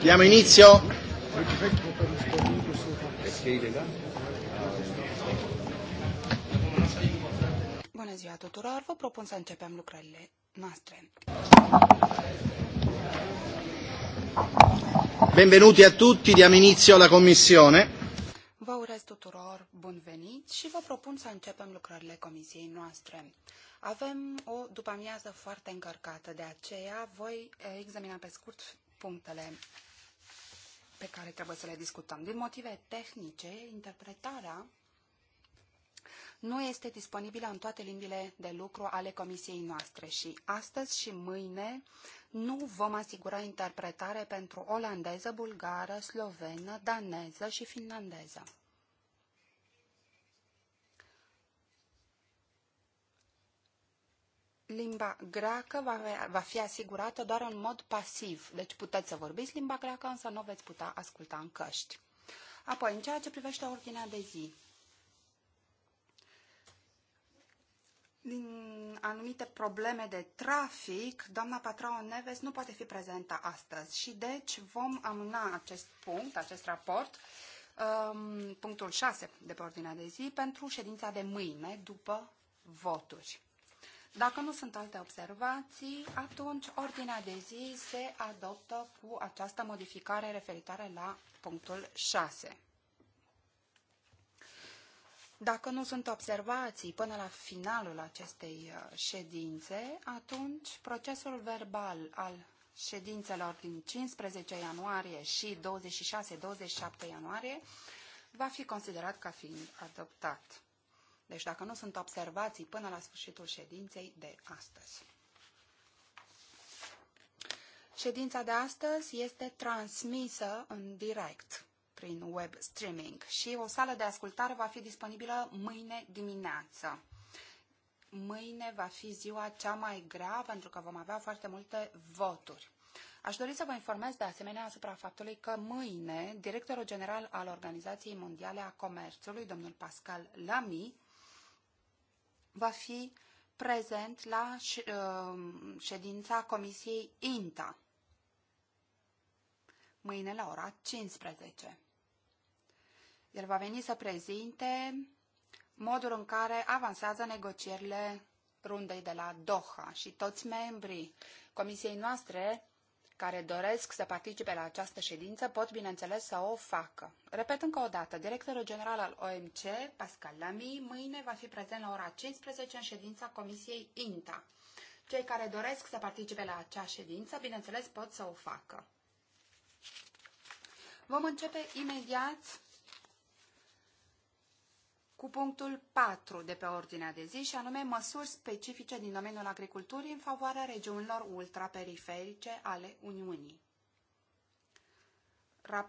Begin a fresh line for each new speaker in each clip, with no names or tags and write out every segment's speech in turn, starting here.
Diamo inizio. Bună ziua tuturor, vă propun să începem lucrările noastre. Benvenuti a tutti, diamo inizio alla commissione.
Vă urez tuturor bun venit și vă propun să începem lucrările comisiei noastre. Avem o după-amiază foarte încărcată, de aceea voi examina pe scurt punctele pe care trebuie să le discutăm. Din motive tehnice, interpretarea nu este disponibilă în toate limbile de lucru ale comisiei noastre și astăzi și mâine nu vom asigura interpretare pentru olandeză, bulgară, slovenă, daneză și finlandeză. limba greacă va, va fi asigurată doar în mod pasiv. Deci puteți să vorbiți limba greacă, însă nu veți putea asculta în căști. Apoi, în ceea ce privește ordinea de zi, din anumite probleme de trafic, doamna Patrao Neves nu poate fi prezentă astăzi și deci vom amâna acest punct, acest raport, um, punctul 6 de pe ordinea de zi, pentru ședința de mâine, după voturi. Dacă nu sunt alte observații, atunci ordinea de zi se adoptă cu această modificare referitoare la punctul 6. Dacă nu sunt observații până la finalul acestei uh, ședințe, atunci procesul verbal al ședințelor din 15 ianuarie și 26-27 ianuarie va fi considerat ca fiind adoptat. Deci dacă nu sunt observații până la sfârșitul ședinței de astăzi. Ședința de astăzi este transmisă în direct prin web streaming și o sală de ascultare va fi disponibilă mâine dimineață. Mâine va fi ziua cea mai grea pentru că vom avea foarte multe voturi. Aș dori să vă informez de asemenea asupra faptului că mâine directorul general al Organizației Mondiale a Comerțului, domnul Pascal Lamy, va fi prezent la uh, ședința Comisiei INTA, mâine la ora 15. El va veni să prezinte modul în care avansează negocierile rundei de la Doha și toți membrii Comisiei noastre care doresc să participe la această ședință pot, bineînțeles, să o facă. Repet încă o dată, directorul general al OMC, Pascal Lamy, mâine va fi prezent la ora 15 în ședința Comisiei INTA. Cei care doresc să participe la acea ședință, bineînțeles, pot să o facă. Vom începe imediat cu punctul 4 de pe ordinea de zi și anume măsuri specifice din domeniul agriculturii în favoarea regiunilor ultraperiferice ale Uniunii.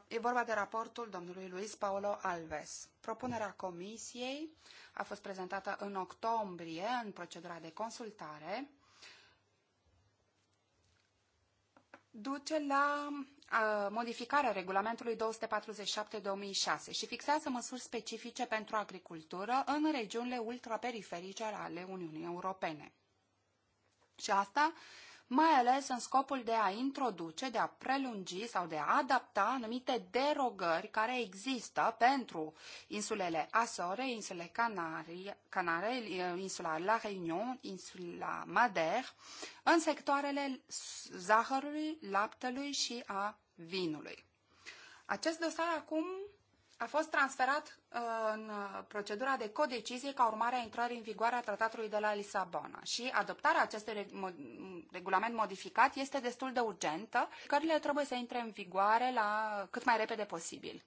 E vorba de raportul domnului Luis Paolo Alves. Propunerea comisiei a fost prezentată în octombrie în procedura de consultare duce la modificarea regulamentului 247-2006 și fixează măsuri specifice pentru agricultură în regiunile ultraperiferice ale Uniunii Europene. Și asta mai ales în scopul de a introduce, de a prelungi sau de a adapta anumite derogări care există pentru insulele Azore, insulele Canare, insula La Réunion, insula Madère, în sectoarele zahărului, laptelui și a vinului. Acest dosar acum a fost transferat uh, în uh, procedura de codecizie ca urmare a intrării în vigoare a tratatului de la Lisabona și adoptarea acestui regulament modificat este destul de urgentă. Cările trebuie să intre în vigoare la cât mai repede posibil.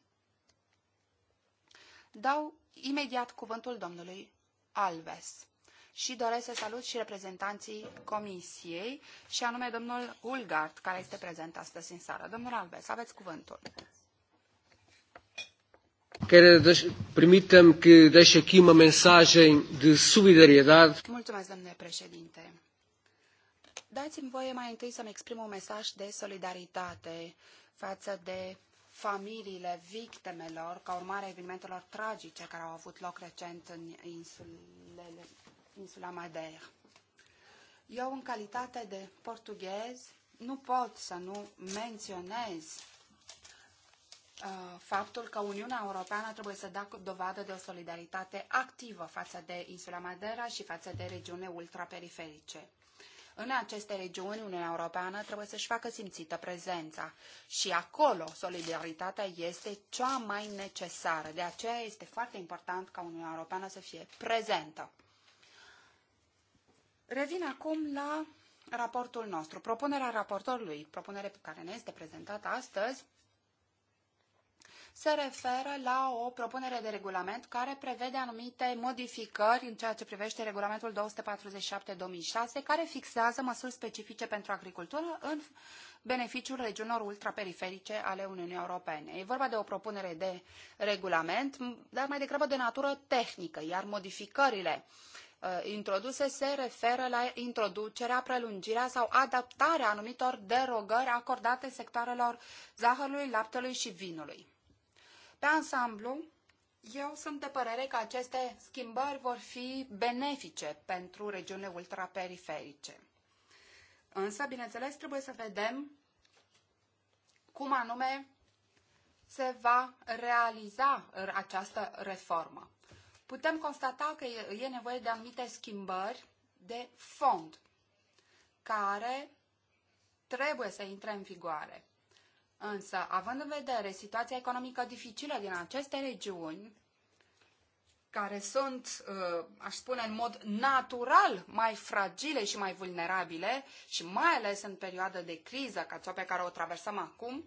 Dau imediat cuvântul domnului Alves și doresc să salut și reprezentanții comisiei și anume domnul Ulgard, care este prezent astăzi în sală. Domnul Alves, aveți cuvântul.
Quero que deixe aqui uma mensagem de solidariedade.
domnule președinte. Dați-mi voie mai întâi să-mi exprim un mesaj de solidaritate față de familiile victimelor ca urmare a evenimentelor tragice care au avut loc recent în insula Madeira. Eu, în calitate de portughez, nu pot să nu menționez Uh, faptul că Uniunea Europeană trebuie să dea dovadă de o solidaritate activă față de insula Madeira și față de regiune ultraperiferice. În aceste regiuni, Uniunea Europeană trebuie să-și facă simțită prezența și acolo solidaritatea este cea mai necesară. De aceea este foarte important ca Uniunea Europeană să fie prezentă. Revin acum la raportul nostru. Propunerea raportorului, propunere pe care ne este prezentată astăzi, se referă la o propunere de regulament care prevede anumite modificări în ceea ce privește regulamentul 247-2006, care fixează măsuri specifice pentru agricultură în beneficiul regiunilor ultraperiferice ale Uniunii Europene. E vorba de o propunere de regulament, dar mai degrabă de natură tehnică, iar modificările uh, introduse se referă la introducerea, prelungirea sau adaptarea anumitor derogări acordate sectoarelor zahărului, laptelui și vinului. Pe ansamblu, eu sunt de părere că aceste schimbări vor fi benefice pentru regiunile ultraperiferice. Însă, bineînțeles, trebuie să vedem cum anume se va realiza această reformă. Putem constata că e nevoie de anumite schimbări de fond care trebuie să intre în vigoare. Însă, având în vedere situația economică dificilă din aceste regiuni, care sunt, uh, aș spune, în mod natural mai fragile și mai vulnerabile și mai ales în perioada de criză ca cea pe care o traversăm acum,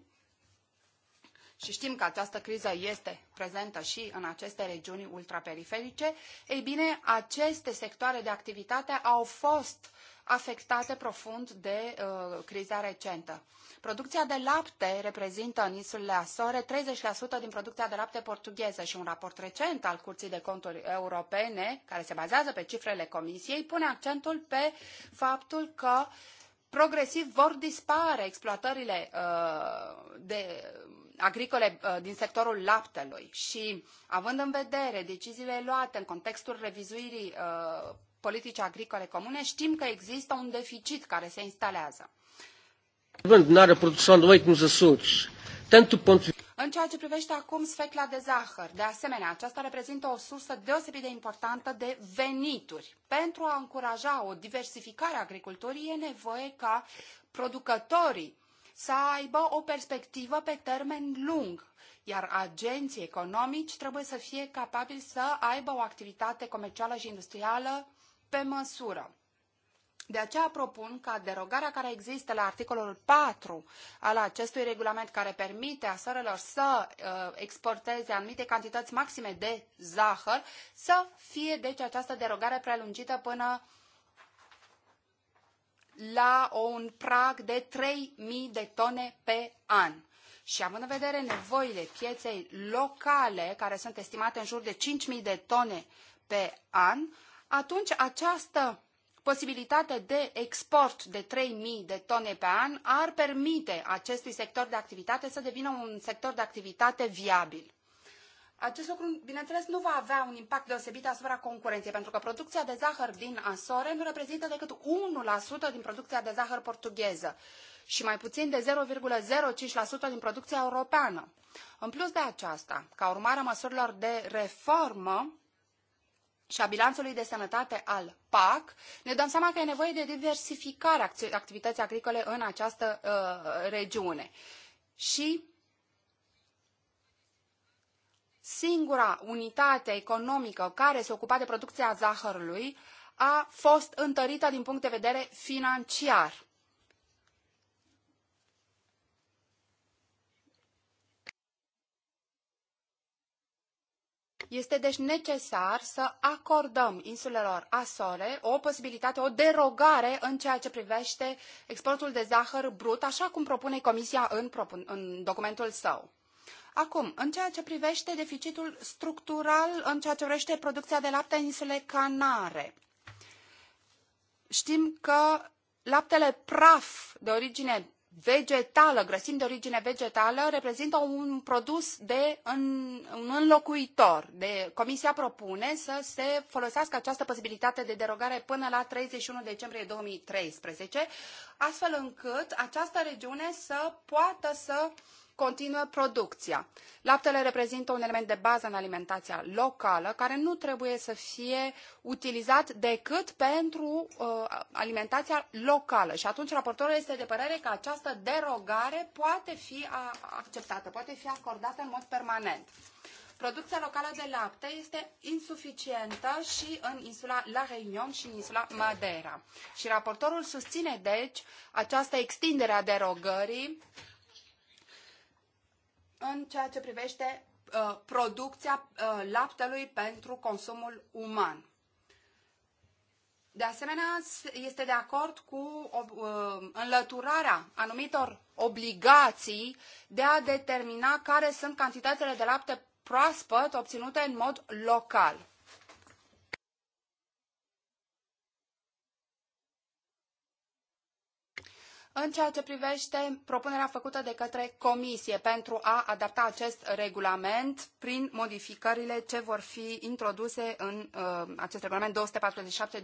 și știm că această criză este prezentă și în aceste regiuni ultraperiferice, ei bine, aceste sectoare de activitate au fost afectate profund de uh, criza recentă. Producția de lapte reprezintă în insulele Asore 30% din producția de lapte portugheză și un raport recent al Curții de Conturi Europene, care se bazează pe cifrele Comisiei, pune accentul pe faptul că progresiv vor dispare exploatările uh, de agricole uh, din sectorul laptelui și având în vedere deciziile luate în contextul revizuirii uh, politicii agricole comune, știm că există un deficit care se instalează. În ceea ce privește acum sfecla de zahăr, de asemenea, aceasta reprezintă o sursă deosebit de importantă de venituri. Pentru a încuraja o diversificare a agriculturii, e nevoie ca producătorii să aibă o perspectivă pe termen lung, iar agenții economici trebuie să fie capabili să aibă o activitate comercială și industrială pe măsură. De aceea propun ca derogarea care există la articolul 4 al acestui regulament care permite asărelor să uh, exporteze anumite cantități maxime de zahăr să fie deci această derogare prelungită până la un prag de 3.000 de tone pe an. Și având în vedere nevoile pieței locale, care sunt estimate în jur de 5.000 de tone pe an, atunci această posibilitate de export de 3.000 de tone pe an ar permite acestui sector de activitate să devină un sector de activitate viabil. Acest lucru, bineînțeles, nu va avea un impact deosebit asupra concurenței, pentru că producția de zahăr din Asore nu reprezintă decât 1% din producția de zahăr portugheză și mai puțin de 0,05% din producția europeană. În plus de aceasta, ca urmare a măsurilor de reformă, și a bilanțului de sănătate al PAC, ne dăm seama că e nevoie de a activității agricole în această uh, regiune. Și singura unitate economică care se ocupa de producția zahărului a fost întărită din punct de vedere financiar. Este deci necesar să acordăm insulelor Azore o posibilitate, o derogare în ceea ce privește exportul de zahăr brut, așa cum propune Comisia în, în documentul său. Acum, în ceea ce privește deficitul structural, în ceea ce privește producția de lapte în insule Canare, știm că laptele praf de origine vegetală, grăsimi de origine vegetală, reprezintă un produs de în, un înlocuitor. De, comisia propune să se folosească această posibilitate de derogare până la 31 decembrie 2013, astfel încât această regiune să poată să uh, continuă producția. Laptele reprezintă un element de bază în alimentația locală care nu trebuie să fie utilizat decât pentru uh, alimentația locală și atunci raportorul este de părere că această derogare poate fi acceptată, poate fi acordată în mod permanent. Producția locală de lapte este insuficientă și în insula La Réunion și în insula Madeira. Și raportorul susține, deci, această extindere a derogării în ceea ce privește uh, producția uh, laptelui pentru consumul uman. De asemenea, este de acord cu uh, înlăturarea anumitor obligații de a determina care sunt cantitățile de lapte proaspăt obținute în mod local. în ceea ce privește propunerea făcută de către Comisie pentru a adapta acest regulament prin modificările ce vor fi introduse în uh, acest regulament 247-2006,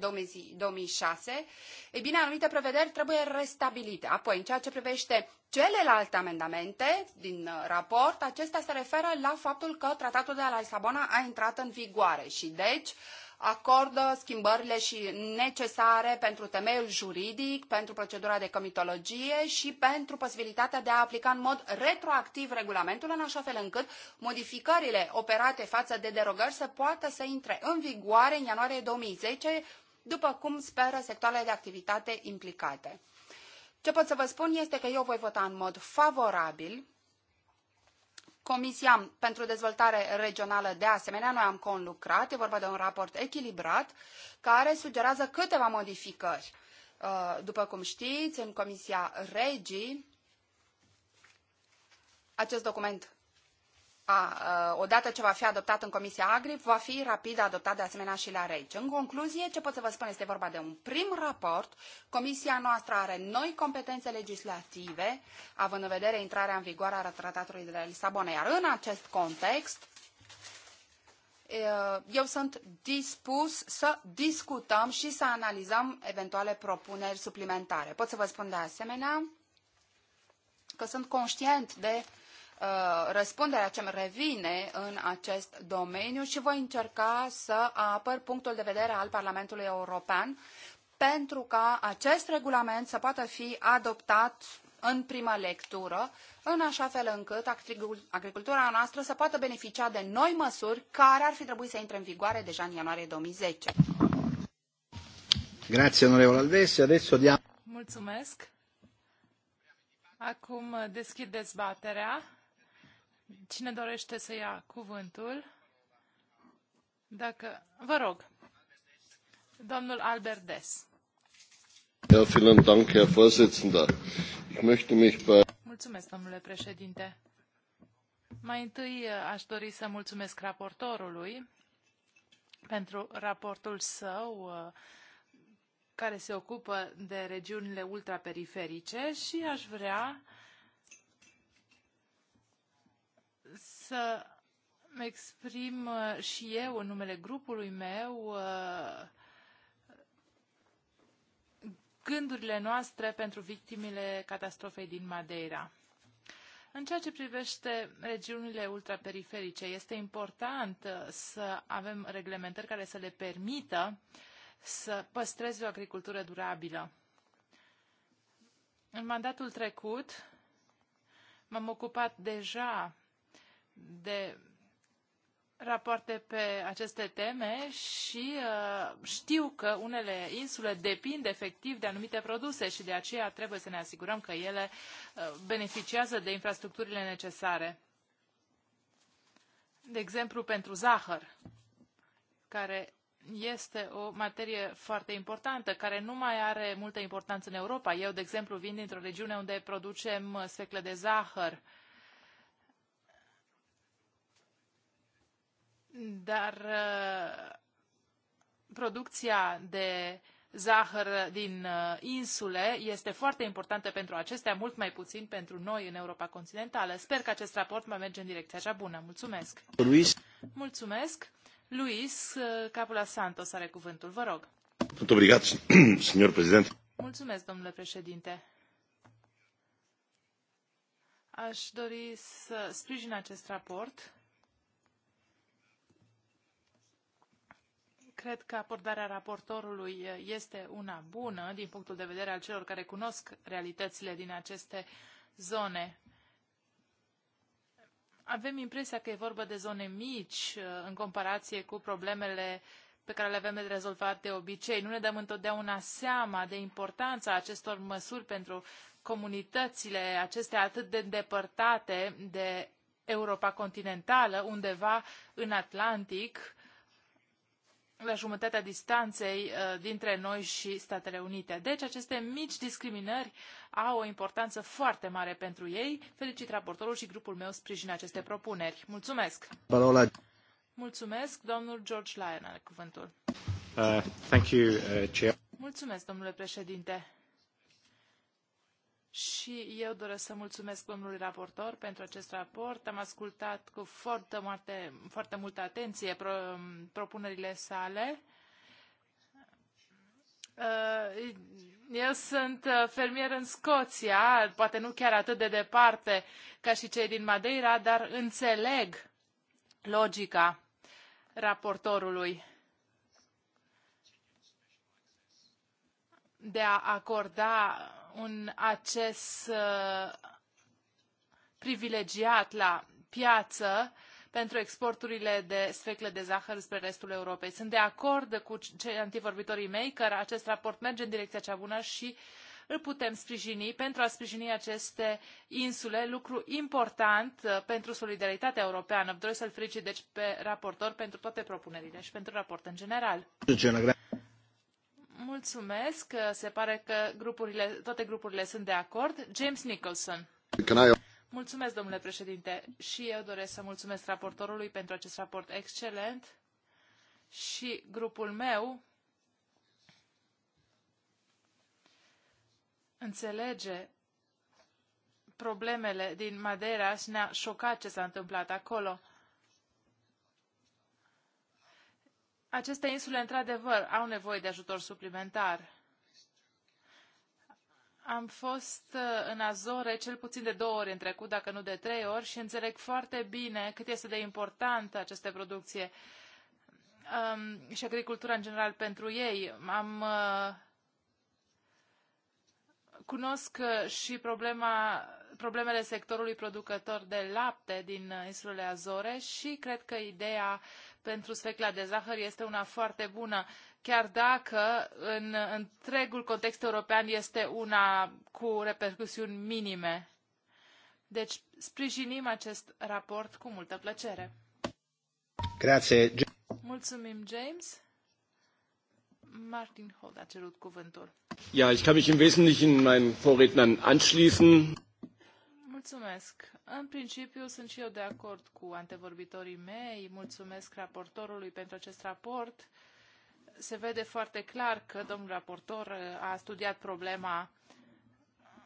ei bine, anumite prevederi trebuie restabilite. Apoi, în ceea ce privește celelalte amendamente din uh, raport, acestea se referă la faptul că tratatul de la Lisabona a intrat în vigoare și deci uh, acordă schimbările și necesare pentru temeiul juridic, pentru procedura de comitologie și pentru posibilitatea de a aplica în mod retroactiv regulamentul, în așa fel încât modificările operate față de derogări să poată să intre în vigoare în ianuarie 2010, după cum speră sectoarele de activitate implicate. Ce pot să vă spun este că eu voi vota în mod favorabil Comisia pentru Dezvoltare Regională, de asemenea, noi am conlucrat, e vorba de un raport echilibrat, care sugerează câteva modificări. Uh, după cum știți, în Comisia Regii, acest document a, odată ce va fi adoptat în Comisia Agri, va fi rapid adoptat de asemenea și la REGI. În concluzie, ce pot să vă spun este vorba de un prim raport. Comisia noastră are noi competențe legislative, având în vedere intrarea în vigoare a Tratatului de la Lisabona. Iar în acest context, eu sunt dispus să discutăm și să analizăm eventuale propuneri suplimentare. Pot să vă spun de asemenea că sunt conștient de Uh, răspunderea ce îmi revine în acest domeniu și voi încerca să apăr punctul de vedere al Parlamentului European pentru ca acest regulament să poată fi adoptat în prima lectură, în așa fel încât agricultura noastră să poată beneficia de noi măsuri care ar fi trebuit să intre în vigoare deja în ianuarie 2010.
Grazie, onorevole Aldesi. Adesso diamo...
Mulțumesc. Acum deschid
dezbaterea. Cine dorește să ia cuvântul? Dacă... Vă rog, domnul Albert Des.
Ja, vielen Dank, Herr Vorsitzender. Ich möchte mich bei...
Mulțumesc, domnule președinte. Mai întâi eh, aș dori să mulțumesc raportorului pentru raportul său eh, care se ocupă de regiunile ultraperiferice și aș vrea uh, să exprim uh, și eu, în numele grupului meu, uh, gândurile noastre pentru victimile catastrofei din Madeira. În ceea ce privește regiunile ultraperiferice, este important uh, să avem reglementări care să le permită să păstreze o agricultură durabilă. În mandatul trecut m-am ocupat deja de rapoarte pe aceste teme și uh, știu că unele insule depind efectiv de anumite produse și de aceea trebuie să ne asigurăm că ele uh, beneficiază de infrastructurile necesare. De exemplu, pentru zahăr, care este o materie foarte importantă, care nu mai are multă importanță în Europa. Eu, de exemplu, vin dintr-o regiune unde producem uh, sfeclă de zahăr, uh, Dar uh, producția de zahăr din uh, insule este foarte importantă pentru acestea, mult mai puțin pentru noi în Europa continentală. Sper că acest raport va merge în direcția cea bună. Mulțumesc! Luis. Mulțumesc! Luis uh, Capula Santos are cuvântul. Vă rog!
Obrigat,
Mulțumesc, domnule președinte! Aș dori să sprijin acest raport Cred că abordarea raportorului uh, este una bună din punctul de vedere al celor care cunosc realitățile din aceste zone. Avem impresia că e vorba de zone mici uh, în comparație cu problemele pe care le avem de rezolvat de obicei. Nu ne dăm întotdeauna seama de importanța acestor măsuri pentru comunitățile acestea atât de îndepărtate de Europa continentală, undeva în Atlantic, la jumătatea distanței uh, dintre noi și Statele Unite. Deci aceste mici discriminări au o importanță foarte mare pentru ei. Felicit raportorul și grupul meu sprijină aceste propuneri. Mulțumesc! Parola. Mulțumesc, domnul George Lyon are cuvântul.
Uh, thank you, uh,
Mulțumesc, domnule președinte și eu doresc să mulțumesc domnului raportor pentru acest raport. Am ascultat cu foarte, multe, foarte multă atenție pro, propunerile sale. Uh, eu sunt uh, fermier în Scoția, poate nu chiar atât de departe ca și cei din Madeira, dar înțeleg logica raportorului de a acorda un acces uh, privilegiat la piață pentru exporturile de sfeclă de zahăr spre restul Europei. Sunt de acord cu cei antivorbitorii mei că acest raport merge în direcția cea bună și îl putem sprijini pentru a sprijini aceste insule, lucru important uh, pentru solidaritatea europeană. Vreau să-l felicit deci pe raportor pentru toate propunerile și pentru raport în general. Mulțumesc. Se pare că grupurile, toate grupurile sunt de acord. James Nicholson. Mulțumesc, domnule președinte. Și eu doresc să mulțumesc raportorului pentru acest raport excelent și grupul meu înțelege problemele din Madeira și ne-a șocat ce s-a întâmplat acolo. Aceste insule, într-adevăr, au nevoie de ajutor suplimentar. Am fost uh, în Azore cel puțin de două ori în trecut, dacă nu de trei ori, și înțeleg foarte bine cât este de importantă această producție um, și agricultura în general pentru ei. Am uh, cunosc uh, și problema, problemele sectorului producător de lapte din uh, insulele Azore și cred că ideea pentru sfecla de zahăr este una foarte bună, chiar dacă în întregul context european este una cu repercusiuni minime. Deci sprijinim acest raport cu multă plăcere. Grazie. Mulțumim, James. Martin Holt a cerut cuvântul.
Ja, ich kann mich im Wesentlichen meinen Vorrednern anschließen.
Mulțumesc. În principiu sunt și eu de acord cu antevorbitorii mei. Mulțumesc raportorului pentru acest raport. Se vede foarte clar că domnul raportor a studiat problema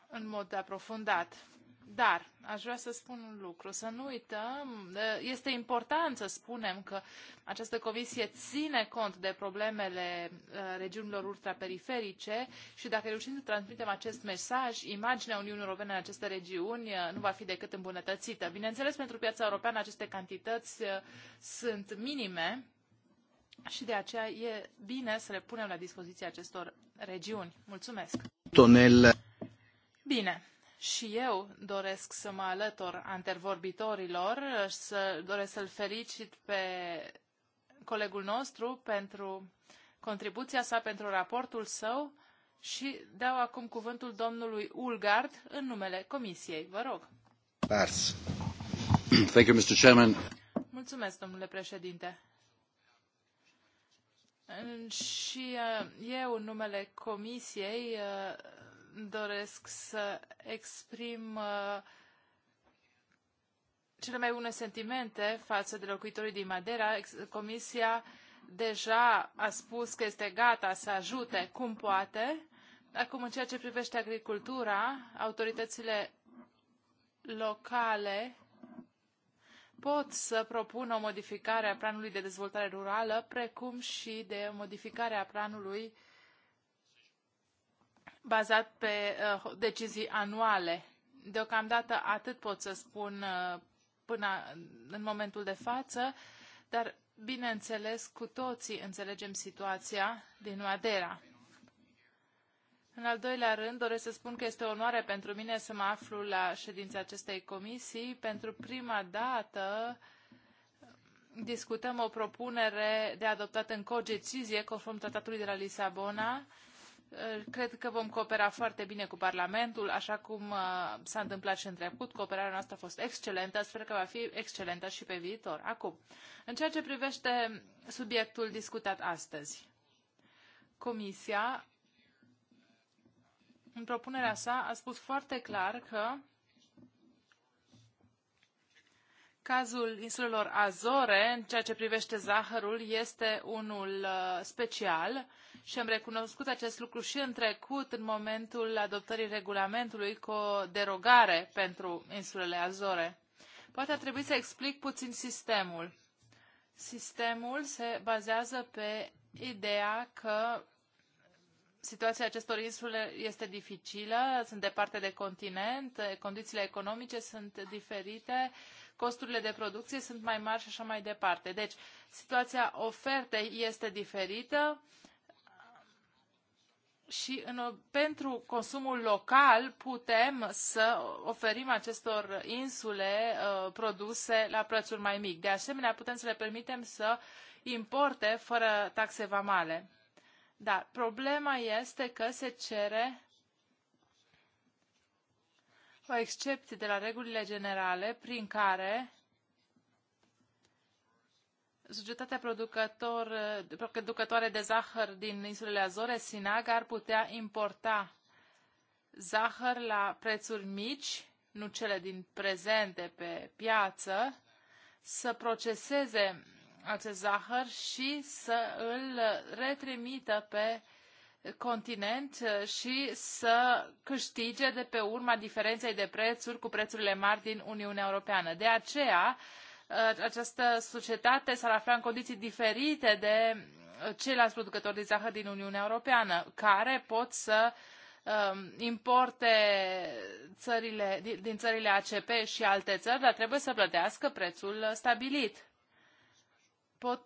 în mod aprofundat. Dar aș vrea să spun un lucru, să nu uităm, este important să spunem că această comisie ține cont de problemele uh, regiunilor ultraperiferice și dacă reușim să transmitem acest mesaj, imaginea Uniunii Europene în aceste regiuni uh, nu va fi decât îmbunătățită. Bineînțeles, pentru piața europeană aceste cantități uh, sunt minime și de aceea e bine să le punem la dispoziția acestor regiuni. Mulțumesc! Tonel. Bine, și eu doresc să mă alătur antervorbitorilor, să doresc să-l felicit pe colegul nostru pentru contribuția sa, pentru raportul său și dau acum cuvântul domnului Ulgard în numele Comisiei. Vă rog.
Pars. Thank you, Mr. Chairman.
Mulțumesc, domnule președinte. Și uh, eu, în numele Comisiei, uh, doresc să exprim uh, cele mai bune sentimente față de locuitorii din Madeira. Comisia deja a spus că este gata să ajute cum poate. Acum, în ceea ce privește agricultura, autoritățile locale pot să propună o modificare a planului de dezvoltare rurală, precum și de modificarea planului bazat pe uh, decizii anuale. Deocamdată atât pot să spun uh, până în momentul de față, dar bineînțeles cu toții înțelegem situația din Madeira. În al doilea rând, doresc să spun că este o onoare pentru mine să mă aflu la ședința acestei comisii. Pentru prima dată discutăm o propunere de adoptat în decizie conform tratatului de la Lisabona Cred că vom coopera foarte bine cu Parlamentul, așa cum uh, s-a întâmplat și în trecut. Cooperarea noastră a fost excelentă, sper că va fi excelentă și pe viitor. Acum, în ceea ce privește subiectul discutat astăzi, Comisia, în propunerea sa, a spus foarte clar că cazul insulelor Azore, în ceea ce privește zahărul, este unul uh, special și am recunoscut acest lucru și în trecut, în momentul adoptării regulamentului cu o derogare pentru insulele Azore. Poate ar trebui să explic puțin sistemul. Sistemul se bazează pe ideea că situația acestor insule este dificilă, sunt departe de continent, condițiile economice sunt diferite, costurile de producție sunt mai mari și așa mai departe. Deci, situația ofertei este diferită, și în, pentru consumul local putem să oferim acestor insule uh, produse la prețuri mai mici. De asemenea, putem să le permitem să importe fără taxe vamale. Dar problema este că se cere o excepție de la regulile generale prin care Societatea producător, producătoare de zahăr din insulele Azore, Sinaga, ar putea importa zahăr la prețuri mici, nu cele din prezente pe piață, să proceseze acest zahăr și să îl retrimită pe continent și să câștige de pe urma diferenței de prețuri cu prețurile mari din Uniunea Europeană. De aceea, Uh, această societate s-ar afla în condiții diferite de uh, ceilalți producători de zahăr din Uniunea Europeană, care pot să um, importe țările, din țările ACP și alte țări, dar trebuie să plătească prețul stabilit. Pot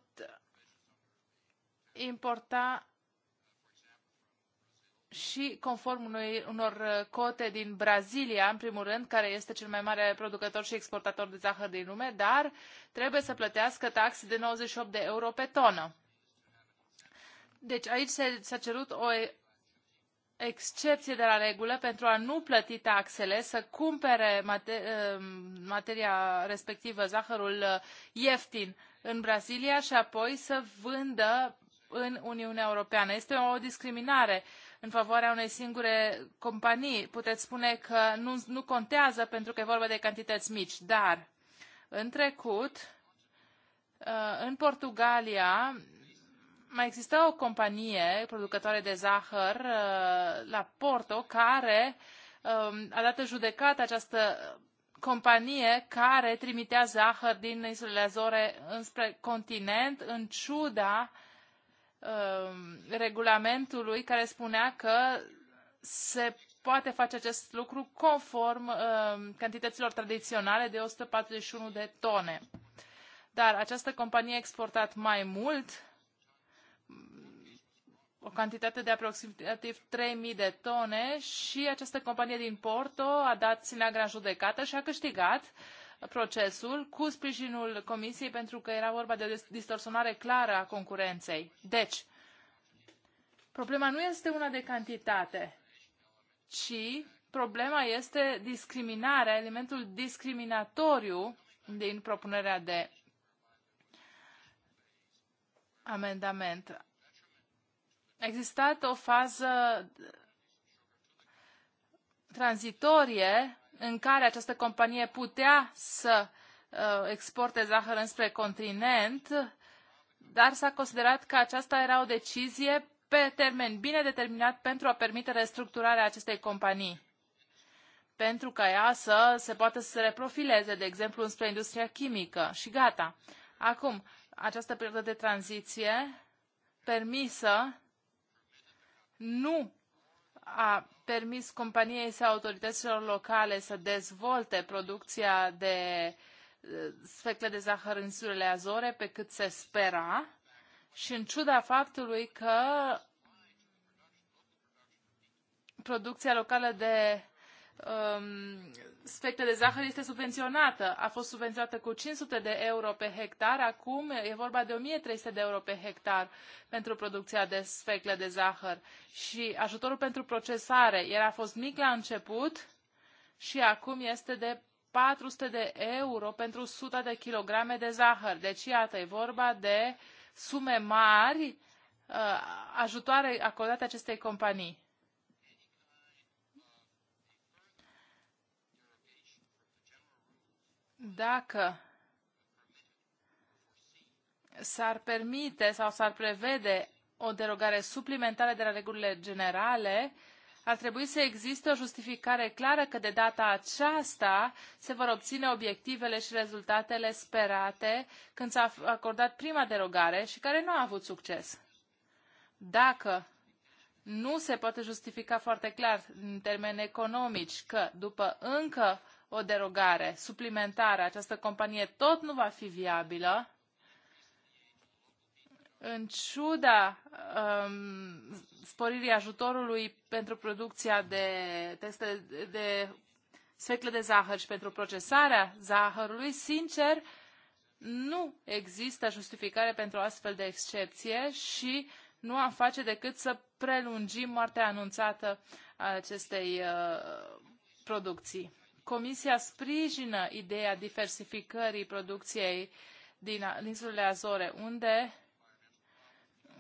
importa și conform unui, unor uh, cote din Brazilia, în primul rând, care este cel mai mare producător și exportator de zahăr din lume, dar trebuie să plătească taxe de 98 de euro pe tonă. Deci aici s-a cerut o excepție de la regulă pentru a nu plăti taxele, să cumpere mate, uh, materia respectivă, zahărul uh, ieftin în Brazilia și apoi să vândă în Uniunea Europeană. Este o discriminare în favoarea unei singure companii. Puteți spune că nu, nu contează pentru că e vorba de cantități mici, dar în trecut, uh, în Portugalia, mai exista o companie producătoare de zahăr uh, la Porto care um, a dat judecată această companie care trimitea zahăr din insulele Azore înspre continent în ciuda Um, regulamentului care spunea că se poate face acest lucru conform uh, cantităților tradiționale de 141 de tone. Dar această companie a exportat mai mult, o cantitate de aproximativ 3.000 de tone și această companie din Porto a dat Sinagra judecată și a câștigat uh, procesul cu sprijinul Comisiei pentru că era vorba de o distorsionare clară a concurenței. Deci, problema nu este una de cantitate, ci problema este discriminarea, elementul discriminatoriu din propunerea de amendament. A existat o fază tranzitorie în care această companie putea să uh, exporte zahăr înspre continent, dar s-a considerat că aceasta era o decizie pe termen bine determinat pentru a permite restructurarea acestei companii. Pentru ca ea să se poată să se reprofileze, de exemplu, înspre industria chimică și gata. Acum, această perioadă de tranziție permisă nu a permis companiei sau autorităților locale să dezvolte producția de uh, sfecle de zahăr în surile Azore pe cât se spera și în ciuda faptului că producția locală de um, de zahăr este subvenționată. A fost subvenționată cu 500 de euro pe hectar, acum e vorba de 1300 de euro pe hectar pentru producția de sfecle de zahăr. Și ajutorul pentru procesare, el a fost mic la început și acum este de 400 de euro pentru 100 de kilograme de zahăr. Deci, iată, e vorba de sume mari uh, ajutoare acordate acestei companii. dacă s-ar permite sau s-ar prevede o derogare suplimentară de la regulile generale, ar trebui să existe o justificare clară că de data aceasta se vor obține obiectivele și rezultatele sperate când s-a acordat prima derogare și care nu a avut succes. Dacă nu se poate justifica foarte clar în termeni economici că după încă o derogare suplimentară, această companie tot nu va fi viabilă, în ciuda um, sporirii ajutorului pentru producția de texte de, de sfecle de zahăr și pentru procesarea zahărului, sincer, nu există justificare pentru astfel de excepție și nu am face decât să prelungim moartea anunțată a acestei uh, producții. Comisia sprijină ideea diversificării producției din insulele Azore, unde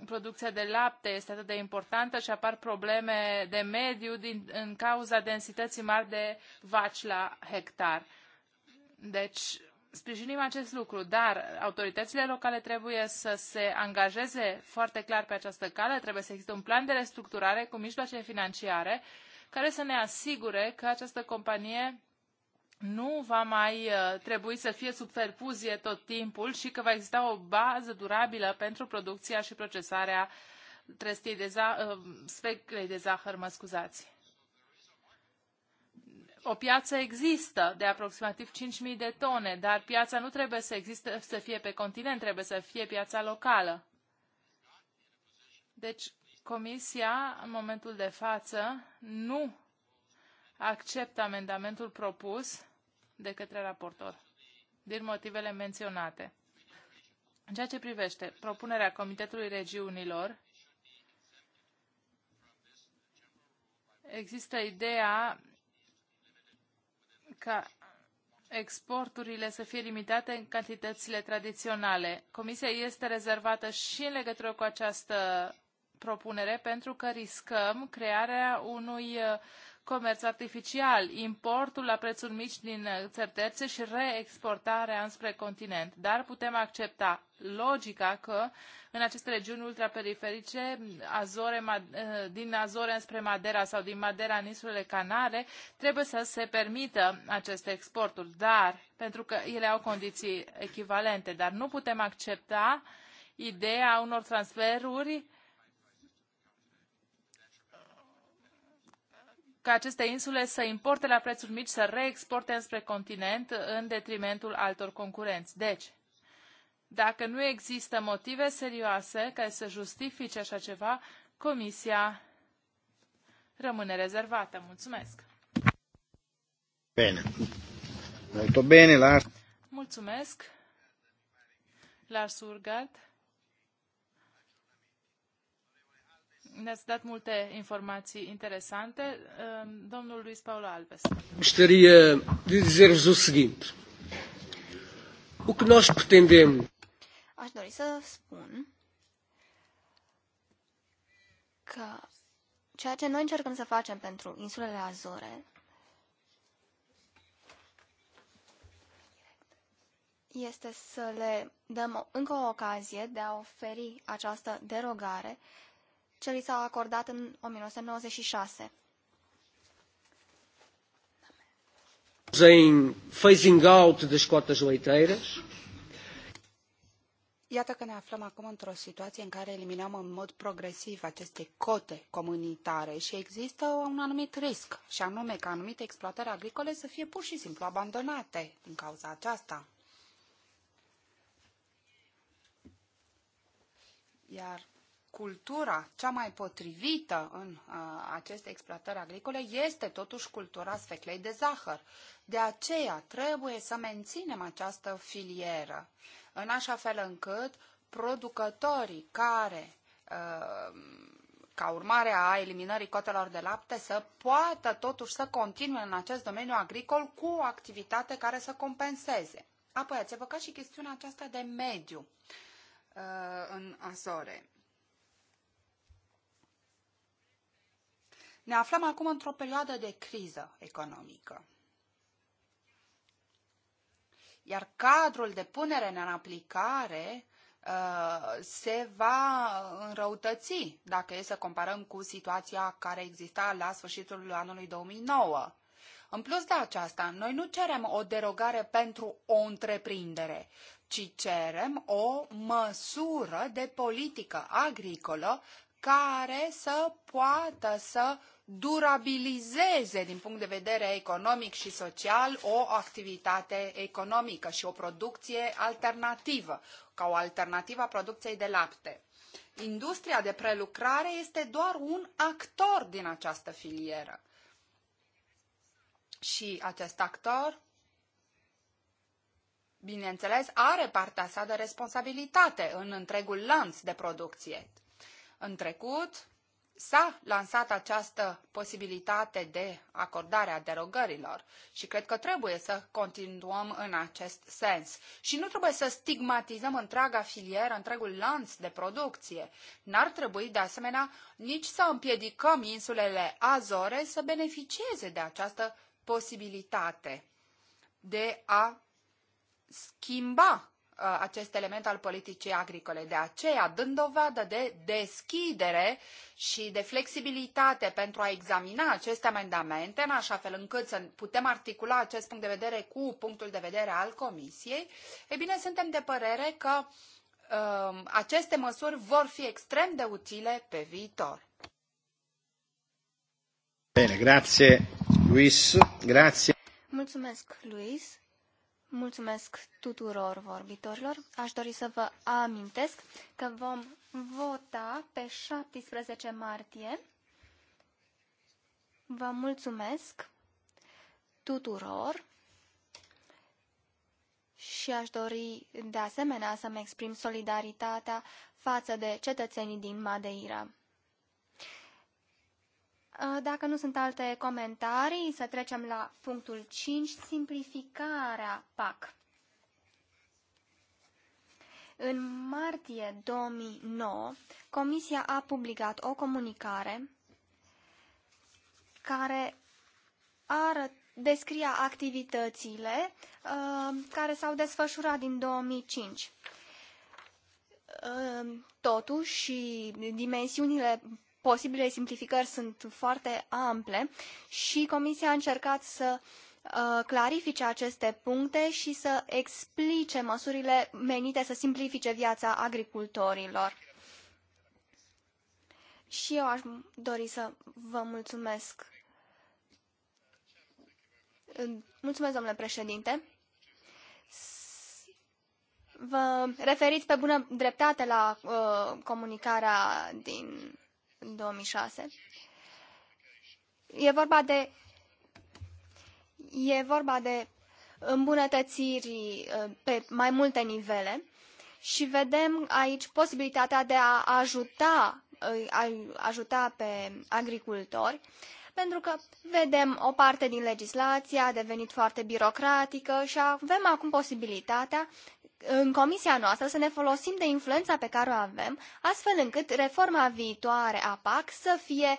producția de lapte este atât de importantă și apar probleme de mediu din, în cauza densității mari de vaci la hectar. Deci, sprijinim acest lucru, dar autoritățile locale trebuie să se angajeze foarte clar pe această cale, trebuie să existe un plan de restructurare cu mijloace financiare care să ne asigure că această companie nu va mai uh, trebui să fie sub perfuzie tot timpul și că va exista o bază durabilă pentru producția și procesarea trestei de zah- uh, speclei de zahăr, mă scuzați. O piață există de aproximativ 5.000 de tone, dar piața nu trebuie să, existe, să fie pe continent, trebuie să fie piața locală. Deci, Comisia, în momentul de față, nu acceptă amendamentul propus de către raportor, din motivele menționate. În ceea ce privește propunerea Comitetului Regiunilor, există ideea ca exporturile să fie limitate în cantitățile tradiționale. Comisia este rezervată și în legătură cu această propunere pentru că riscăm crearea unui comerț artificial, importul la prețuri mici din uh, țări terțe și reexportarea înspre continent. Dar putem accepta logica că în aceste regiuni ultraperiferice, Azore, uh, din Azore înspre Madera sau din Madera în insulele Canare, trebuie să se permită aceste exporturi, dar pentru că ele au condiții echivalente, dar nu putem accepta ideea unor transferuri ca aceste insule să importe la prețuri mici, să reexporte înspre continent în detrimentul altor concurenți. Deci, dacă nu există motive serioase care să justifice așa ceva, Comisia rămâne rezervată. Mulțumesc!
Bine. Molto bene, Lars.
Mulțumesc. Lars Urgat. Ne-ați dat multe informații interesante. Domnul Luis Paulo Alves.
Gostaria de dizer-vos o seguinte. O que nós pretendemos...
Aș dori să spun că ceea ce noi încercăm să facem pentru insulele Azore este să le dăm încă o ocazie de a oferi această derogare ce li s-au acordat în 1996.
Em phasing out das cotas leiteiras.
Iată că ne aflăm acum într-o situație în care eliminăm în mod progresiv aceste cote comunitare și există un anumit risc, și anume ca anumite exploatări agricole să fie pur și simplu abandonate din cauza aceasta. Iar cultura cea mai potrivită în uh, aceste exploatări agricole este totuși cultura sfeclei de zahăr. De aceea trebuie să menținem această filieră, în așa fel încât producătorii care, uh, ca urmare a eliminării cotelor de lapte, să poată totuși să continue în acest domeniu agricol cu o activitate care să compenseze. Apoi ați evocat și chestiunea aceasta de mediu uh, în Azore. Ne aflăm acum într-o perioadă de criză economică. Iar cadrul de punere în aplicare uh, se va înrăutăți dacă e să comparăm cu situația care exista la sfârșitul anului 2009. În plus de aceasta, noi nu cerem o derogare pentru o întreprindere, ci cerem o măsură de politică agricolă care să poată să durabilizeze din punct de vedere economic și social o activitate economică și o producție alternativă, ca o alternativă a producției de lapte. Industria de prelucrare este doar un actor din această filieră. Și acest actor, bineînțeles, are partea sa de responsabilitate în întregul lanț de producție. În trecut, s-a lansat această posibilitate de acordare a derogărilor și cred că trebuie să continuăm în acest sens. Și nu trebuie să stigmatizăm întreaga filieră, întregul lanț de producție. N-ar trebui, de asemenea, nici să împiedicăm insulele Azore să beneficieze de această posibilitate de a schimba Uh, acest element al politicii agricole. De aceea, dând dovadă de deschidere și de flexibilitate pentru a examina aceste amendamente, în așa fel încât să putem articula acest punct de vedere cu punctul de vedere al Comisiei, e bine, suntem de părere că um, aceste măsuri vor fi extrem de utile pe viitor.
Bine, Luis.
Mulțumesc, Luis. Mulțumesc tuturor vorbitorilor. Aș dori să vă amintesc că vom vota pe 17 martie. Vă mulțumesc tuturor și aș dori de asemenea să-mi exprim solidaritatea față de cetățenii din Madeira. Ă, dacă nu sunt alte comentarii, să trecem la punctul 5, simplificarea PAC. În martie 2009, Comisia a publicat o comunicare care arăt, descria activitățile uh, care s-au desfășurat din 2005. Uh, ă, totuși, dimensiunile posibile simplificări sunt foarte ample și Comisia a încercat să uh, clarifice aceste puncte și să explice măsurile menite să simplifice viața agricultorilor. Și eu aș dori să vă mulțumesc. Mulțumesc, domnule președinte. Vă referiți pe bună dreptate la uh, comunicarea din în 2006. E vorba de, e vorba de îmbunătățiri uh, pe mai multe nivele și vedem aici posibilitatea de a ajuta, uh, a ajuta pe agricultori pentru că vedem o parte din legislație a devenit foarte birocratică și avem acum posibilitatea în comisia noastră să ne folosim de influența pe care o avem, astfel încât reforma viitoare a PAC să fie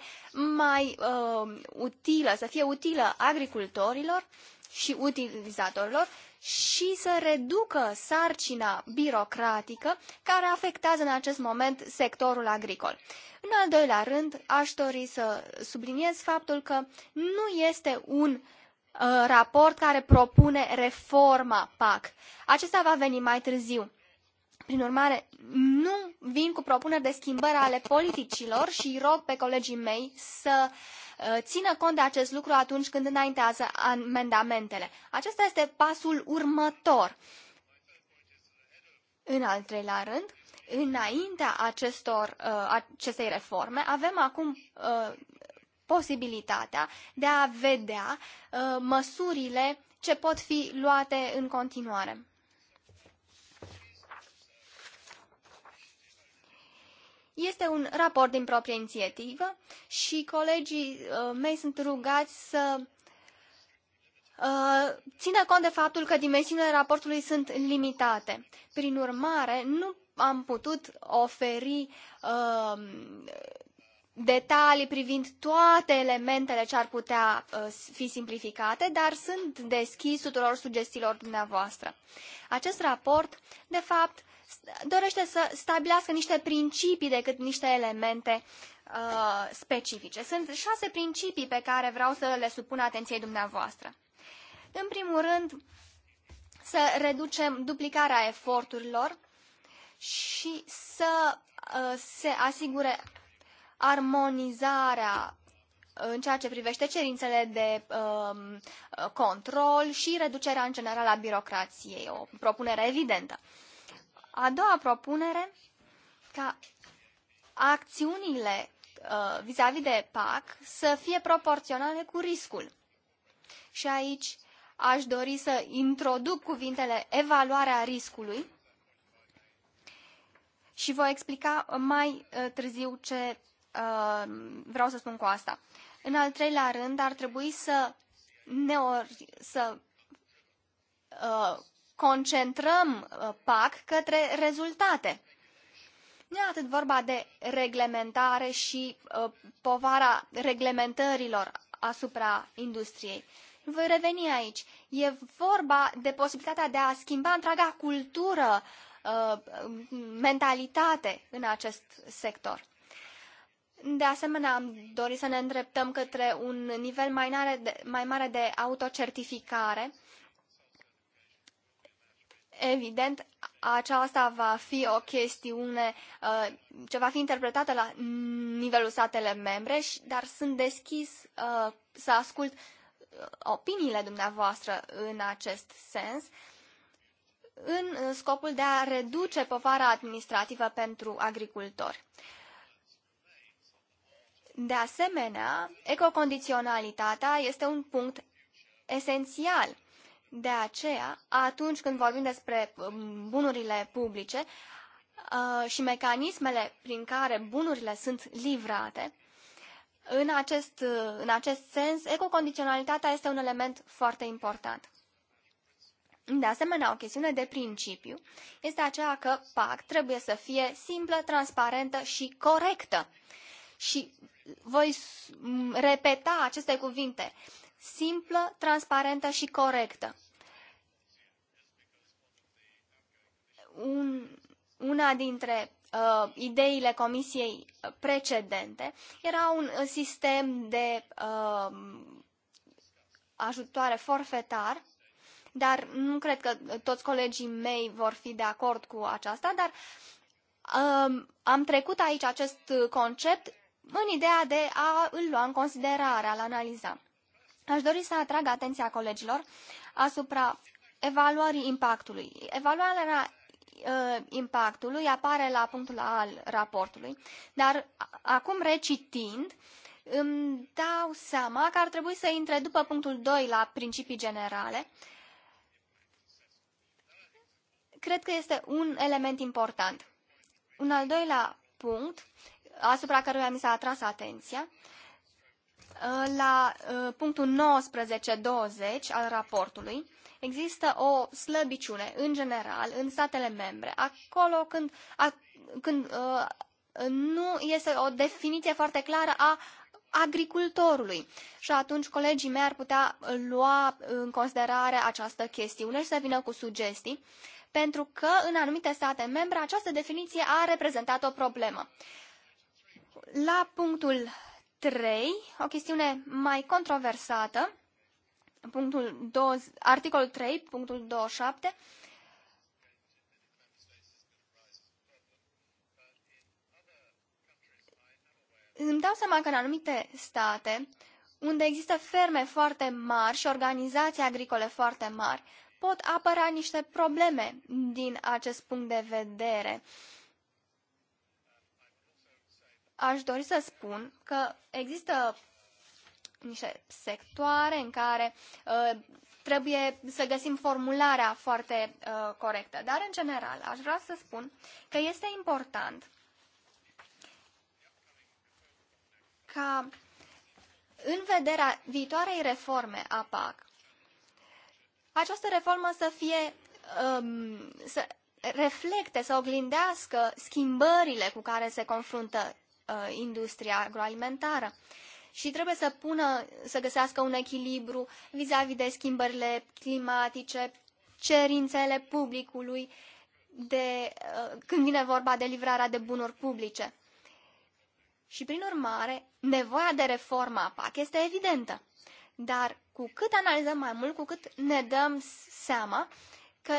mai uh, utilă, să fie utilă agricultorilor și utilizatorilor și să reducă sarcina birocratică care afectează în acest moment sectorul agricol. În al doilea rând, aș dori să subliniez faptul că nu este un uh, raport care propune reforma PAC. Acesta va veni mai târziu. Prin urmare, nu vin cu propuneri de schimbări ale politicilor și rog pe colegii mei să uh, Uh, țină cont de acest lucru atunci când înaintează amendamentele. Acesta este pasul următor. În al treilea rând, înaintea acestor, uh, acestei reforme, avem acum uh, posibilitatea de a vedea măsurile ce pot fi luate în continuare. Este un raport din proprie inițiativă și colegii uh, mei sunt rugați să uh, țină cont de faptul că dimensiunile raportului sunt limitate. Prin urmare, nu am putut oferi uh, detalii privind toate elementele ce ar putea fi simplificate, dar sunt deschis tuturor sugestiilor dumneavoastră. Acest raport, de fapt, dorește să stabilească niște principii decât niște elemente uh, specifice. Sunt șase principii pe care vreau să le supun atenției dumneavoastră. În primul rând, să reducem duplicarea eforturilor și să uh, se asigure armonizarea în ceea ce privește cerințele de uh, control și reducerea în general a birocrației, o propunere evidentă. Uh, a doua propunere, ca acțiunile uh, vis-a-vis -vis de PAC să fie proporționale cu riscul. Și aici aș dori să introduc cuvintele evaluarea riscului și voi explica mai uh, târziu ce uh, vreau să spun cu asta. În al treilea rând, ar trebui să ne ori, să uh, concentrăm uh, PAC către rezultate. Nu e atât vorba de reglementare și uh, povara reglementărilor asupra industriei. Voi reveni aici. E vorba de posibilitatea de a schimba întreaga cultură, uh, mentalitate în acest sector. De asemenea, am dorit să ne îndreptăm către un nivel mai mare de, mai mare de autocertificare Evident, aceasta va fi o chestiune uh, ce va fi interpretată la nivelul statele membre, dar sunt deschis uh, să ascult uh, opiniile dumneavoastră în acest sens în scopul de a reduce povara administrativă pentru agricultori. De asemenea, ecocondiționalitatea este un punct esențial de aceea, atunci când vorbim despre um, bunurile publice uh, și mecanismele prin care bunurile sunt livrate, în acest, uh, în acest sens, ecocondiționalitatea este un element foarte important. De asemenea, o chestiune de principiu este aceea că PAC trebuie să fie simplă, transparentă și corectă. Și voi repeta aceste cuvinte. Simplă, transparentă și corectă. un, una dintre uh, ideile comisiei precedente era un uh, sistem de uh, ajutoare forfetar, dar nu cred că toți colegii mei vor fi de acord cu aceasta, dar uh, am trecut aici acest concept în ideea de a îl lua în considerare, a-l analiza. Aș dori să atrag atenția colegilor asupra evaluării impactului. Evaluarea Uh, impactului apare la punctul A al raportului, dar acum recitind, îmi dau seama că ar trebui să intre după punctul 2 la principii generale. Cred că este un element important. Un al doilea punct, asupra căruia mi s-a atras atenția, uh, la uh, punctul 19-20 al raportului, există o slăbiciune în general în statele membre, acolo când, a, când uh, nu este o definiție foarte clară a agricultorului. Și atunci colegii mei ar putea lua în considerare această chestiune și să vină cu sugestii, pentru că în anumite state membre această definiție a reprezentat o problemă. La punctul 3, o chestiune mai controversată, punctul 20, articol 3, punctul 27, îmi dau seama că în anumite state, unde există ferme foarte mari și organizații agricole foarte mari, pot apăra niște probleme din acest punct de vedere. Aș dori să spun că există niște sectoare în care uh, trebuie să găsim formularea foarte uh, corectă. Dar, în general, aș vrea să spun că este important ca în vederea viitoarei reforme a PAC, această reformă să fie, um, să reflecte, să oglindească schimbările cu care se confruntă uh, industria agroalimentară. Uh, și trebuie să pună, să găsească un echilibru vis-a-vis -vis de schimbările climatice, cerințele publicului, de, uh, când vine vorba de livrarea de bunuri publice. Și, prin urmare, nevoia de reformă a PAC este evidentă. Dar cu cât analizăm mai mult, cu cât ne dăm seama că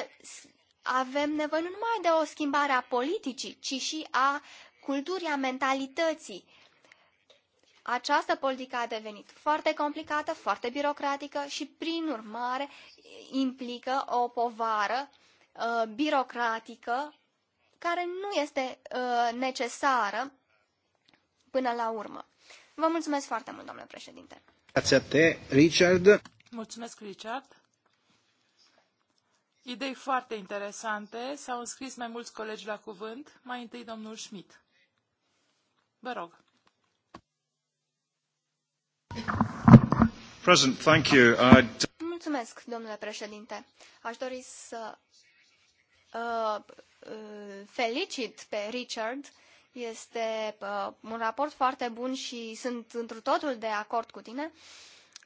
avem nevoie nu numai de o schimbare a politicii, ci și a culturii, a mentalității, această politică a devenit foarte complicată, foarte birocratică și, prin urmare, implică o povară uh, birocratică care nu este uh, necesară până la urmă. Vă mulțumesc foarte mult, domnule președinte.
Grazie a te, Richard.
Mulțumesc, Richard. Idei
foarte interesante. S-au înscris mai mulți colegi la cuvânt. Mai întâi, domnul Schmidt.
Vă rog. Mulțumesc, domnule președinte. Aș dori să uh, uh, felicit pe Richard. Este uh, un raport foarte bun și sunt întru totul de acord cu tine.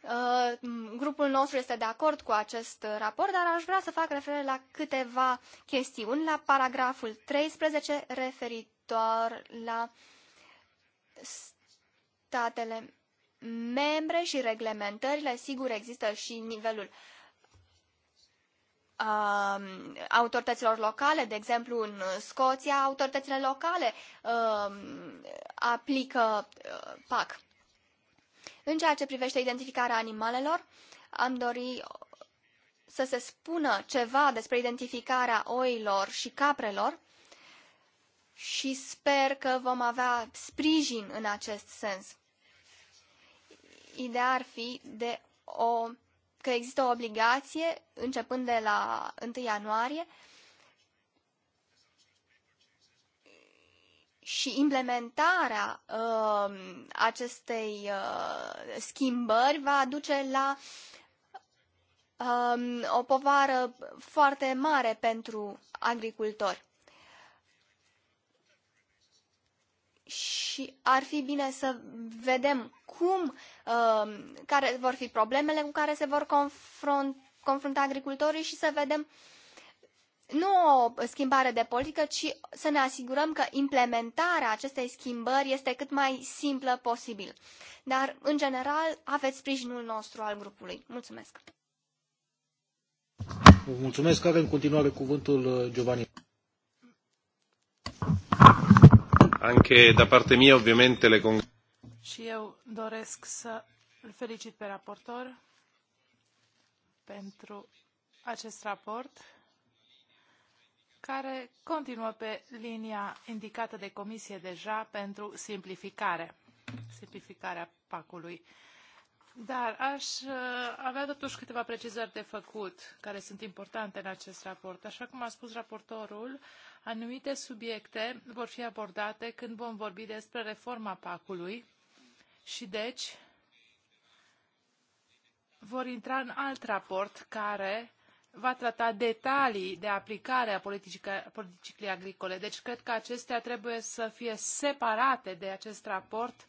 Uh, grupul nostru este de acord cu acest raport, dar aș vrea să fac referire la câteva chestiuni, la paragraful 13 referitor la statele membre și reglementările, sigur, există și nivelul um, autorităților locale, de exemplu în Scoția, autoritățile locale uh, aplică uh, PAC. În ceea ce privește identificarea animalelor, am dori să se spună ceva despre identificarea oilor și caprelor și sper că vom avea sprijin în acest sens ideea ar fi de o, că există o obligație începând de la 1 ianuarie și implementarea uh, acestei uh, schimbări va duce la uh, o povară foarte mare pentru agricultori. și ar fi bine să vedem cum, uh, care vor fi problemele cu care se vor confrunt, confrunta agricultorii și să vedem nu o schimbare de politică, ci să ne asigurăm că implementarea acestei schimbări este cât mai simplă posibil. Dar, în general, aveți sprijinul nostru al grupului. Mulțumesc!
Mulțumesc. Are în continuare cuvântul uh, Giovanni anche da parte mia ovviamente le
Și eu doresc să îl felicit pe raportor pentru acest raport care continuă pe linia indicată de comisie deja pentru simplificare, simplificarea pacului. Dar aș uh, avea totuși câteva precizări de făcut care sunt importante în acest raport. Așa cum a spus raportorul, uh, Anumite subiecte vor fi abordate când vom vorbi despre reforma PAC-ului și deci vor intra în alt raport care va trata detalii de aplicare a politicii agricole. Deci cred că acestea trebuie să fie separate de acest raport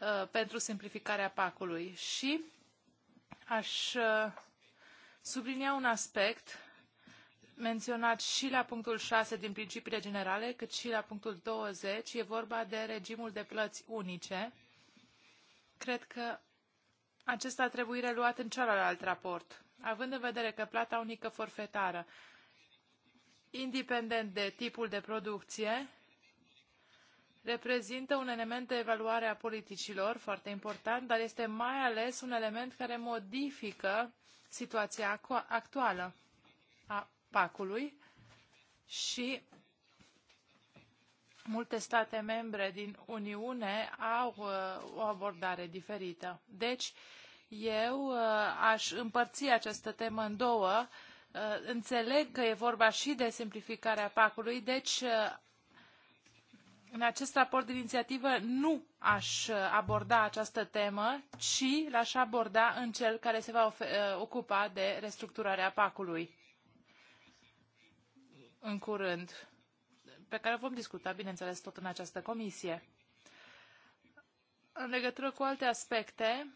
uh, pentru simplificarea PAC-ului. Și aș uh, sublinia un aspect menționat și la punctul 6 din principiile generale, cât și la punctul 20. E vorba de regimul de plăți unice. Cred că acesta trebuie reluat în celălalt raport, având în vedere că plata unică forfetară, independent de tipul de producție, reprezintă un element de evaluare a politicilor foarte important, dar este mai ales un element care modifică situația actuală a pacului și multe state membre din Uniune au uh, o abordare diferită. Deci, eu uh, aș împărți această temă în două. Uh, înțeleg că e vorba și de simplificarea pacului, deci în acest raport de inițiativă nu aș aborda această temă, ci l-aș aborda în cel care se va ocupa de restructurarea pacului în curând, pe care vom discuta, bineînțeles, tot în această comisie. În legătură cu alte aspecte,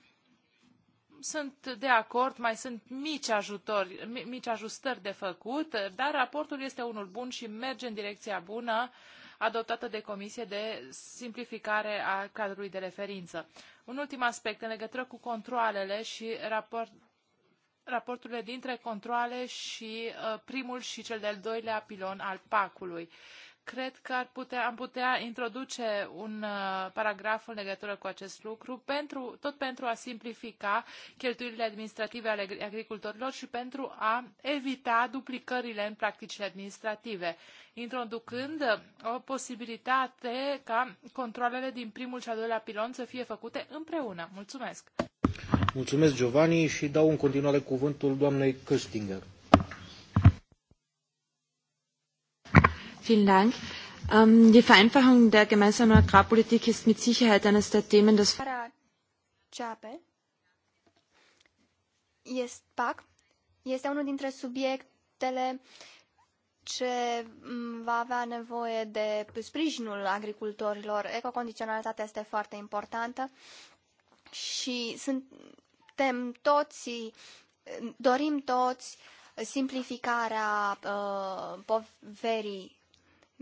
sunt de acord, mai sunt mici, ajutori, mici ajustări de făcut, dar raportul este unul bun și merge în direcția bună adoptată de Comisie de simplificare a cadrului de referință. Un ultim aspect în legătură cu controalele și raport, raporturile dintre controle și uh, primul și cel de-al doilea pilon al PAC-ului. Cred că ar putea, am putea introduce un uh, paragraf în legătură cu acest lucru, pentru, tot pentru a simplifica cheltuielile administrative ale agricultorilor și pentru a evita duplicările în practicile administrative, introducând o posibilitate ca controlele din primul și al doilea pilon să fie făcute împreună. Mulțumesc!
Mulțumesc, Giovanni, și dau în continuare cuvântul doamnei Köstinger.
Vielen Dank. Ähm, die Vereinfachung der gemeinsamen Agrarpolitik ist mit Sicherheit eines der Themen, das...
Este, PAC este unul dintre subiectele ce va avea nevoie de sprijinul agricultorilor. Ecocondiționalitatea este foarte importantă și sunt, Tem toți, dorim toți simplificarea uh, poverii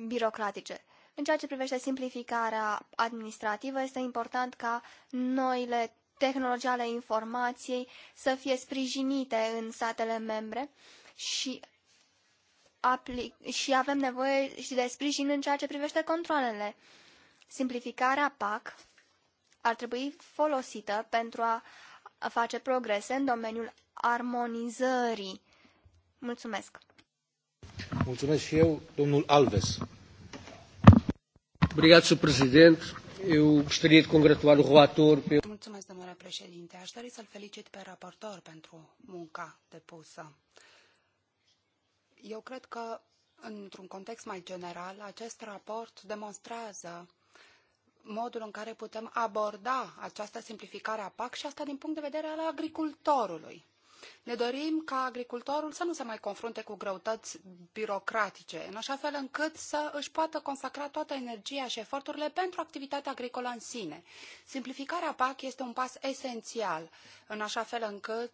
birocratice. În ceea ce privește simplificarea administrativă, este important ca noile tehnologii ale informației să fie sprijinite în statele membre și, și avem nevoie și de sprijin în ceea ce privește controlele. Simplificarea PAC ar trebui folosită pentru a face progrese în domeniul armonizării. Mulțumesc!
Mulțumesc și eu, domnul Alves. Obrigado, Sr. Presidente. Eu gostaria de congratular o relator. Pe...
Mulțumesc, domnule președinte. Aș dori să-l felicit pe raportor pentru munca depusă. Eu cred că, într-un context mai general, acest raport demonstrează modul în care putem aborda această simplificare a PAC și asta din punct de vedere al agricultorului. Ne dorim ca agricultorul să nu se mai confrunte cu greutăți birocratice, în așa fel încât să își poată consacra toată energia și eforturile pentru activitatea agricolă în sine. Simplificarea PAC este un pas esențial, în așa fel încât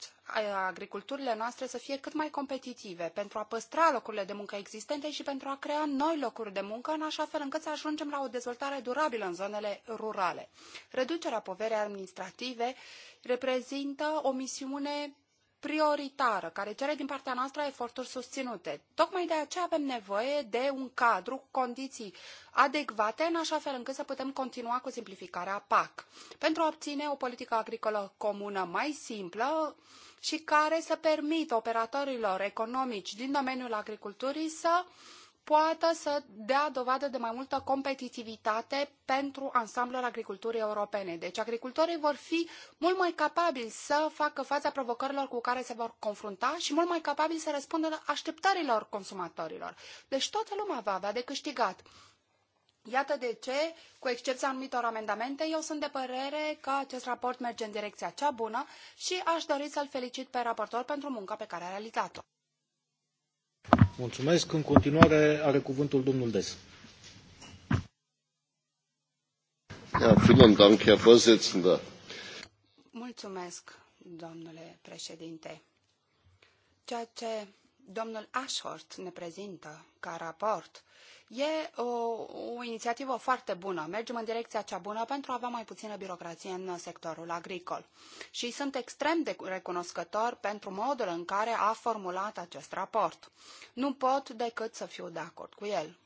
agriculturile noastre să fie cât mai competitive, pentru a păstra locurile de muncă existente și pentru a crea noi locuri de muncă, în așa fel încât să ajungem la o dezvoltare durabilă în zonele rurale. Reducerea poverii administrative reprezintă o misiune prioritară, care cere din partea noastră eforturi susținute. Tocmai de aceea avem nevoie de un cadru cu condiții adecvate, în așa fel încât să putem continua cu simplificarea PAC, pentru a obține o politică agricolă comună mai simplă și care să permită operatorilor economici din domeniul agriculturii să uh, poată să dea dovadă de mai multă competitivitate pentru ansamblul agriculturii europene. Deci agricultorii vor fi mult mai capabili să facă fața provocărilor cu care se vor confrunta și mult mai capabili să răspundă așteptărilor consumatorilor. Deci toată lumea va avea de câștigat. Iată de ce, cu excepția anumitor amendamente, eu sunt de părere că acest raport merge în direcția cea bună și aș dori să-l felicit pe raportor pentru munca pe care a realizat-o.
Mulțumesc. În continuare are cuvântul domnul Des.
Ja, vielen Dank, Herr Vorsitzender.
Mulțumesc, domnule președinte. Ceea ce domnul Ashworth ne prezintă ca raport E o, o inițiativă foarte bună. Mergem în direcția cea bună pentru a avea mai puțină birocrație în sectorul agricol. Și sunt extrem de recunoscător pentru modul în care a formulat acest raport. Nu pot decât să fiu de acord cu el.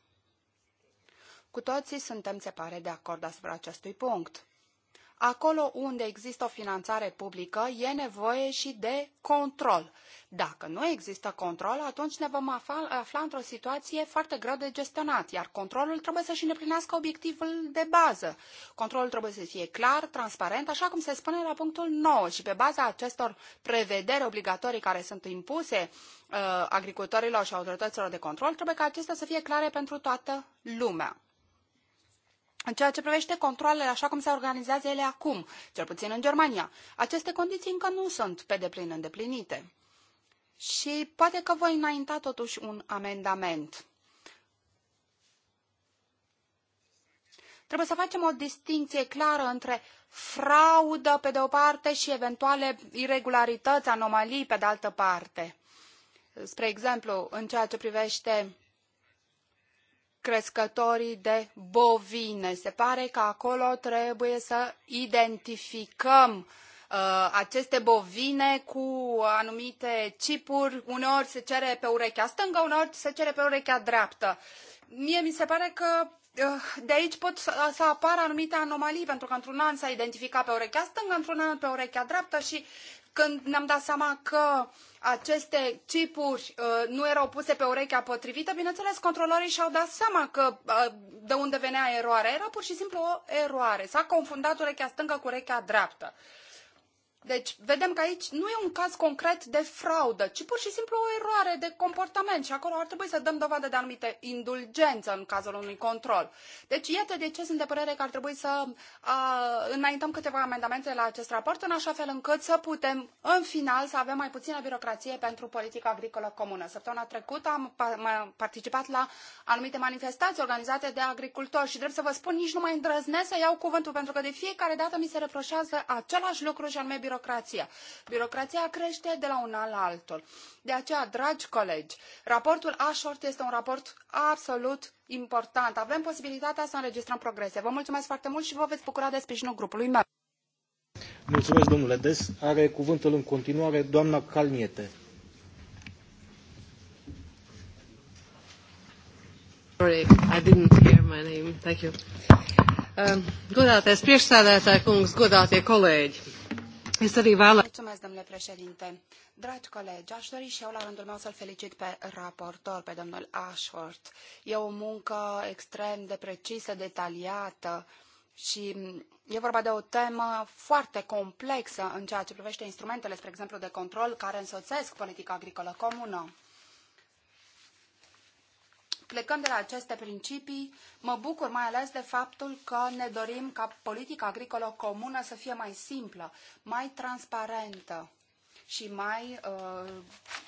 Cu toții suntem, se pare, de acord asupra acestui punct acolo unde există o finanțare publică, e nevoie și de control. Dacă nu există control, atunci ne vom afla, afla într-o situație foarte greu de gestionat, iar controlul trebuie să-și îndeplinească obiectivul de bază. Controlul trebuie să fie clar, transparent, așa cum se spune la punctul 9 și pe baza acestor prevederi obligatorii care sunt impuse uh, agricultorilor și autorităților de control, trebuie ca acestea să fie clare pentru toată lumea. În ceea ce privește controlele așa cum se organizează ele acum, cel puțin în Germania, aceste condiții încă nu sunt pe deplin îndeplinite. Și poate că voi înainta totuși un amendament. Trebuie să facem o distinție clară între fraudă pe de o parte și eventuale irregularități, anomalii pe de altă parte. Spre exemplu, în ceea ce privește crescătorii de bovine. Se pare că acolo trebuie să identificăm uh, aceste bovine cu anumite chipuri, uneori se cere pe urechea stângă, uneori se cere pe urechea dreaptă. Mie mi se pare că uh, de aici pot să, să apară anumite anomalii, pentru că într-un an s-a identificat pe urechea stângă, într-un an pe urechea dreaptă și când ne-am dat seama că aceste chipuri uh, nu erau puse pe urechea potrivită, bineînțeles, controlorii și-au dat seama că uh, de unde venea eroarea. Era pur și simplu o eroare. S-a confundat urechea stângă cu urechea dreaptă. Uh, deci, vedem că aici nu e un caz concret de fraudă, ci pur și simplu o eroare de comportament și acolo ar trebui să dăm dovadă de anumite indulgență în cazul unui control. Deci, iată de ce sunt de părere că ar trebui să a, înaintăm câteva amendamente la acest raport, în așa fel încât să putem, în final, să avem mai puțină birocrație pentru politica agricolă comună. Săptămâna trecută am participat la anumite manifestații organizate de agricultori și, drept să vă spun, nici nu mai îndrăznesc să iau cuvântul, pentru că de fiecare dată mi se reproșează același lucru și anume birocrația. Birocrația crește de la un an la altul. De aceea, dragi colegi, raportul Ashort este un raport absolut important. Avem posibilitatea să înregistrăm progrese. Vă mulțumesc foarte mult și vă veți bucura de sprijinul grupului meu.
Mulțumesc, domnule Des. Are cuvântul în continuare doamna Calniete.
Sorry, I didn't hear my name. Thank you. Um,
godātais Good kungs, godātie kolēģi! domnule președinte. Dragi colegi, aș dori și eu la rândul meu să-l felicit pe raportor, pe domnul Ashworth. E o muncă extrem de precisă, detaliată și e vorba de o temă foarte complexă în ceea ce privește instrumentele, spre exemplu, de control care însoțesc politica agricolă comună. Plecând de la aceste principii, mă bucur mai ales de faptul că ne dorim ca politica agricolă comună să fie mai simplă, mai transparentă și mai uh,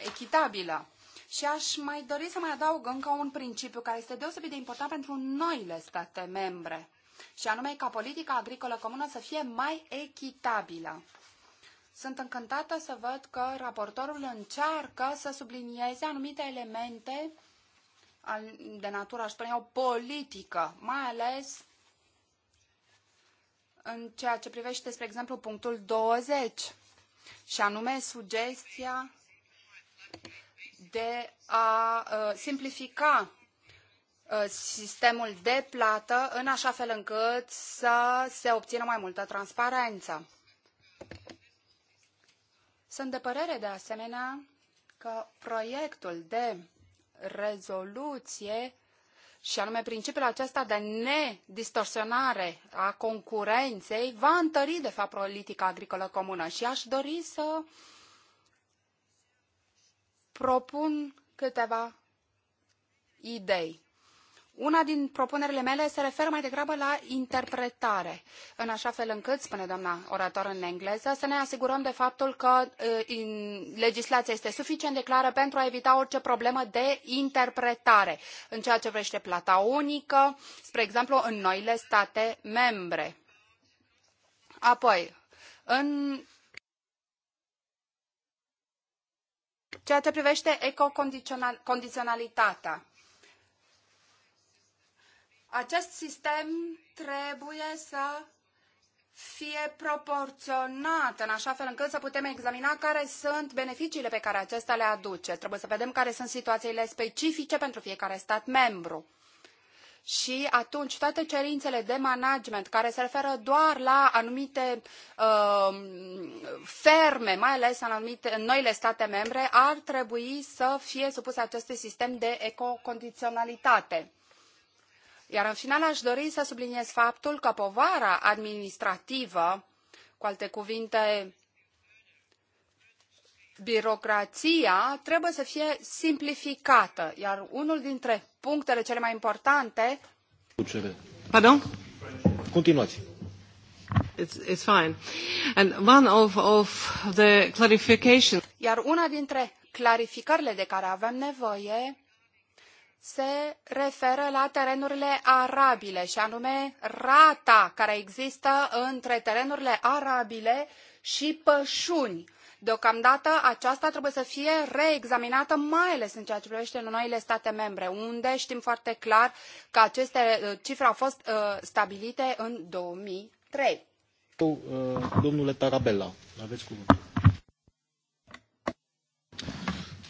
echitabilă. Și aș mai dori să mai adaug încă un principiu care este deosebit de important pentru noile state membre, și anume ca politica agricolă comună să fie mai echitabilă. Sunt încântată să văd că raportorul încearcă să sublinieze anumite elemente de natură, aș spune eu, politică, mai ales în ceea ce privește, spre exemplu, punctul 20, și anume sugestia de a ă, simplifica ă, sistemul de plată în așa fel încât să se obțină mai multă transparență. Sunt de părere de asemenea că proiectul de rezoluție și anume principiul acesta de nedistorsionare a concurenței va întări, de fapt, politica agricolă comună. Și aș dori să propun câteva idei. Una din propunerile mele se referă mai degrabă la interpretare, în așa fel încât, spune doamna oratoare în engleză, să ne asigurăm de faptul că legislația este suficient de clară pentru a evita orice problemă de interpretare în ceea ce vrește plata unică, spre exemplu, în noile state membre. Apoi, în ceea ce privește ecocondiționalitatea acest sistem trebuie să fie proporționat în așa fel încât să putem examina care sunt beneficiile pe care acesta le aduce. Trebuie să vedem care sunt situațiile specifice pentru fiecare stat membru. Și atunci toate cerințele de management care se referă doar la anumite uh, ferme, mai ales în, anumite, în noile state membre, ar trebui să fie supuse acestui sistem de ecocondiționalitate iar în final aș dori să subliniez faptul că povara administrativă, cu alte cuvinte, birocrația trebuie să fie simplificată, iar unul dintre punctele cele mai importante...
Pardon? Continuați.
It's, it's fine. And one of, of the clarification...
Iar una dintre clarificările de care avem nevoie se referă la terenurile arabile și anume rata care există între terenurile arabile și pășuni. Deocamdată aceasta trebuie să fie reexaminată, mai ales în ceea ce privește noile state membre, unde știm foarte clar că aceste uh, cifre au fost uh, stabilite în 2003.
Uh, domnule Tarabella, aveți cuvântul.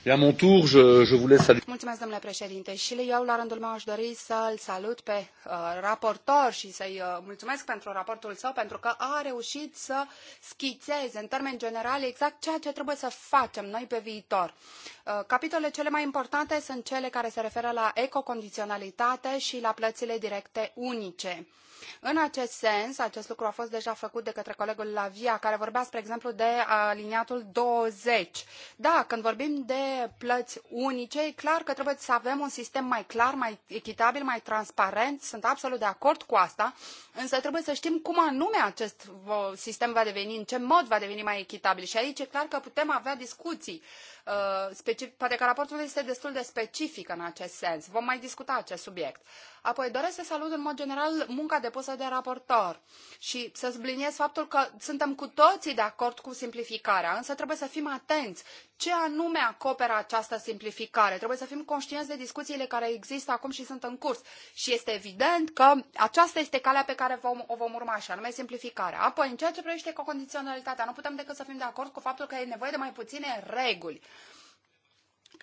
La mon tour, je, je saluer.
Mulțumesc, domnule președinte. Și eu, la rândul meu, aș dori să-l salut pe uh, raportor și să-i uh, mulțumesc pentru raportul său, pentru că a reușit să schițeze, în termeni generali, exact ceea ce trebuie să facem noi pe viitor. Uh, capitolele cele mai importante sunt cele care se referă la ecocondiționalitate și la plățile directe unice. În acest sens, acest lucru a fost deja făcut de către colegul Lavia, care vorbea, spre exemplu, de aliniatul 20. Da, când vorbim de plăți unice, e clar că trebuie să avem un sistem mai clar, mai echitabil, mai transparent. Sunt absolut de acord cu asta, însă trebuie să știm cum anume acest uh, sistem va deveni, în ce mod va deveni mai echitabil. Și aici e clar că putem avea discuții uh, specifice poate că raportul este destul de specific în acest sens. Vom mai discuta acest subiect. Apoi doresc să salut în mod general munca depusă de raportor și să subliniez faptul că suntem cu toții de acord cu simplificarea, însă trebuie să fim atenți ce anume acoperă această simplificare. Trebuie să fim conștienți de discuțiile care există acum și sunt în curs. Și este evident că aceasta este calea pe care vom, o vom urma, și anume simplificarea. Apoi, în ceea ce privește condiționalitatea, nu putem decât să fim de acord cu faptul că e nevoie de mai puține reguli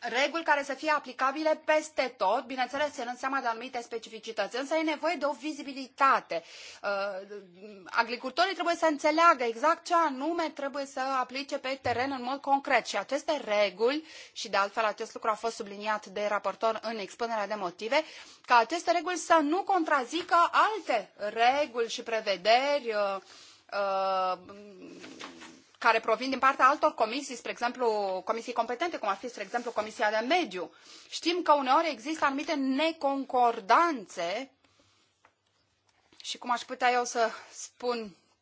reguli care să fie aplicabile peste tot, bineînțeles ținând seama de anumite specificități, însă e nevoie de o vizibilitate. Uh, agricultorii trebuie să înțeleagă exact ce anume trebuie să aplice pe teren în mod concret și aceste reguli, și de altfel acest lucru a fost subliniat de raportor în expunerea de motive, ca aceste reguli să nu contrazică alte reguli și prevederi uh, uh, care provin din partea altor comisii, spre exemplu comisii competente, cum ar fi, spre exemplu, Comisia de Mediu. Știm că uneori există anumite neconcordanțe și cum aș putea eu să spun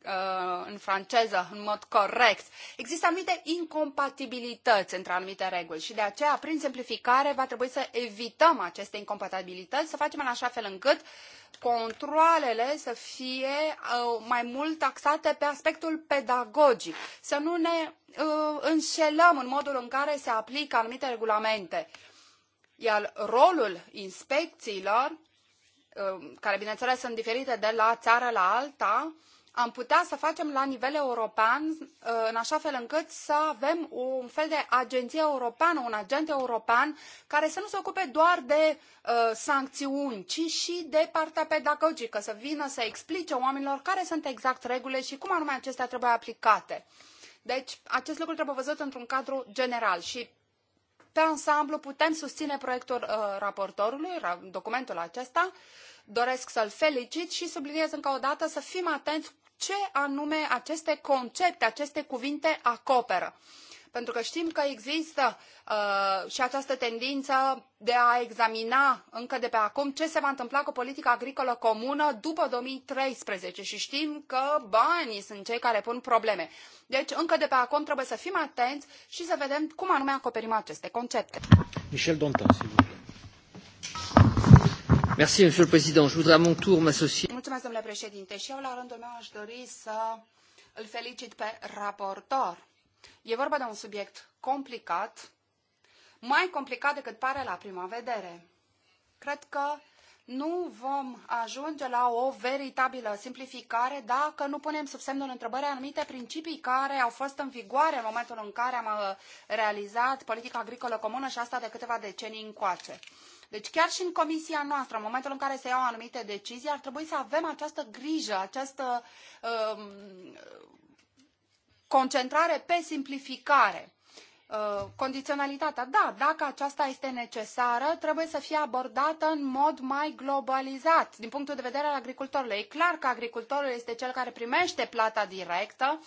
uh, în franceză, în mod corect. Există anumite incompatibilități între anumite reguli și de aceea, prin simplificare, va trebui să evităm aceste incompatibilități, să facem în așa fel încât uh, controlele să fie uh, mai mult taxate pe aspectul pedagogic, să nu ne uh, înșelăm în modul în care se aplică anumite regulamente. Iar rolul inspecțiilor, uh, care bineînțeles sunt diferite de la țară la alta, am putea să facem la nivel european uh, în așa fel încât să avem un fel de agenție europeană, un agent european care să nu se ocupe doar de uh, sancțiuni, ci și de partea pedagogică, să vină să explice oamenilor care sunt exact regulile și cum anume acestea trebuie aplicate. Deci, acest lucru trebuie văzut într-un cadru general și pe ansamblu putem susține proiectul uh, raportorului, documentul acesta, uh, Doresc să-l felicit și subliniez încă o dată să fim atenți ce anume aceste concepte, aceste cuvinte acoperă. Pentru că știm că există uh, și această tendință de a examina încă de pe acum ce se va întâmpla cu politica agricolă comună după 2013 și știm că banii sunt cei care pun probleme. Deci încă de pe acum trebuie să fim atenți și să vedem cum anume acoperim aceste concepte.
Michel Dantin, sigur. Mulțumesc,
domnule președinte. Și eu, la rândul meu, aș dori să îl felicit pe raportor. E vorba de un subiect complicat, mai complicat decât pare la prima vedere. Cred că nu vom ajunge la o veritabilă simplificare dacă nu punem sub semnul întrebării anumite principii care au fost în vigoare în momentul în care am uh, realizat politica agricolă comună și asta de câteva decenii încoace. Deci chiar și în comisia noastră, în momentul în care se iau anumite decizii, ar trebui să avem această grijă, această um, concentrare pe simplificare. Uh, condiționalitatea, da, dacă aceasta este necesară, trebuie să fie abordată în mod mai globalizat din punctul de vedere al agricultorului. E clar că agricultorul este cel care primește plata directă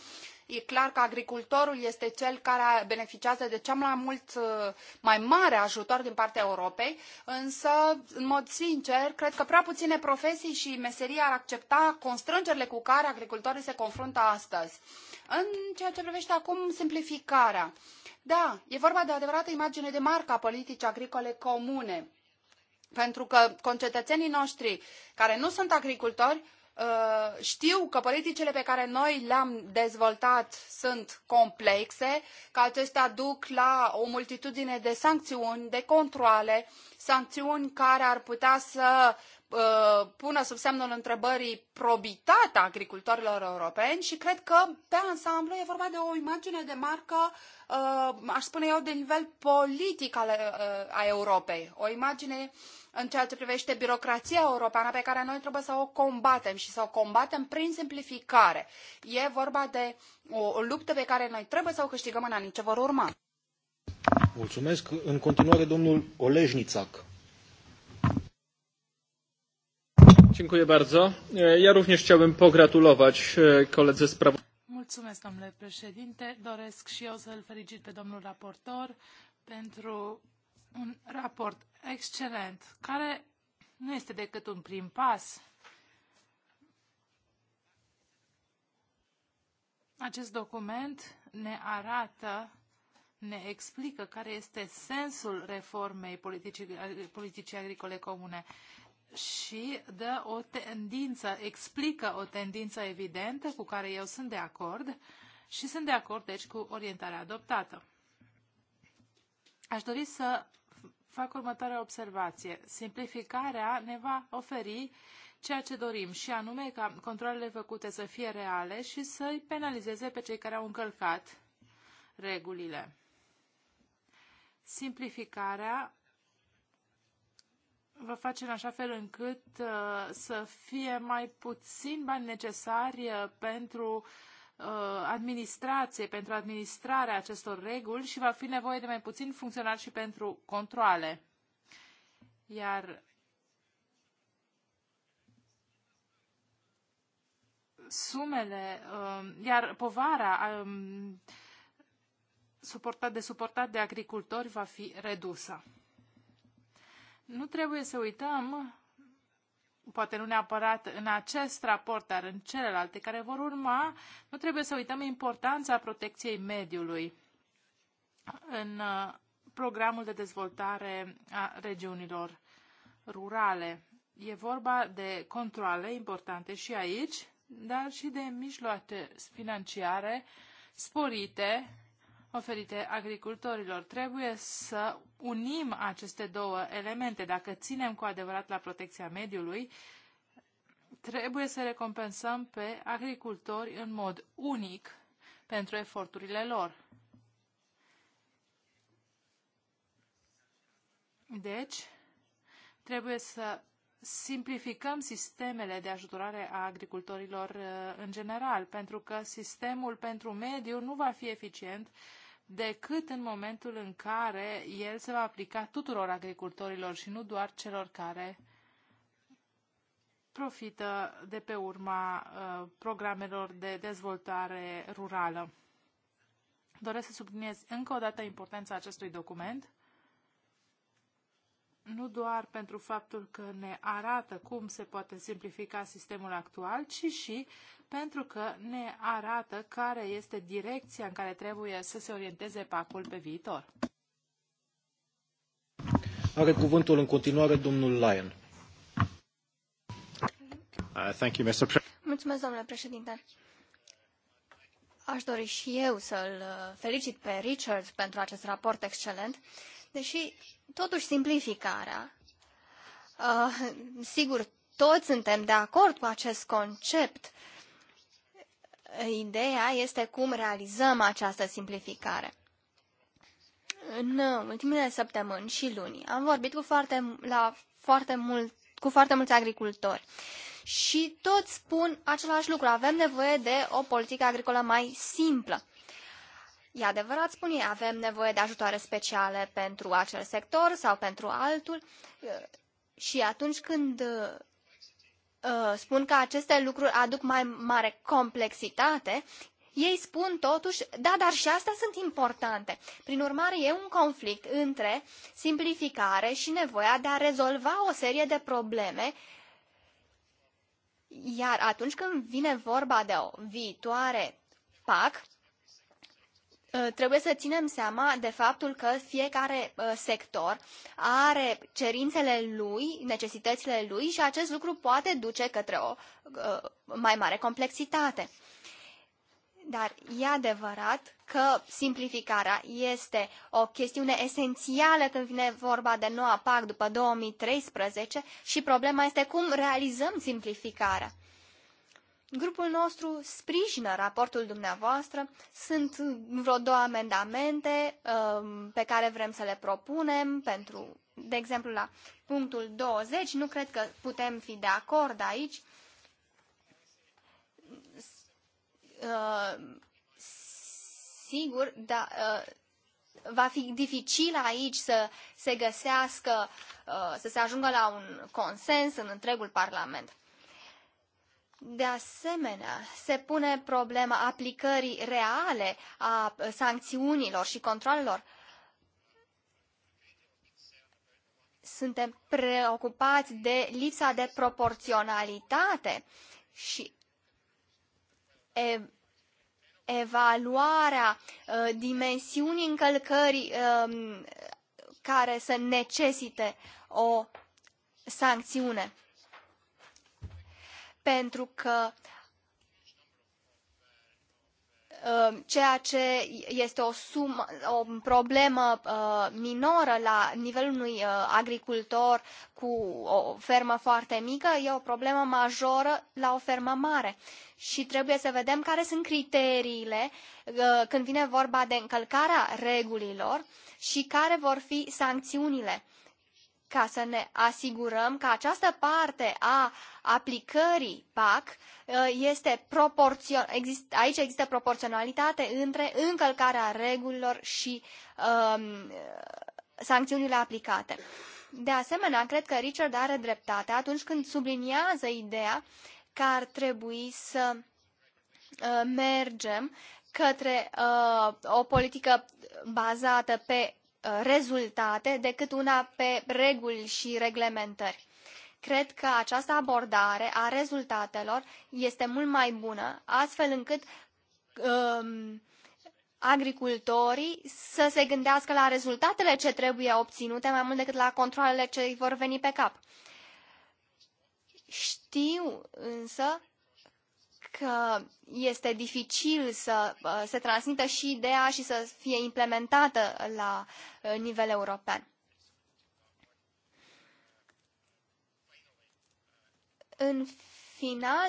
e clar că agricultorul este cel care beneficiază de cel mai mult, uh, mai mare ajutor din partea Europei, însă, în mod sincer, cred că prea puține profesii și meserii ar accepta constrângerile cu care agricultorii se confruntă astăzi. În ceea ce privește acum simplificarea. Da, e vorba de o adevărată imagine de marca politicii agricole comune. Pentru că concetățenii noștri care nu sunt agricultori Uh, știu că politicile pe care noi le-am dezvoltat sunt complexe, că acestea duc la o multitudine de sancțiuni, de controale, sancțiuni care ar putea să Uh, pună sub semnul întrebării probitatea agricultorilor europeni și cred că pe ansamblu e vorba de o imagine de marcă, uh, aș spune eu, de nivel politic al, uh, a Europei. O imagine în ceea ce privește birocrația europeană pe care noi trebuie să o combatem și să o combatem prin simplificare. E vorba de o, o luptă pe care noi trebuie să o câștigăm în anii ce vor urma.
Mulțumesc. În continuare, domnul Oleșnițac. Dziękuję bardzo. Ja również chciałbym pogratulować koledze sprawozdawcy.
Mulțumesc, domnule președinte. Doresc și eu să-l felicit pe domnul raportor pentru un raport excelent, care nu este decât un prim pas. Acest document ne arată, ne explică care este sensul reformei politicii, politicii agricole comune și dă o tendință, explică o tendință evidentă cu care eu sunt de acord și sunt de acord, deci, cu orientarea adoptată. Aș dori să fac următoarea observație. Simplificarea ne va oferi ceea ce dorim și anume ca controlele făcute să fie reale și să-i penalizeze pe cei care au încălcat regulile. Simplificarea va face în așa fel încât uh, să fie mai puțin bani necesari uh, pentru uh, administrație, pentru administrarea acestor reguli și va fi nevoie de mai puțin funcționari și pentru controle. Iar sumele, um, iar povara um, de suportat de agricultori va fi redusă. Nu trebuie să uităm, poate nu neapărat în acest raport, dar în celelalte care vor urma, nu trebuie să uităm importanța protecției mediului în uh, programul de dezvoltare a regiunilor rurale. E vorba de controle importante și aici, dar și de mijloace financiare sporite oferite agricultorilor. Trebuie să unim aceste două elemente. Dacă ținem cu adevărat la protecția mediului, trebuie să recompensăm pe agricultori în mod unic pentru eforturile lor. Deci, trebuie să simplificăm sistemele de ajutorare a agricultorilor uh, în general, pentru că sistemul pentru mediu nu va fi eficient uh, decât în momentul în care el se va aplica tuturor agricultorilor și nu doar celor care profită de pe urma uh, programelor de dezvoltare rurală. Doresc să subliniez încă o dată importanța acestui document nu doar pentru faptul că ne arată cum se poate simplifica sistemul actual, ci și pentru că ne arată care este direcția în care trebuie să se orienteze
pacul pe viitor.
Are cuvântul în continuare domnul Lyon. Uh,
Mulțumesc, domnule președinte. Aș dori și eu să-l uh, felicit pe Richard pentru acest raport excelent Deși, totuși, simplificarea. Uh, sigur, toți suntem de acord cu acest concept. Ideea este cum realizăm această simplificare. În uh, ultimele săptămâni și luni am vorbit cu foarte, la foarte mult, cu foarte mulți agricultori și toți spun același lucru. Avem nevoie de o politică agricolă mai simplă. E adevărat, spun ei, avem nevoie de ajutoare speciale pentru acel sector sau pentru altul și atunci când spun că aceste lucruri aduc mai mare complexitate, ei spun totuși, da, dar și astea sunt importante. Prin urmare, e un conflict între simplificare și nevoia de a rezolva o serie de probleme iar atunci când vine vorba de o viitoare PAC, Uh, trebuie să ținem seama de faptul că fiecare uh, sector are cerințele lui, necesitățile lui și acest lucru poate duce către o uh, mai mare complexitate. Dar e adevărat că simplificarea este o chestiune esențială când vine vorba de noua PAC după 2013 și problema este cum realizăm simplificarea. Grupul nostru sprijină raportul dumneavoastră. Sunt vreo două amendamente um, pe care vrem să le propunem pentru, de exemplu, la punctul 20. Nu cred că putem fi de acord aici. Uh, sigur, da, uh, va fi dificil aici să se găsească, uh, să se ajungă la un consens în întregul Parlament. De asemenea, se pune problema aplicării reale a sancțiunilor și controlelor. Suntem preocupați de lipsa de proporționalitate și e, evaluarea uh, dimensiunii încălcării uh, care să necesite o sancțiune pentru că uh, ceea ce este o, sumă, o problemă uh, minoră la nivelul unui uh, agricultor cu o fermă foarte mică, e o problemă majoră la o fermă mare. Și trebuie să vedem care sunt criteriile când vine vorba de încălcarea regulilor și care vor fi sancțiunile ca să ne asigurăm că această parte a aplicării PAC uh, este proporțion, există aici există proporționalitate între încălcarea regulilor și um, sancțiunile aplicate. De asemenea, cred că Richard are dreptate atunci când subliniază ideea că ar trebui să uh, mergem către uh, o politică bazată pe Uh, rezultate decât una pe reguli și reglementări. Cred că această abordare a rezultatelor este mult mai bună, astfel încât um, agricultorii să se gândească la rezultatele ce trebuie obținute mai mult decât la controlele ce îi vor veni pe cap. Știu însă că este dificil să uh, se transmită și ideea și să fie implementată la uh, nivel european. În final,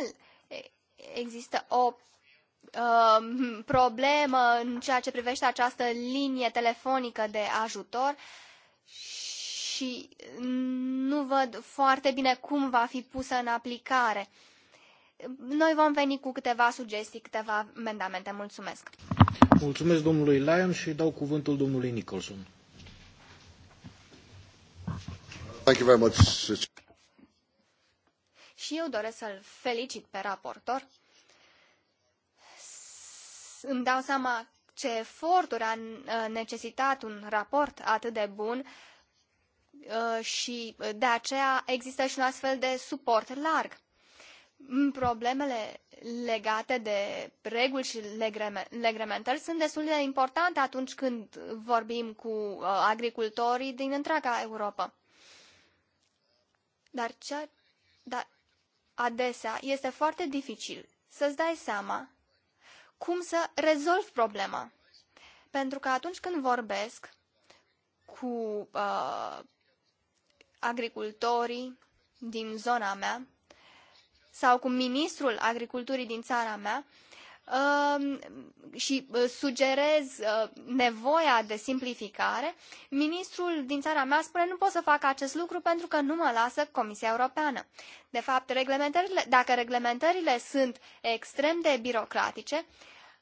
există o uh, problemă în ceea ce privește această linie telefonică de ajutor și nu văd foarte bine cum va fi pusă în aplicare noi vom veni cu câteva sugestii, câteva amendamente. Mulțumesc!
Mulțumesc domnului Lyon și dau cuvântul domnului Nicholson. Thank you very much.
Și eu doresc să-l felicit pe raportor. Îmi dau seama ce eforturi a necesitat un raport atât de bun uh, și de aceea există și un astfel de suport larg. Mm, problemele legate de reguli și reglementări sunt destul de importante atunci când vorbim cu uh, agricultorii din întreaga Europa. Dar, dar adesea este foarte dificil să-ți dai seama cum să rezolvi problema. Pentru că atunci când vorbesc cu uh, agricultorii din zona mea, sau cu ministrul agriculturii din țara mea um, și uh, sugerez uh, nevoia de simplificare, ministrul din țara mea spune nu pot să fac acest lucru pentru că nu mă lasă Comisia Europeană. De fapt, reglementările, dacă reglementările sunt extrem de birocratice,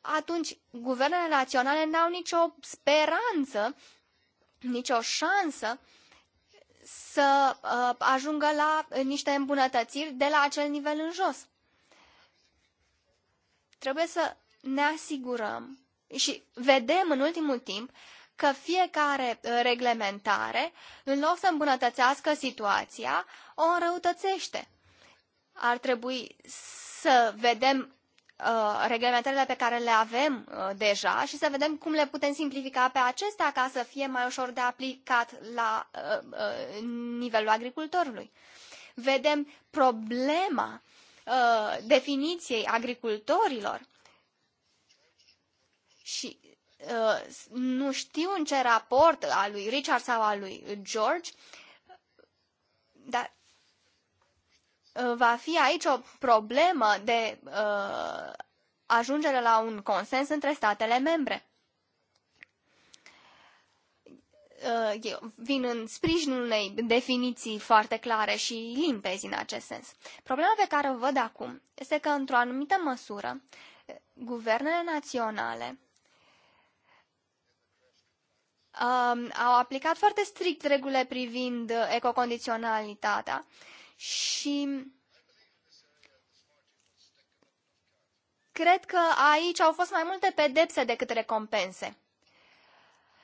atunci guvernele naționale n-au nicio speranță, nicio șansă uh, să uh, ajungă la uh, niște îmbunătățiri de la acel nivel în jos. Trebuie să ne asigurăm și vedem în ultimul timp că fiecare uh, reglementare, în loc să îmbunătățească situația, o înrăutățește. Ar trebui să vedem Uh, reglementările pe care le avem uh, deja și să vedem cum le putem simplifica pe acestea ca să fie mai ușor de aplicat la uh, nivelul agricultorului. Vedem problema definiției agricultorilor și nu știu în ce raport al lui Richard sau al lui George, dar Uh, va fi aici o problemă de uh, ajungere la un consens între statele membre. Uh, eu vin în sprijinul unei definiții foarte clare și limpezi în acest sens. Problema pe care o văd acum este că, într-o anumită măsură, guvernele naționale uh, au aplicat foarte strict regulile privind ecocondiționalitatea uh, și cred că aici au fost mai multe pedepse decât recompense.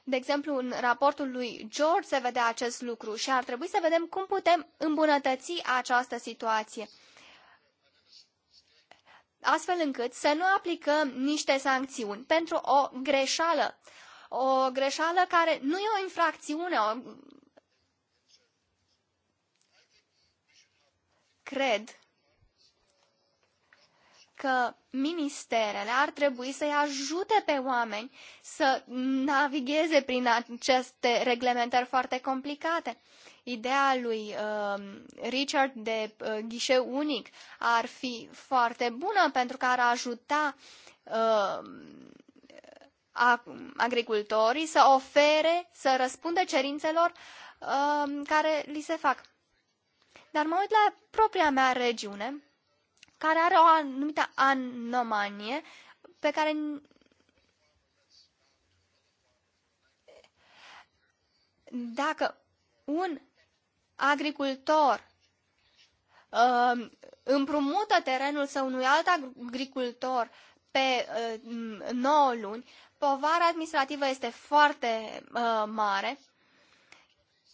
De exemplu, în raportul lui George se vede acest lucru și ar trebui să vedem cum putem îmbunătăți această situație. Astfel încât să nu aplicăm niște sancțiuni pentru o greșeală. O greșeală care nu e o infracțiune, o cred că ministerele ar trebui să-i ajute pe oameni să navigheze prin aceste reglementări foarte complicate. Ideea lui uh, Richard de uh, ghișeu unic ar fi foarte bună pentru că ar ajuta uh, um, a, agricultorii să ofere, să răspundă cerințelor uh, care li se fac. Dar mă uit la propria mea regiune, care are o anumită anomanie pe care dacă un agricultor um, împrumută terenul său unui alt agricultor pe 9 um, luni, povara administrativă este foarte uh, mare.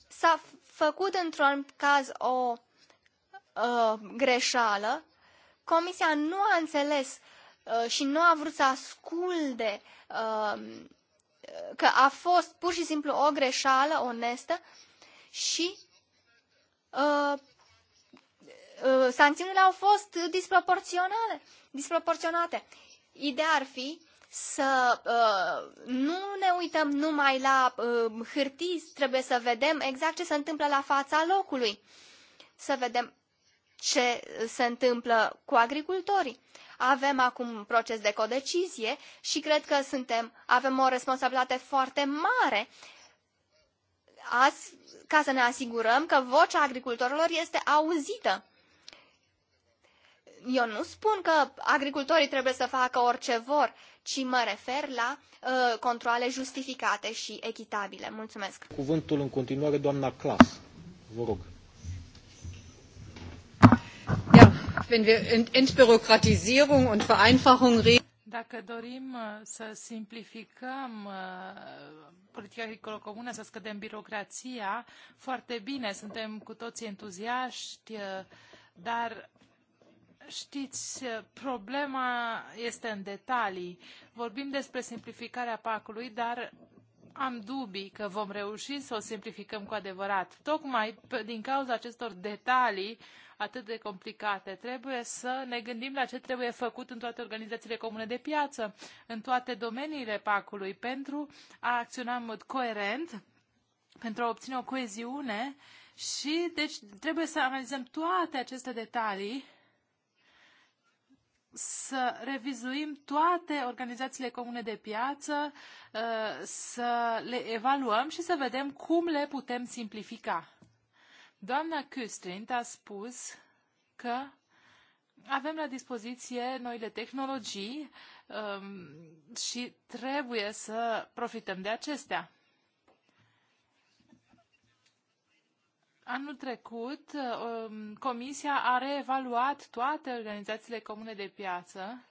S-a făcut într-un caz o uh, greșeală. Comisia nu a înțeles uh, și nu a vrut să asculte uh, că a fost pur și simplu o greșeală onestă și uh, uh, sancțiunile au fost disproporționale, disproporționate. Ideea ar fi să uh, nu ne uităm numai la uh, hârtii, trebuie să vedem exact ce se întâmplă la fața locului. Să vedem ce se întâmplă cu agricultorii. Avem acum un proces de codecizie și cred că suntem, avem o responsabilitate foarte mare azi, ca să ne asigurăm că vocea agricultorilor este auzită. Eu nu spun că agricultorii trebuie să facă orice vor, ci mă refer la uh, controle justificate și echitabile. Mulțumesc.
Cuvântul în continuare, doamna Clas. Vă rog.
Wenn wir Entbürokratisierung und Vereinfachung
reden,
dacă dorim uh, să simplificăm uh, politica agricolă comună, să scădem birocrația, foarte bine, suntem cu toții entuziaști, uh, dar știți, problema este în detalii. Vorbim despre simplificarea pacului, dar am dubii că vom reuși să o simplificăm cu adevărat. Tocmai din cauza acestor detalii atât de complicate. Trebuie să ne gândim la ce trebuie făcut în toate organizațiile comune de piață, în toate domeniile pacului, pentru a acționa în mod coerent, pentru a obține o coeziune și deci trebuie să analizăm toate aceste detalii să revizuim toate organizațiile comune de piață, uh, să le evaluăm și să vedem cum le putem simplifica. Doamna Küstrind a spus că avem la dispoziție noile tehnologii um, și trebuie să profităm de acestea. Anul trecut, um, Comisia a reevaluat toate organizațiile comune de piață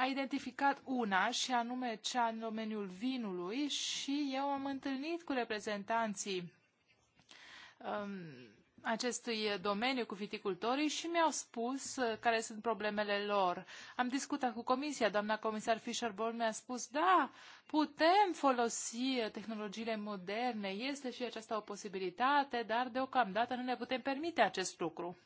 a identificat una, și anume cea în domeniul vinului, și eu am întâlnit cu reprezentanții um, acestui domeniu cu viticultorii și mi-au spus uh, care sunt problemele lor. Am discutat cu comisia, doamna comisar Fischer-Boll mi-a spus, da, putem folosi uh, tehnologiile moderne, este și aceasta o posibilitate, dar deocamdată nu ne putem permite acest lucru.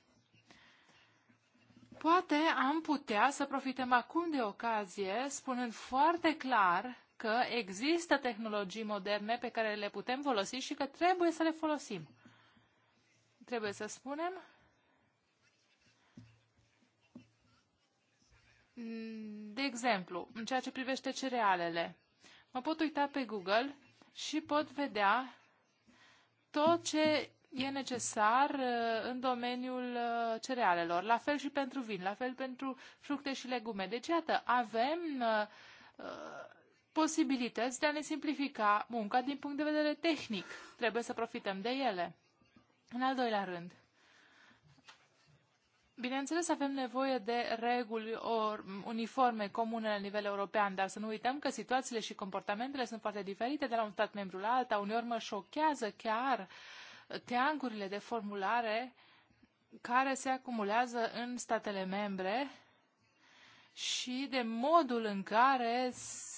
Poate am putea să profităm acum de ocazie, spunând foarte clar că există tehnologii moderne pe care le putem folosi și că trebuie să le folosim. Trebuie să spunem De exemplu, în ceea ce privește cerealele, mă pot uita pe Google și pot vedea tot ce e necesar uh, în domeniul uh, cerealelor, la fel și pentru vin, la fel pentru fructe și legume. Deci, iată, avem uh, posibilități de a ne simplifica munca din punct de vedere tehnic. Trebuie să profităm de ele. În al doilea rând, Bineînțeles, avem nevoie de reguli or, uniforme comune la nivel european, dar să nu uităm că situațiile și comportamentele sunt foarte diferite de la un stat membru la alta. Uneori mă șochează chiar uh, teangurile de formulare care se acumulează în statele membre și de modul în care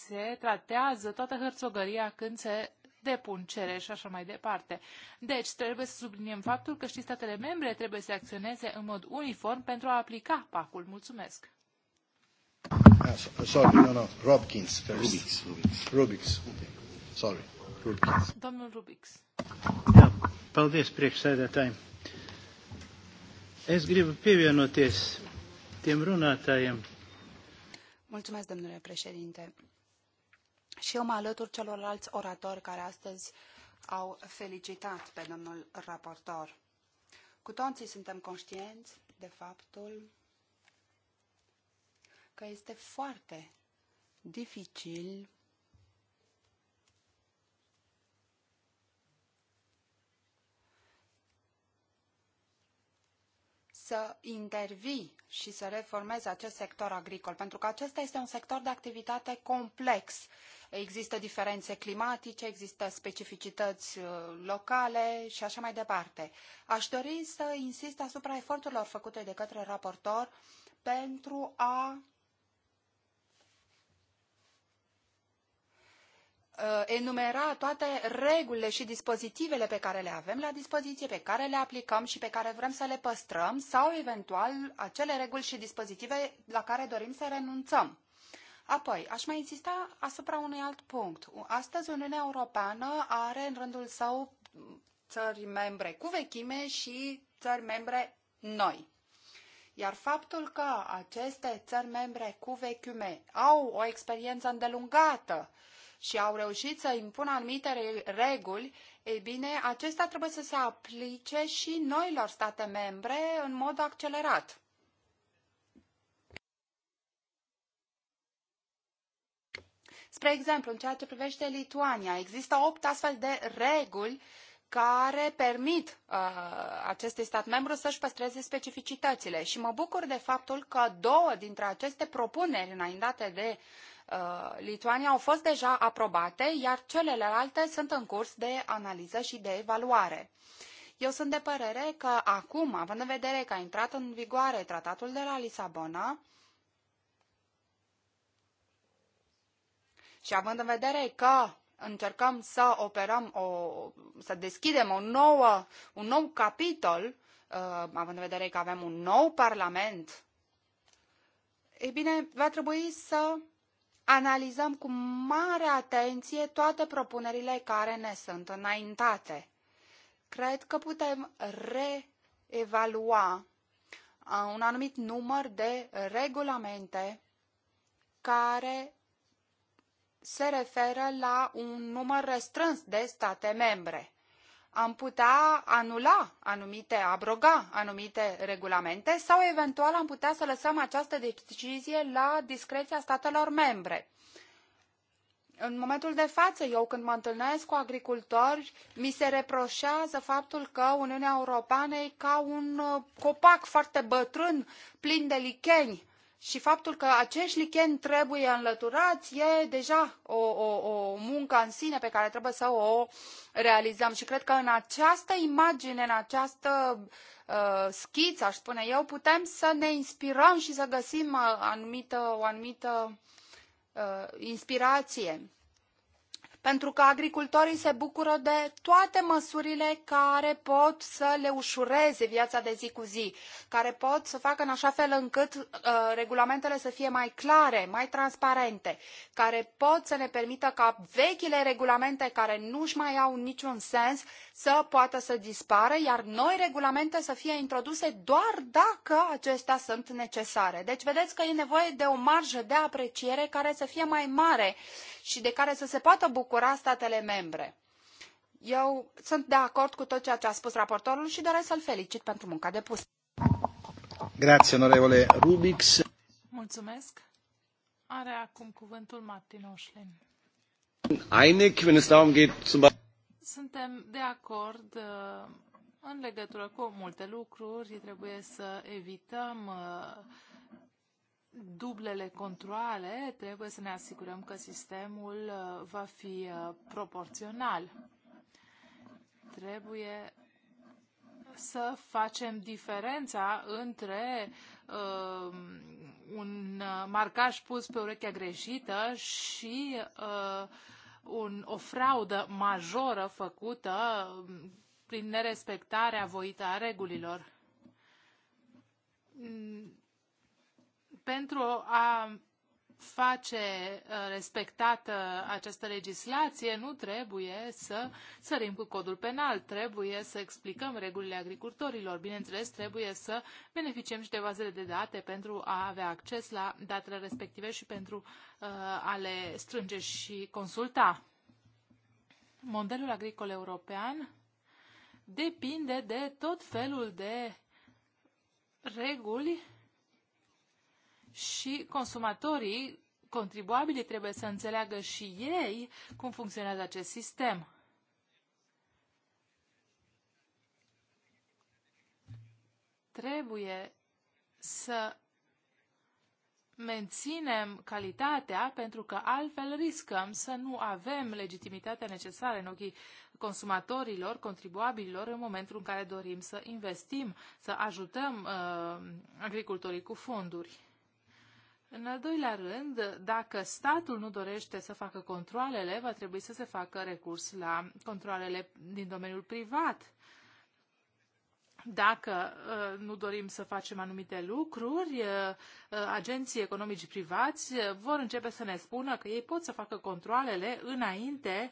se tratează toată hărțogăria când se depun cere și așa mai departe. Deci, trebuie să subliniem faptul că și statele membre trebuie să acționeze în mod uniform pentru a aplica pacul. Mulțumesc!
Ah, sorry, no, no, Robkins first. Rubik's, Rubik's. Rubik's, Okay. Sorry. Rubix.
Domnul Rubiks.
Jā, da, paldies priekšsēdētājiem. Es gribu pievienoties tiem runātājiem.
Mulțumesc, domnule președinte. Și eu mă alătur celorlalți oratori care astăzi au felicitat pe domnul raportor. Cu toții suntem conștienți de faptul că este foarte dificil să intervii și să reformezi acest sector agricol, pentru că acesta este un sector de activitate complex. Există diferențe climatice, există specificități uh, locale și așa mai departe. Aș dori să insist asupra eforturilor făcute de către raportor pentru a Uh, enumera toate regulile și dispozitivele pe care le avem la dispoziție, pe care le aplicăm și pe care vrem să le păstrăm sau, eventual, acele reguli și dispozitive la care dorim să renunțăm. Apoi, aș mai insista asupra unui alt punct. Astăzi, Uniunea Europeană are în rândul său țări membre cu vechime și țări membre noi. Iar faptul că aceste țări membre cu vechime au o experiență îndelungată uh, și au reușit să impună anumite reguli, ei bine, acestea trebuie să se aplice și noilor state membre în mod accelerat. Spre exemplu, în ceea ce privește Lituania, există opt astfel de reguli care permit uh, acestui stat membru să-și păstreze specificitățile. Și mă bucur de faptul că două dintre aceste propuneri înaintate de Uh, Lituania au fost deja aprobate, iar celelalte sunt în curs de analiză și de evaluare. Eu sunt de părere că acum, având în vedere că a intrat în vigoare tratatul de la Lisabona, și având în vedere că încercăm să operăm, o, să deschidem o nouă, un nou capitol, uh, având în vedere că avem un nou parlament, ei bine, va trebui să analizăm cu mare atenție toate propunerile care ne sunt înaintate. Cred că putem reevalua un anumit număr de regulamente care se referă la un număr restrâns de state membre am putea anula anumite, abroga anumite regulamente sau eventual am putea să lăsăm această decizie la discreția statelor membre. În momentul de față, eu când mă întâlnesc cu agricultori, mi se reproșează faptul că Uniunea Europeană e ca un uh, copac foarte bătrân, plin de licheni, și faptul că acești licheni trebuie înlăturați e deja o, o, o muncă în sine pe care trebuie să o realizăm. Și cred că în această imagine, în această uh, schiță, aș spune eu, putem să ne inspirăm și să găsim uh, anumită, o anumită uh, inspirație pentru că agricultorii se bucură de toate măsurile care pot să le ușureze viața de zi cu zi, care pot să facă în așa fel încât uh, regulamentele să fie mai clare, mai transparente, care pot să ne permită ca vechile regulamente care nu-și mai au niciun sens să poată să dispară, iar noi regulamente să fie introduse doar dacă acestea sunt necesare. Deci vedeți că e nevoie de o marjă de apreciere care să fie mai mare și de care să se poată bucura statele membre. Eu sunt de acord cu tot ceea ce a spus raportorul și doresc să-l felicit pentru munca depusă.
Grazie, onorevole
Rubix.
Mulțumesc. Are acum cuvântul Martin Oșlin.
Einig, wenn es darum geht, zum Beispiel
suntem de acord uh, în legătură cu multe lucruri. Trebuie să evităm uh, dublele controle, trebuie să ne asigurăm că sistemul uh, va fi proporțional. Trebuie să facem diferența între uh, un marcaj pus pe urechea greșită și uh, un, o fraudă majoră făcută um, prin nerespectarea voită a regulilor. Mm, pentru a face uh, respectată această legislație, nu trebuie să sărim cu codul penal, trebuie să explicăm regulile agricultorilor. Bineînțeles, trebuie să beneficiem și de bazele de date pentru a avea acces la datele respective și pentru uh, a le strânge și consulta. Modelul agricol european depinde de tot felul de reguli și consumatorii, contribuabilii, trebuie să înțeleagă și ei cum funcționează acest sistem. Trebuie să menținem calitatea pentru că altfel riscăm să nu avem legitimitatea necesară în ochii consumatorilor, contribuabililor în momentul în care dorim să investim, să ajutăm uh, agricultorii cu fonduri. În al doilea rând, dacă statul nu dorește să facă controlele, va trebui să se facă recurs la controlele din domeniul privat. Dacă uh, nu dorim să facem anumite lucruri, uh, uh, agenții economici privați vor începe să ne spună că ei pot să facă controlele înainte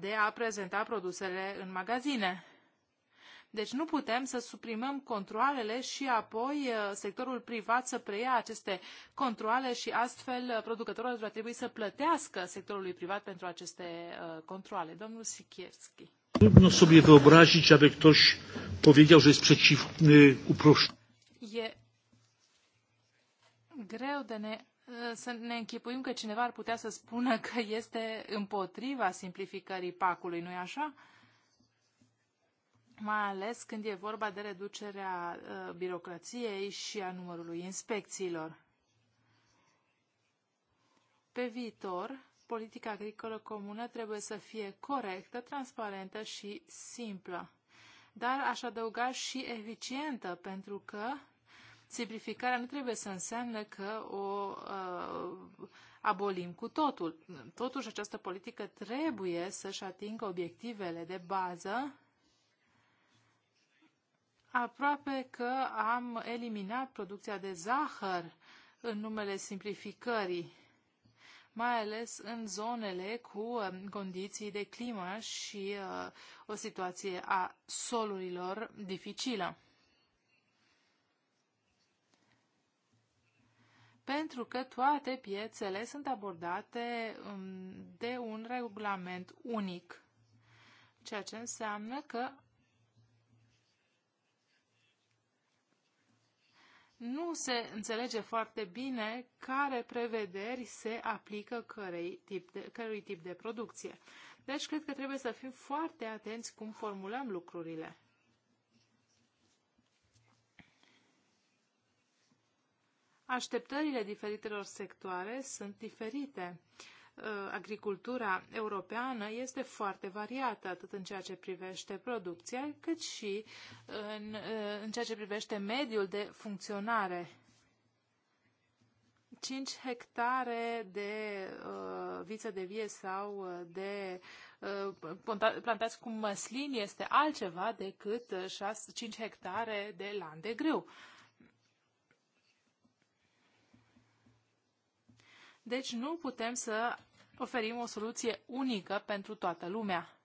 de a prezenta produsele în magazine. Deci nu putem să suprimăm controlele și apoi uh, sectorul privat să preia aceste controle și astfel uh, producătorul va trebui să plătească sectorului privat pentru aceste uh, controle. Domnul Sikierski.
Trudno sobie wyobrazić, aby ktoś powiedział, że jest przeciwny uproszczeniu.
E greu de ne, să ne închipuim că cineva ar putea să spună că este împotriva simplificării pacului, nu-i așa? mai ales când e vorba de reducerea uh, birocrației și a numărului inspecțiilor. Pe viitor, politica agricolă comună trebuie să fie corectă, transparentă și simplă, dar aș adăuga și eficientă, pentru că simplificarea nu trebuie să însemne că o uh, abolim cu totul. Totuși, această politică trebuie să-și atingă obiectivele de bază aproape că am eliminat producția de zahăr în numele simplificării, mai ales în zonele cu um, condiții de climă și uh, o situație a solurilor dificilă. Pentru că toate piețele sunt abordate um, de un regulament unic, ceea ce înseamnă că nu se înțelege foarte bine care prevederi se aplică cărei tip de, cărui tip de producție. Deci cred că trebuie să fim foarte atenți cum formulăm lucrurile. Așteptările diferitelor sectoare sunt diferite. Uh, agricultura europeană este foarte variată, atât în ceea ce privește producția, cât și în, uh, în ceea ce privește mediul de funcționare 5 hectare de uh, viță de vie sau uh, de uh, plantați cu măslin este altceva decât 6, 5 hectare de lan de grâu. Uh, Deci nu putem să oferim o soluție unică pentru toată lumea.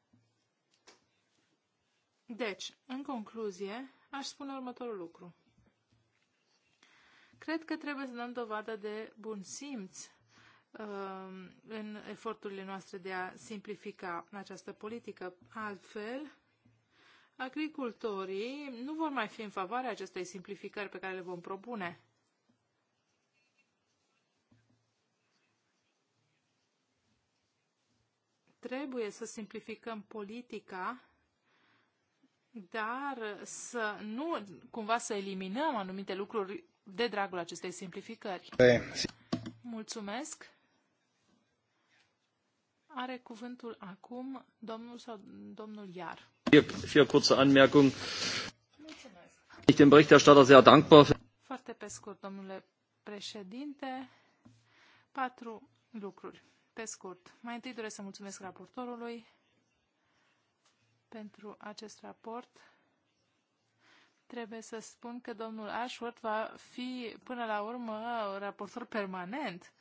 Deci, în concluzie, aș spune următorul lucru. Cred că trebuie să dăm dovadă de bun simț um, în eforturile noastre de a simplifica această politică. Altfel, agricultorii nu vor mai fi în favoarea acestei simplificări pe care le vom propune. trebuie să simplificăm politica, dar să nu cumva să eliminăm anumite lucruri de dragul acestei simplificări. Mulțumesc. Are cuvântul acum domnul sau domnul Iar.
Vier kurze Anmerkung. Ich dem Berichterstatter sehr dankbar.
Foarte pe scurt, domnule președinte, patru lucruri. Pe scurt, mai întâi doresc să mulțumesc raportorului pentru acest raport. Trebuie să spun că domnul Ashworth va fi până la urmă raportor permanent.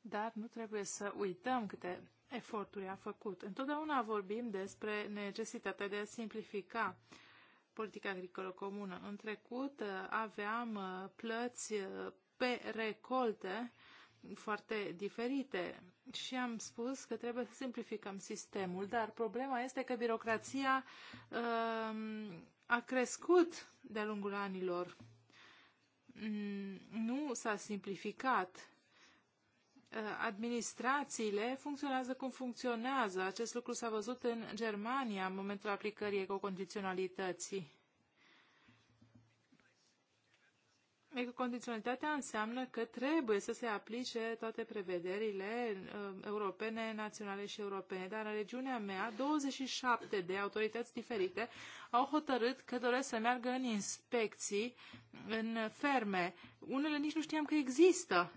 Dar nu trebuie să uităm câte eforturi a făcut. Întotdeauna vorbim despre necesitatea de a simplifica uh, politica agricolă comună. În trecut uh, aveam uh, plăți uh, pe recolte foarte diferite și am spus că trebuie să simplificăm sistemul, dar problema este că birocrația um, a crescut de-a lungul anilor. Mm, nu s-a simplificat Uh, administrațiile funcționează cum funcționează. Acest lucru s-a văzut în Germania în momentul aplicării ecocondiționalității. Ecocondiționalitatea înseamnă că trebuie să se aplice toate prevederile uh, europene, naționale și europene, dar în regiunea mea 27 de autorități diferite au hotărât că doresc să meargă în inspecții, în ferme. Unele nici nu știam că există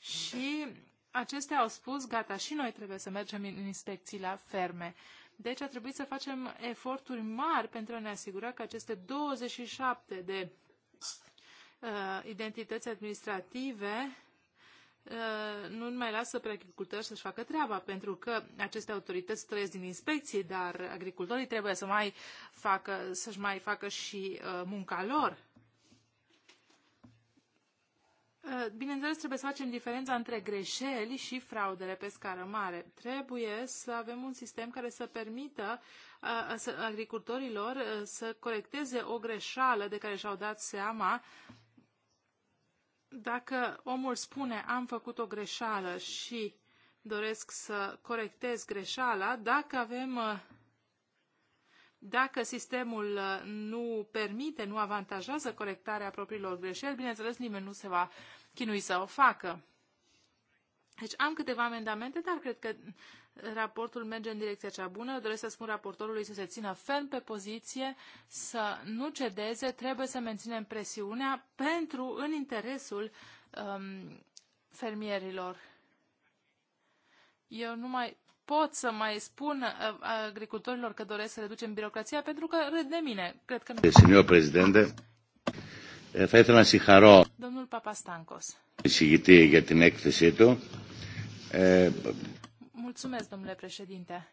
și acestea au spus, gata, și noi trebuie să mergem în inspecții la ferme. Deci a trebuit să facem eforturi mari pentru a ne asigura că aceste 27 de uh, identități administrative uh, nu mai lasă pe agricultori să-și facă treaba, pentru că aceste autorități trăiesc din inspecții, dar agricultorii trebuie să mai facă, să-și mai facă și uh, munca lor. Uh, bineînțeles, trebuie să facem diferența între greșeli și fraudele pe scară mare. Trebuie să avem un sistem care să permită uh, agricultorilor uh, să corecteze o greșeală de care și-au dat seama dacă omul spune am făcut o greșeală și doresc să corectez greșeala, dacă avem dacă sistemul uh, nu permite, nu avantajează corectarea propriilor greșeli, bineînțeles nimeni nu se va chinui să o facă. Deci am câteva amendamente, dar cred că raportul merge în direcția cea bună. Eu doresc să spun raportorului să se țină ferm pe poziție, să nu cedeze, trebuie să menținem presiunea pentru în interesul um, fermierilor. Eu nu mai pot să mai spun uh, agricultorilor că doresc să reducem birocrația pentru că râd de mine. Cred că nu. Eh, eh, Domnul
președinte, fetele la Siharo. Domnul Papa εισηγητή για την
Mulțumesc, domnule președinte.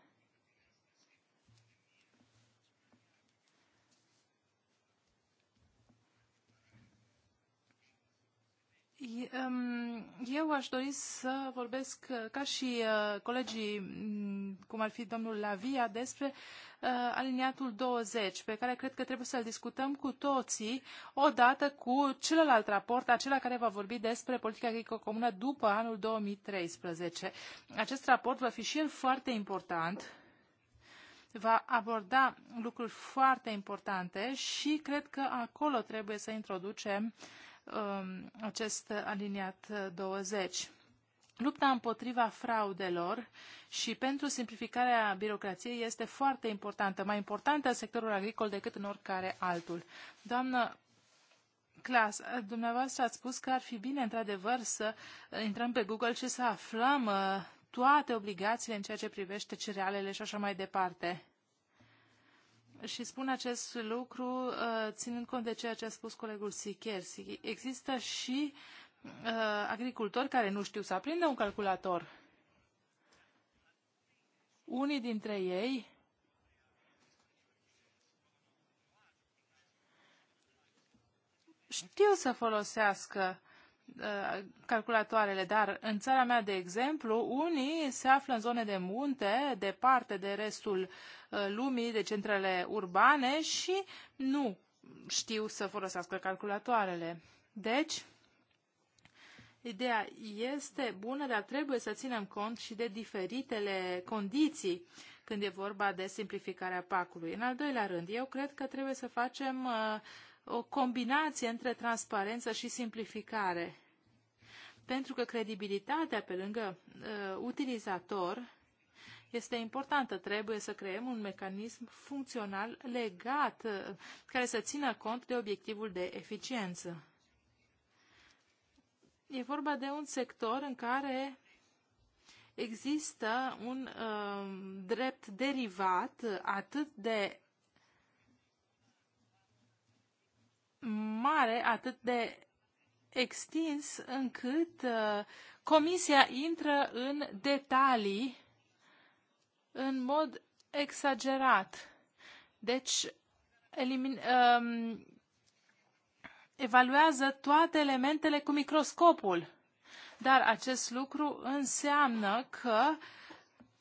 Um, eu aș dori să vorbesc uh, ca și uh, colegii, mm, cum ar fi domnul Lavia, despre uh, aliniatul 20, pe care cred că trebuie să-l discutăm cu toții, odată cu celălalt raport, acela care va vorbi despre politica agricolă comună după anul 2013. Acest raport va fi și el foarte important va aborda lucruri foarte importante și cred că acolo trebuie să introducem uh, Um, acest aliniat 20. Uh, Lupta împotriva fraudelor și pentru simplificarea birocrației este foarte importantă, mai importantă în sectorul agricol decât în oricare altul. Doamnă Clas, uh, dumneavoastră ați spus că ar fi bine, într-adevăr, să intrăm pe Google și să aflăm uh, toate obligațiile în ceea ce privește cerealele și așa mai departe. Și spun acest lucru uh, ținând cont de ceea ce a spus colegul Sicher. Există și uh, agricultori care nu știu să aprindă un calculator. Unii dintre ei știu să folosească Uh, calculatoarele, dar în țara mea, de exemplu, unii se află în zone de munte, departe de restul uh, lumii, de centrele urbane și nu știu să folosească calculatoarele. Deci, ideea este bună, dar trebuie să ținem cont și de diferitele condiții când e vorba de simplificarea pacului. În al doilea rând, eu cred că trebuie să facem uh, o combinație între transparență și simplificare. Pentru că credibilitatea pe lângă uh, utilizator este importantă. Trebuie să creăm un mecanism funcțional legat uh, care să țină cont de obiectivul de eficiență. E vorba de un sector în care există un uh, drept derivat atât de mare, atât de extins, încât uh, comisia intră în detalii în mod exagerat. Deci, elimin, um, evaluează toate elementele cu microscopul. Dar acest lucru înseamnă că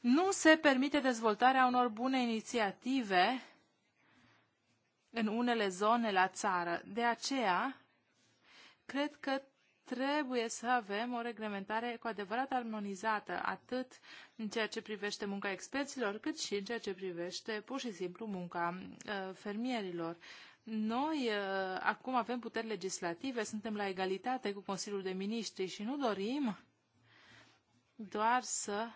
nu se permite dezvoltarea unor bune inițiative în unele zone la țară. De aceea, cred că trebuie să avem o reglementare cu adevărat armonizată, atât în ceea ce privește munca experților, cât și în ceea ce privește pur și simplu munca uh, fermierilor. Noi uh, acum avem puteri legislative, suntem la egalitate cu Consiliul de Miniștri și nu dorim doar să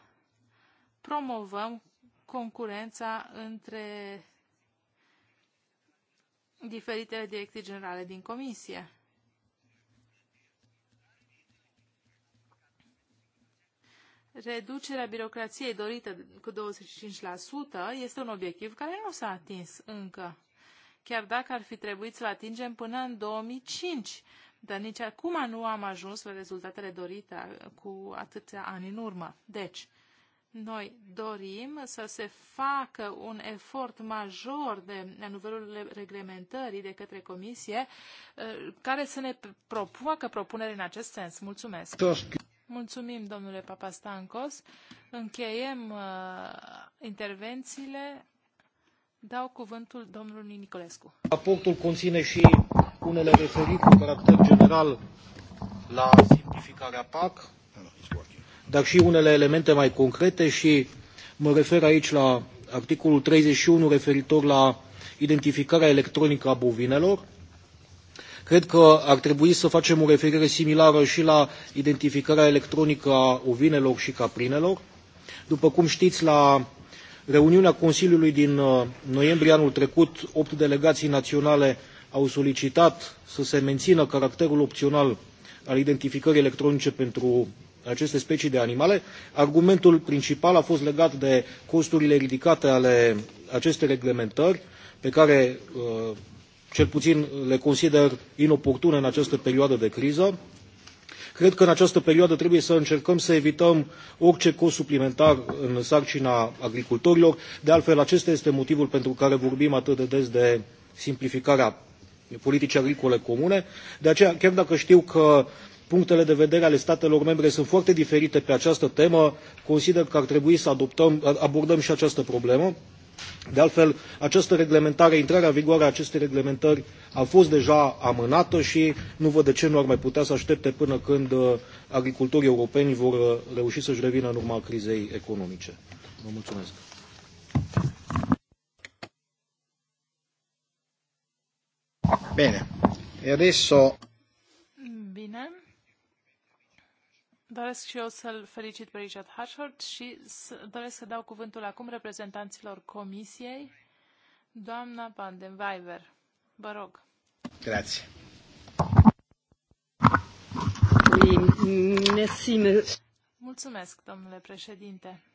promovăm concurența între diferitele direcții generale din comisie. Reducerea birocrației dorită cu 25% este un obiectiv care nu s-a atins încă, chiar dacă ar fi trebuit să-l atingem până în 2005, dar nici acum nu am ajuns la rezultatele dorite cu atâția ani în urmă. Deci, noi dorim să se facă un efort major de, la nivelul reglementării de către Comisie eh, care să ne propună propunere în acest sens. Mulțumesc! Mulțumim, domnule Papastancos. Încheiem uh, intervențiile. Dau cuvântul domnului Nicolescu.
Raportul conține și unele referiri cu caracter general la simplificarea PAC, dar și unele elemente mai concrete și mă refer aici la articolul 31 referitor la identificarea electronică a bovinelor. Cred că ar trebui să facem o referire similară și la identificarea electronică a ovinelor și caprinelor. După cum știți, la reuniunea Consiliului din uh, noiembrie anul trecut, opt delegații naționale au solicitat să se mențină caracterul opțional al identificării electronice pentru aceste specii de animale. Argumentul principal a fost legat de costurile ridicate ale acestei reglementări, pe care uh, cel puțin le consider inoportune în această perioadă de criză. Cred că în această perioadă trebuie să încercăm să evităm orice cost suplimentar în sarcina agricultorilor. De altfel, acesta este motivul pentru care vorbim atât de des de simplificarea politicii agricole comune. De aceea, chiar dacă știu că Punctele de vedere ale statelor membre sunt foarte diferite pe această temă. Consider că ar trebui să adoptăm, abordăm și această problemă. De altfel, această reglementare, intrarea în vigoare a acestei reglementări a fost deja amânată și nu văd de ce nu ar mai putea să aștepte până când uh, agricultorii europeni vor uh, reuși să-și revină în urma crizei economice. Vă mulțumesc. Bine. E adesso
Doresc și eu să-l felicit pe Richard Hashford și doresc să dau cuvântul acum reprezentanților comisiei. Doamna Van den Weiver, vă rog. Grazie. Mulțumesc, domnule președinte.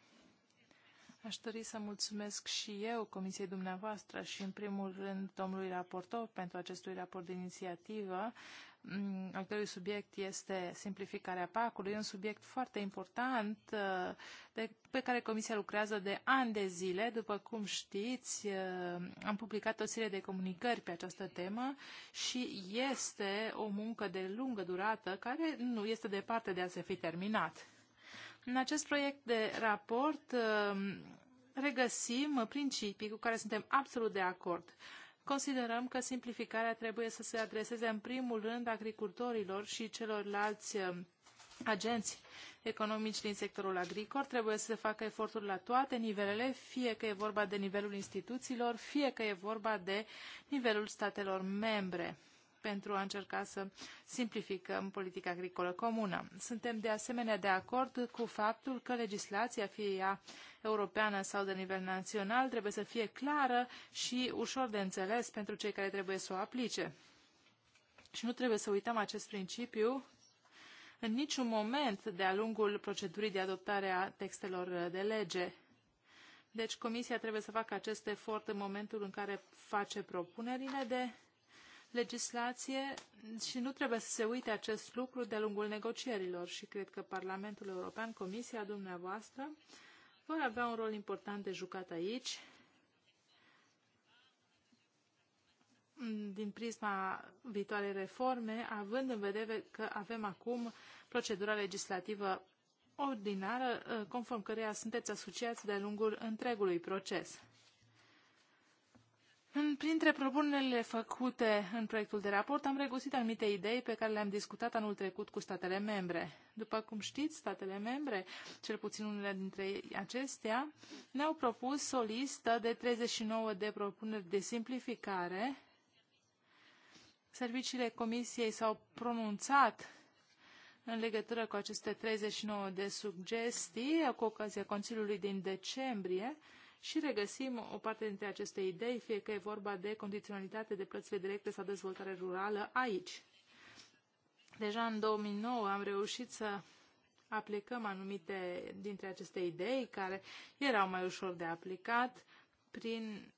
Aș dori să mulțumesc și eu Comisiei dumneavoastră și, în primul rând, domnului raportor pentru acestui raport de inițiativă. Mm, Al cărui subiect este simplificarea PAC-ului, un subiect foarte important uh, de, pe care Comisia lucrează de ani de zile. După cum știți, uh, am publicat o serie de comunicări pe această temă și este o muncă de lungă durată care nu este departe de a se fi terminat. În acest proiect de raport uh, regăsim principii cu care suntem absolut de acord. Considerăm că simplificarea trebuie să se adreseze în primul rând agricultorilor și celorlalți uh, agenți economici din sectorul agricol. Trebuie să se facă eforturi la toate nivelele, fie că e vorba de nivelul instituțiilor, fie că e vorba de nivelul statelor membre pentru a încerca să simplificăm politica agricolă comună. Suntem de asemenea de acord cu faptul că legislația, fie ea europeană sau de nivel național, trebuie să fie clară și ușor de înțeles pentru cei care trebuie să o aplice. Și nu trebuie să uităm acest principiu în niciun moment de-a lungul procedurii de adoptare a textelor de lege. Deci Comisia trebuie să facă acest efort în momentul în care face propunerile de legislație și nu trebuie să se uite acest lucru de-a lungul negocierilor și cred că Parlamentul European, Comisia dumneavoastră, vor avea un rol important de jucat aici din prisma viitoarei reforme, având în vedere că avem acum procedura legislativă ordinară, conform căreia sunteți asociați de-a lungul întregului proces. În Printre propunerile făcute în proiectul de raport am regăsit anumite idei pe care le-am discutat anul trecut cu statele membre. După cum știți, statele membre, cel puțin unele dintre acestea, ne-au propus o listă de 39 de propuneri de simplificare. Serviciile Comisiei s-au pronunțat în legătură cu aceste 39 de sugestii cu ocazia Consiliului din decembrie și regăsim o parte dintre aceste idei, fie că e vorba de condiționalitate, de plățile directe sau dezvoltare rurală, aici. Deja în 2009 am reușit să aplicăm anumite dintre aceste idei care erau mai ușor de aplicat prin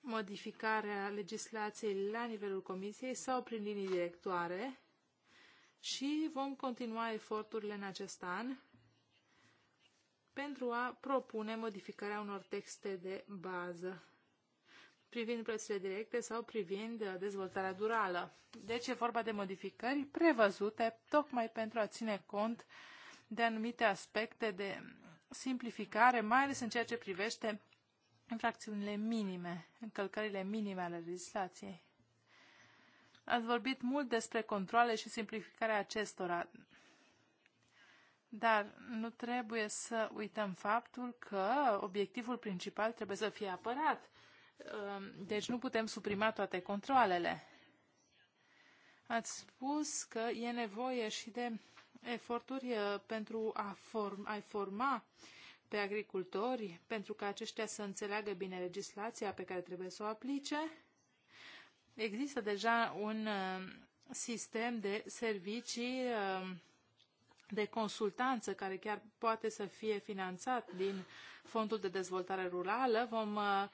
modificarea legislației la nivelul Comisiei sau prin linii directoare și vom continua eforturile în acest an pentru a propune modificarea unor texte de bază privind plățile directe sau privind uh, dezvoltarea durală. Deci e vorba de modificări prevăzute tocmai pentru a ține cont de anumite aspecte de simplificare, mai ales în ceea ce privește infracțiunile minime, încălcările minime ale legislației. Ați vorbit mult despre controle și simplificarea acestora. Dar nu trebuie să uităm faptul că obiectivul principal trebuie să fie apărat. Ehm, deci nu putem suprima toate controlele. Ați spus că e nevoie și de eforturi pentru a, form, a forma pe agricultori, pentru ca aceștia să înțeleagă bine legislația pe care trebuie să o aplice. Există deja un ehm, sistem de servicii ehm, de consultanță care chiar poate să fie finanțat din Fondul de Dezvoltare Rurală. Vom uh,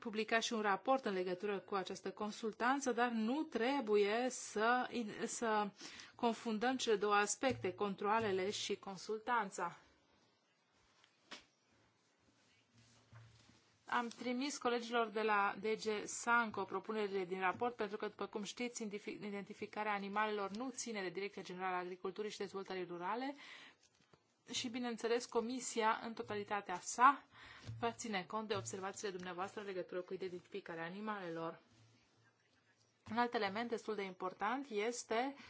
publica și un raport în legătură cu această consultanță, dar nu trebuie să, să confundăm cele două aspecte, controlele și consultanța. am trimis colegilor de la DG Sanco propunerile din raport, pentru că, după cum știți, identificarea animalelor nu ține de Direcția Generală a Agriculturii și Dezvoltării Rurale și, bineînțeles, Comisia, în totalitatea sa, va ține cont de observațiile dumneavoastră în legătură cu identificarea animalelor. Un alt element destul de important este uh,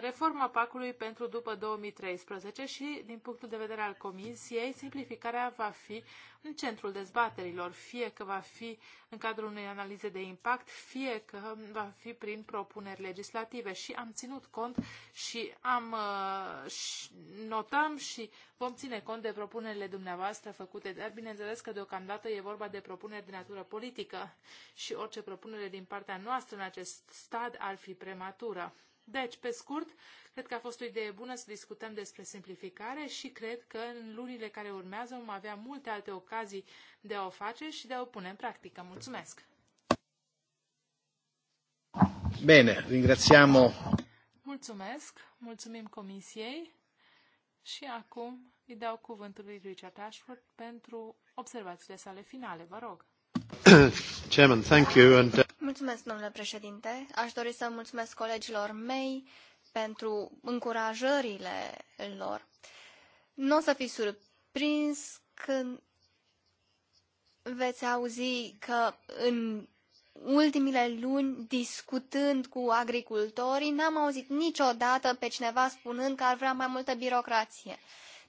reforma pacului pentru după 2013 și, din punctul de vedere al Comisiei, simplificarea va fi în centrul dezbaterilor, fie că va fi în cadrul unei analize de impact, fie că va fi prin propuneri legislative. Și am ținut cont și am uh, și notăm și vom ține cont de propunerile dumneavoastră făcute, dar bineînțeles că deocamdată e vorba de propuneri de natură politică și orice propunere din partea noastră în acest stad ar fi prematură. Deci, pe scurt, cred că a fost o idee bună să discutăm despre simplificare și cred că în lunile care urmează vom avea multe alte ocazii de a o face și de a o pune în practică. Mulțumesc!
Bine, ringrațiamo.
Mulțumesc, mulțumim Comisiei și acum îi dau cuvântul lui Richard Ashford
pentru observațiile sale finale. Vă rog.
Chairman, thank you and uh,
Mulțumesc, domnule președinte. Aș dori să mulțumesc colegilor mei pentru încurajările lor. Nu o să fi surprins când veți auzi că în ultimile luni, discutând cu agricultorii, n-am auzit niciodată pe cineva spunând că ar vrea mai multă birocrație.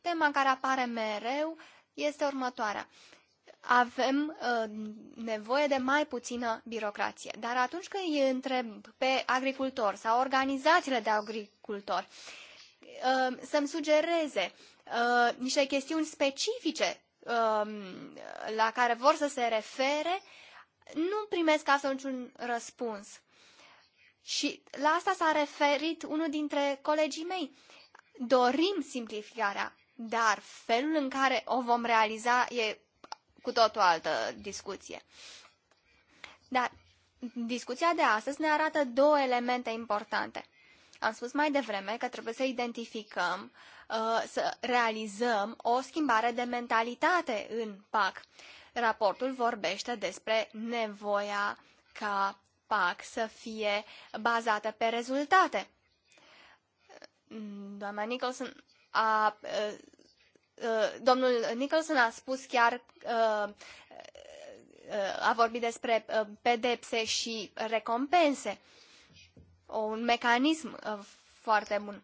Tema care apare mereu este următoarea avem uh, nevoie de mai puțină birocrație. Dar atunci când îi întreb pe agricultor sau organizațiile de agricultori uh, să-mi sugereze uh, niște chestiuni specifice uh, la care vor să se refere, nu primesc asta niciun răspuns. Și la asta s-a referit unul dintre colegii mei. Dorim simplificarea, dar felul în care o vom realiza e cu tot o altă discuție. Dar discuția de astăzi ne arată două elemente importante. Am spus mai devreme că trebuie să identificăm, uh, să realizăm o schimbare de mentalitate în PAC. Raportul vorbește despre nevoia ca PAC să fie bazată pe rezultate. Doamna Nicholson a uh, Uh, domnul Nicholson a spus chiar uh, uh, a vorbit despre pedepse și recompense. Un mecanism foarte bun.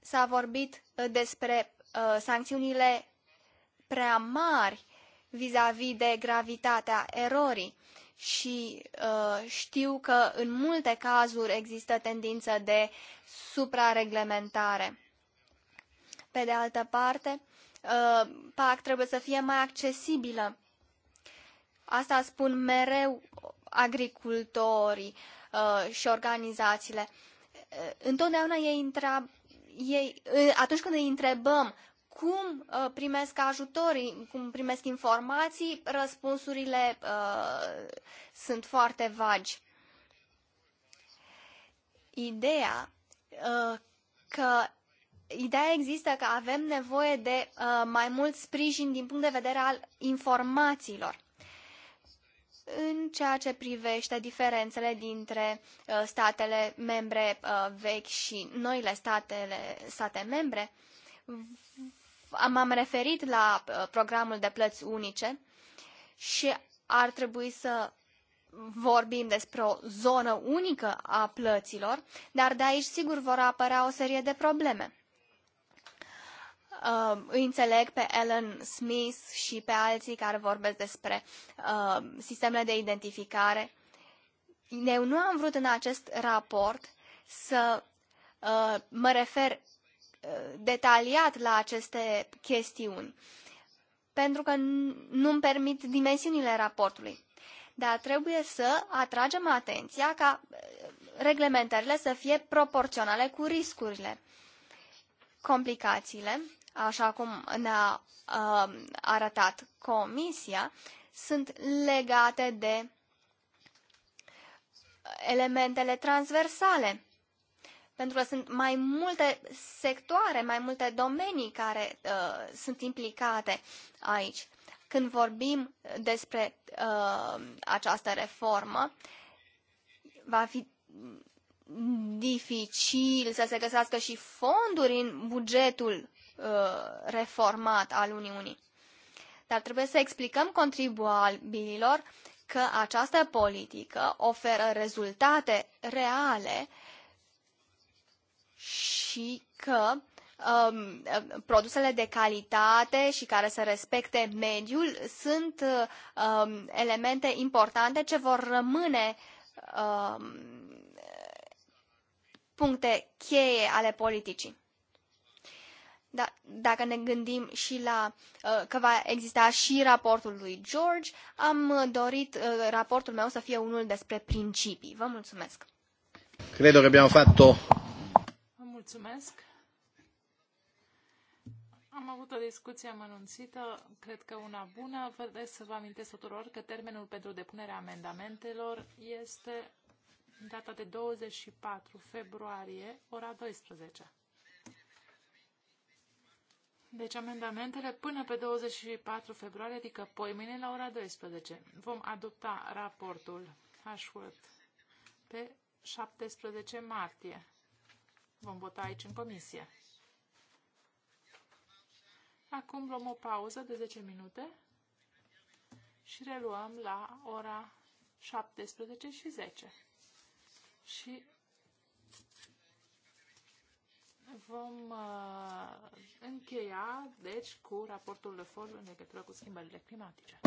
S-a vorbit despre sancțiunile prea mari vis-a-vis de gravitatea erorii și uh, știu că în multe cazuri există tendință de suprareglementare. Pe de altă parte, ă, PAC trebuie să fie mai accesibilă. Asta spun mereu agricultorii ă, și organizațiile. Ă, întotdeauna ei, întreabă ei atunci când îi întrebăm cum primesc ajutorii, cum primesc informații, răspunsurile uh, sunt foarte vagi. Ideea uh, că Ideea există că avem nevoie de uh, mai mult sprijin din punct de vedere al informațiilor în ceea ce privește diferențele dintre uh, statele membre uh, vechi și noile statele, state membre. M-am referit la uh, programul de plăți unice și ar trebui să vorbim despre o zonă unică a plăților, dar de aici sigur vor apărea o serie de probleme uh, îi înțeleg pe Ellen Smith și pe alții care vorbesc despre uh, sistemele de identificare. Eu nu am vrut în acest raport să uh, mă refer uh, detaliat la aceste chestiuni, pentru că nu-mi permit dimensiunile raportului. Dar trebuie să atragem atenția ca uh, reglementările să fie proporționale cu riscurile, complicațiile așa cum ne-a uh, arătat Comisia, sunt legate de elementele transversale. Pentru că sunt mai multe sectoare, mai multe domenii care uh, sunt implicate aici. Când vorbim despre uh, această reformă, va fi dificil să se găsească și fonduri în bugetul Uh, reformat al Uniunii. Dar trebuie să explicăm contribuabililor că această politică oferă rezultate reale și că um, produsele de calitate și care să respecte mediul sunt um, elemente importante ce vor rămâne um, puncte cheie ale politicii da, dacă ne gândim și la uh, că va exista și raportul lui George, am uh, dorit uh, raportul meu să fie unul despre principii. Vă mulțumesc.
Cred că abbiamo fatto.
Vă mulțumesc.
Am avut o discuție amănunțită, cred că una bună. Vă să vă amintesc tuturor că termenul pentru depunerea amendamentelor este data de 24 februarie, ora 12. Deci amendamentele până pe 24 februarie, adică poimine la ora 12. Vom adopta raportul Ashworth pe 17 martie. Vom vota aici în comisie. Acum luăm o pauză de 10 minute și reluăm la ora 17 și 10. Și vom uh, încheia, deci, cu raportul de fol în legătură cu schimbările climatice.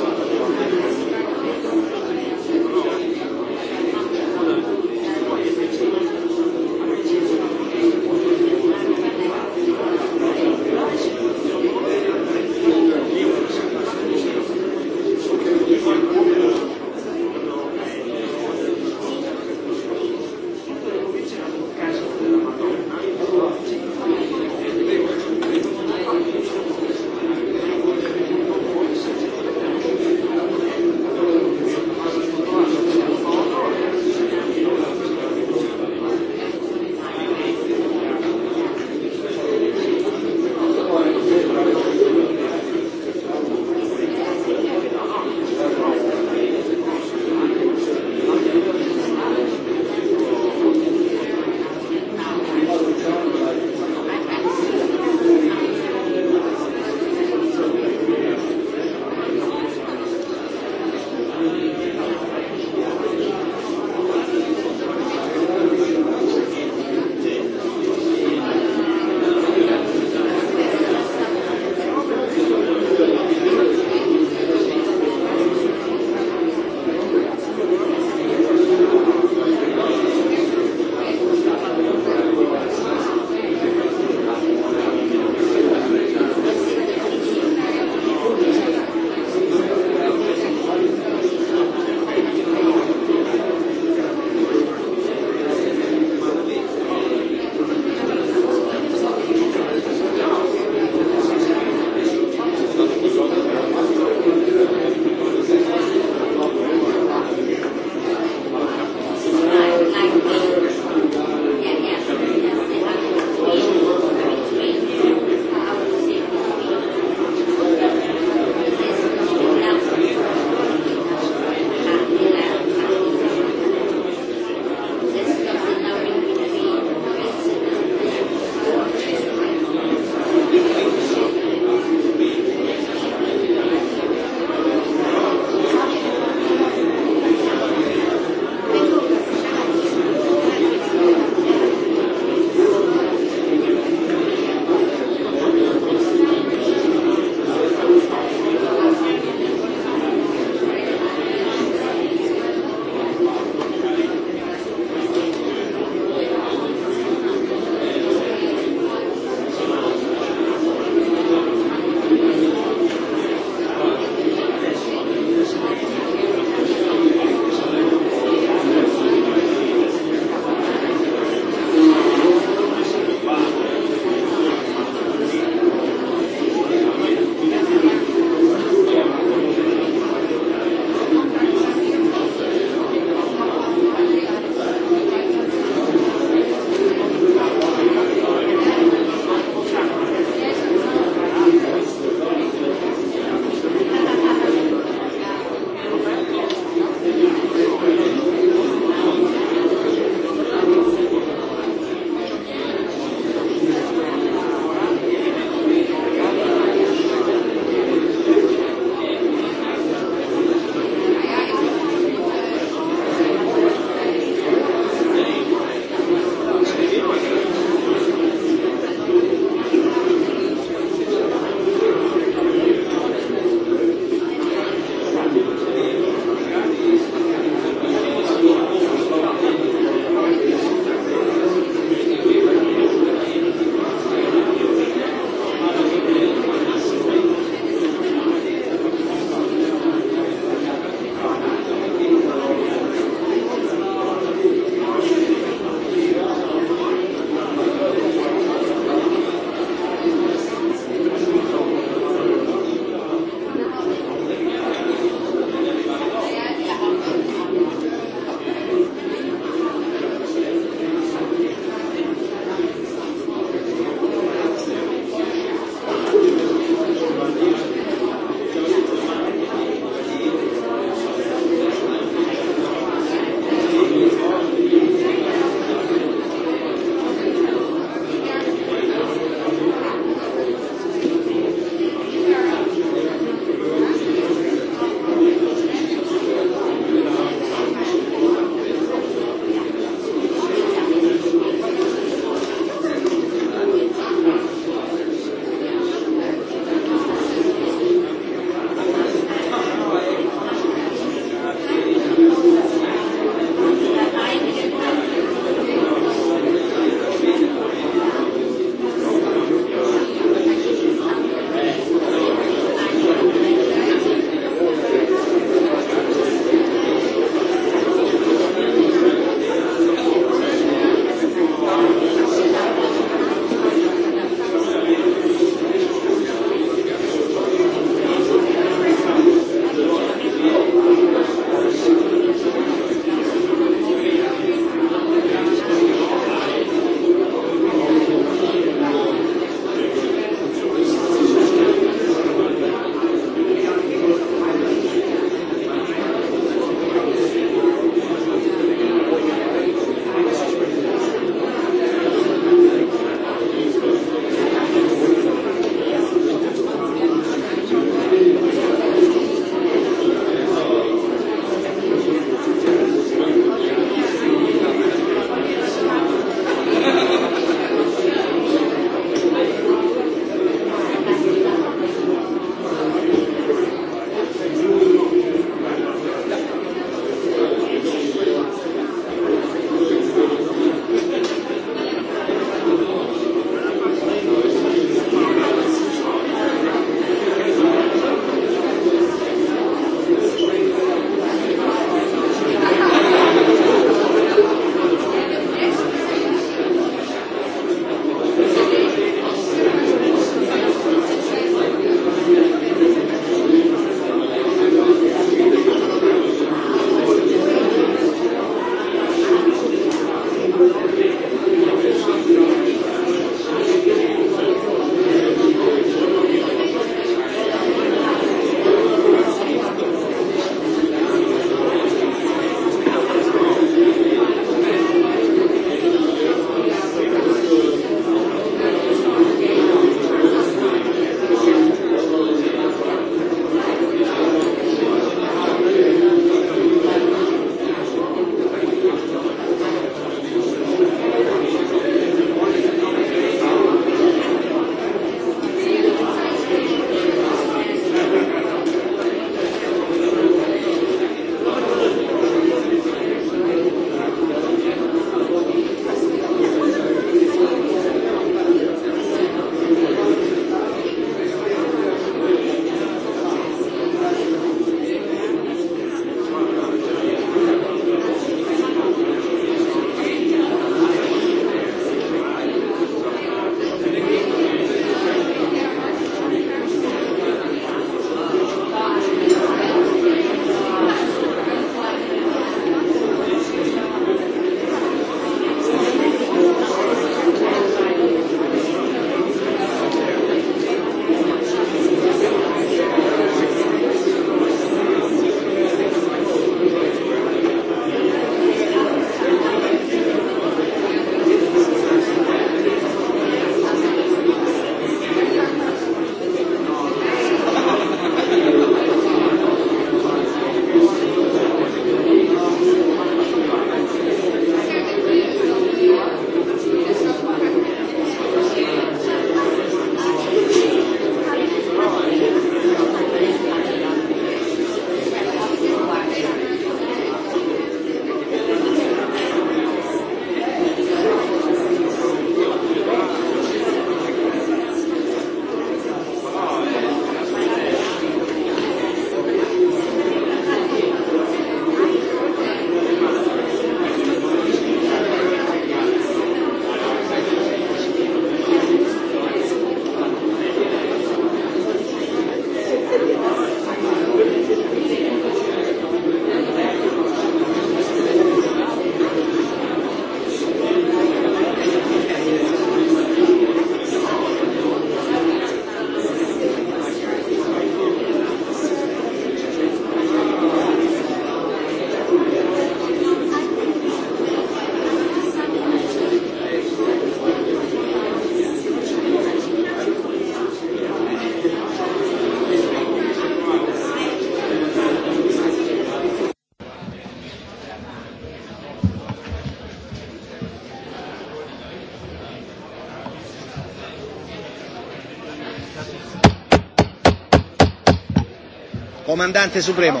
Comandante Supremo,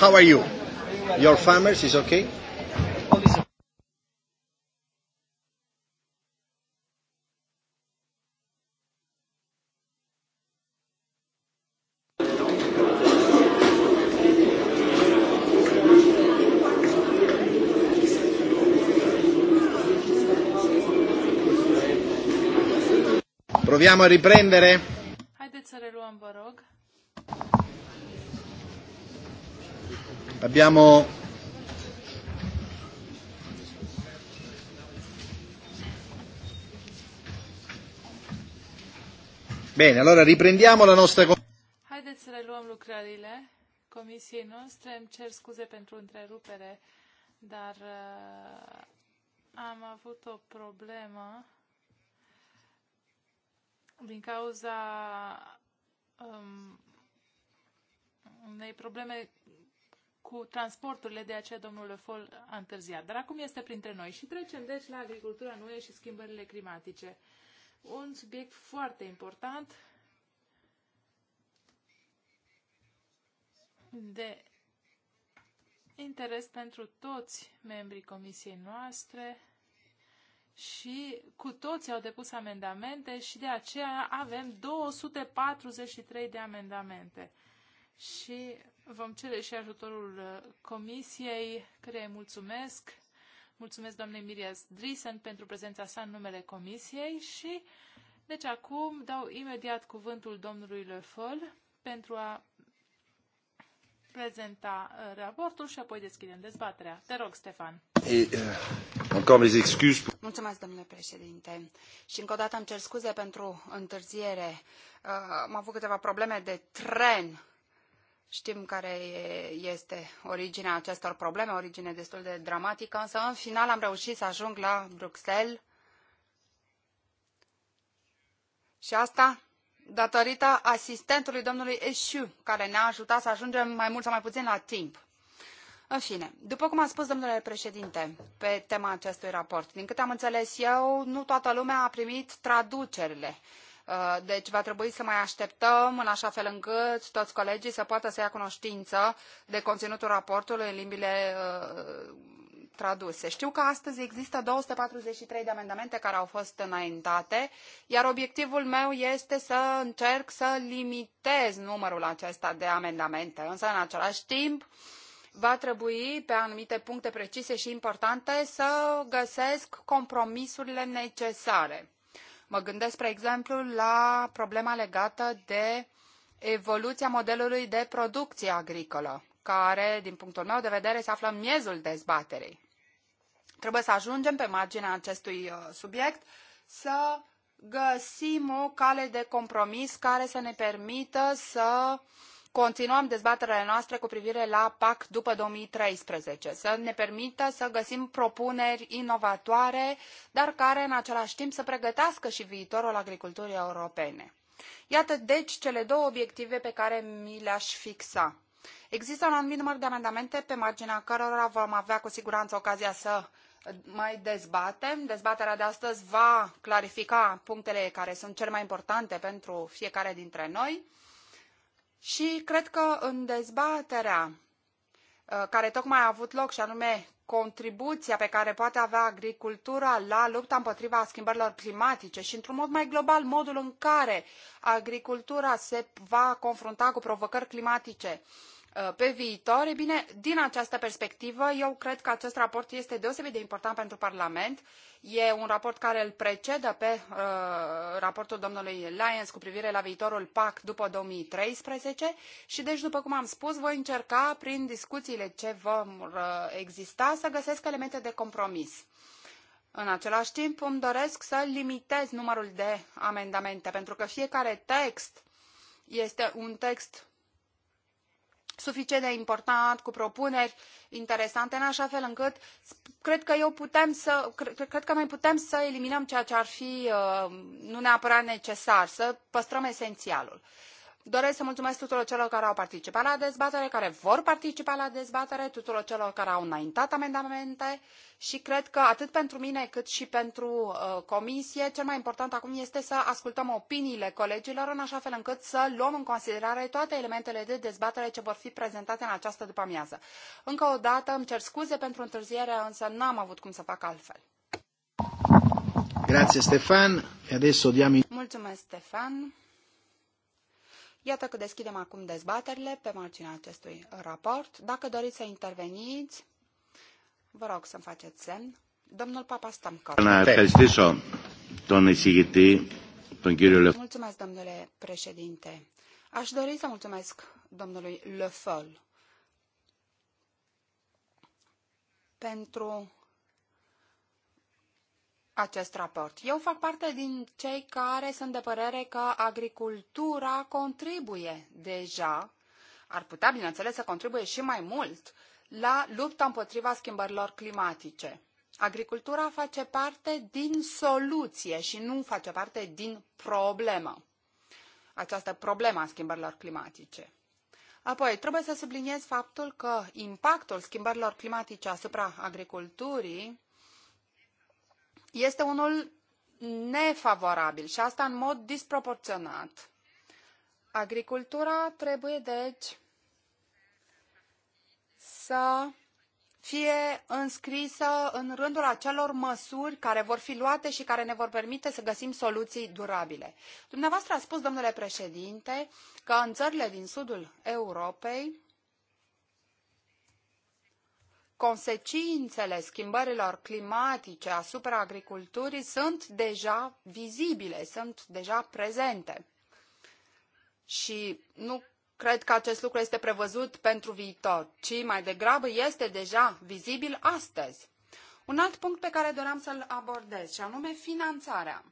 how are you? Your farmers is okay? Proviamo a riprendere. Abbiamo Bene, allora riprendiamo la nostra
Haideți să reluăm lucrările comisiei noastre. Îmi cer scuze pentru întrerupere, dar uh, am avut o problemă din cauza um, unei probleme cu transporturile, de aceea domnul Fol a întârziat. Dar acum este printre noi și trecem deci la agricultura nouă și schimbările climatice. Un subiect foarte important de interes pentru toți membrii comisiei noastre și cu toți au depus amendamente și de aceea avem 243 de amendamente. Și Vom cere și ajutorul uh, comisiei, care îi mulțumesc. Mulțumesc doamnei Mirias Drisen pentru prezența sa în numele comisiei și, deci acum, dau imediat cuvântul domnului Le pentru a prezenta uh, raportul și apoi deschidem dezbaterea. Te rog, Stefan.
Euh,
mulțumesc, domnule președinte. Și încă o dată îmi cer scuze pentru întârziere. Uh, am avut câteva probleme de tren Știm care este originea acestor probleme, origine destul de dramatică, însă în final am reușit să ajung la Bruxelles și asta datorită asistentului domnului Eșu, care ne-a ajutat să ajungem mai mult sau mai puțin la timp. În fine, după cum a spus domnule președinte pe tema acestui raport, din câte am înțeles eu, nu toată lumea a primit traducerile. Uh, Uh, deci va trebui să mai așteptăm în așa fel încât toți colegii să poată să ia cunoștință de conținutul raportului în limbile uh, traduse. Știu că astăzi există 243 de amendamente care au fost înaintate, iar obiectivul meu este să încerc să limitez numărul acesta de amendamente, însă în același timp va trebui pe anumite puncte precise și importante să găsesc compromisurile necesare. Mă gândesc, spre exemplu, la problema legată de evoluția modelului de producție agricolă, care, din punctul meu de vedere, se află în miezul dezbaterei. Trebuie să ajungem pe marginea acestui uh, subiect să găsim o cale de compromis care să ne permită să uh, continuăm dezbaterile noastre cu privire la pac după două mii treisprezece să ne permită să găsim propuneri inovatoare dar care în același timp să pregătească și viitorul agriculturii europene. iată deci cele două obiective pe care mi le aș fixa. există un anumit număr de amendamente pe marginea cărora vom avea cu siguranță ocazia să mai dezbatem. Dezbaterea de astăzi va clarifica punctele care sunt cele mai importante pentru fiecare dintre noi. Și cred că în dezbaterea uh, care tocmai a avut loc, și anume contribuția pe care poate avea agricultura la lupta împotriva schimbărilor climatice și, într-un mod mai global, modul în care agricultura se va confrunta cu provocări climatice. Uh, Uh, pe viitor. E bine, din această perspectivă, eu cred că acest raport este deosebit de important pentru Parlament. E un raport care îl precedă pe uh, raportul domnului Lyons cu privire la viitorul PAC după 2013 și deci, după cum am spus, voi încerca prin discuțiile ce vom uh, exista să găsesc elemente de compromis. În același timp, îmi doresc să limitez numărul de amendamente, pentru că fiecare text este un text suficient de important, cu propuneri interesante, în așa fel încât cred că eu putem să, cred, cred că noi putem să eliminăm ceea ce ar fi uh, nu neapărat necesar, să păstrăm esențialul. Doresc să mulțumesc tuturor celor care au participat la dezbatere, care vor participa la dezbatere, tuturor celor care au înaintat amendamente și cred că atât pentru mine cât și pentru uh, comisie, cel mai important acum este să ascultăm opiniile colegilor în așa fel încât să luăm în considerare toate elementele de dezbatere ce vor fi prezentate în această după-amiază. Încă o dată îmi cer scuze pentru întârziere, însă n-am avut cum să fac altfel.
Grazie Stefan. E adesso diamo...
Mulțumesc Stefan. Iată că deschidem acum dezbaterile pe marginea acestui raport. Dacă doriți să interveniți, vă rog să-mi faceți semn. Domnul Papa Stamcov. Mulțumesc, domnule președinte. Aș dori să mulțumesc domnului Le Foll pentru acest raport. Eu fac parte din cei care sunt de părere că agricultura contribuie deja, ar putea, bineînțeles, să contribuie și mai mult la lupta împotriva schimbărilor climatice. Agricultura face parte din soluție și nu face parte din problemă. Această problemă a schimbărilor climatice. Apoi, trebuie să subliniez faptul că impactul schimbărilor climatice asupra agriculturii este unul nefavorabil și asta în mod disproporționat. Agricultura trebuie, deci, să fie înscrisă în rândul acelor măsuri care vor fi luate și care ne vor permite să găsim soluții durabile. Dumneavoastră a spus, domnule președinte, că în țările din sudul Europei consecințele schimbărilor climatice asupra agriculturii sunt deja vizibile, sunt deja prezente. Și nu cred că acest lucru este prevăzut pentru viitor, ci mai degrabă este deja vizibil astăzi. Un alt punct pe care doream să-l abordez, și anume finanțarea.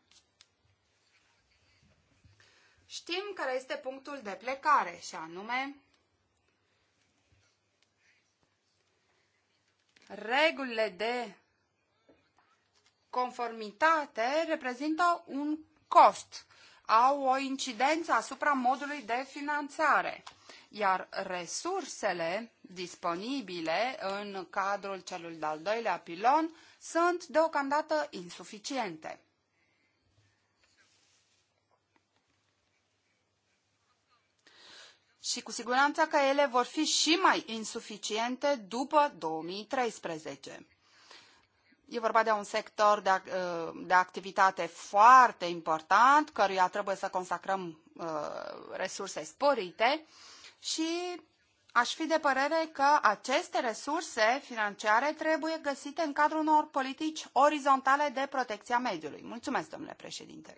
Știm care este punctul de plecare, și anume regulile de conformitate reprezintă un cost, au o incidență asupra modului de finanțare, iar resursele disponibile în cadrul celui de-al doilea pilon sunt deocamdată insuficiente. și cu siguranță că ele vor fi și mai insuficiente după 2013. E vorba de un sector de, uh, de activitate foarte important, căruia trebuie să consacrăm uh, resurse sporite și aș fi de părere că aceste resurse financiare trebuie găsite în cadrul unor politici orizontale de protecția mediului. Mulțumesc, domnule președinte.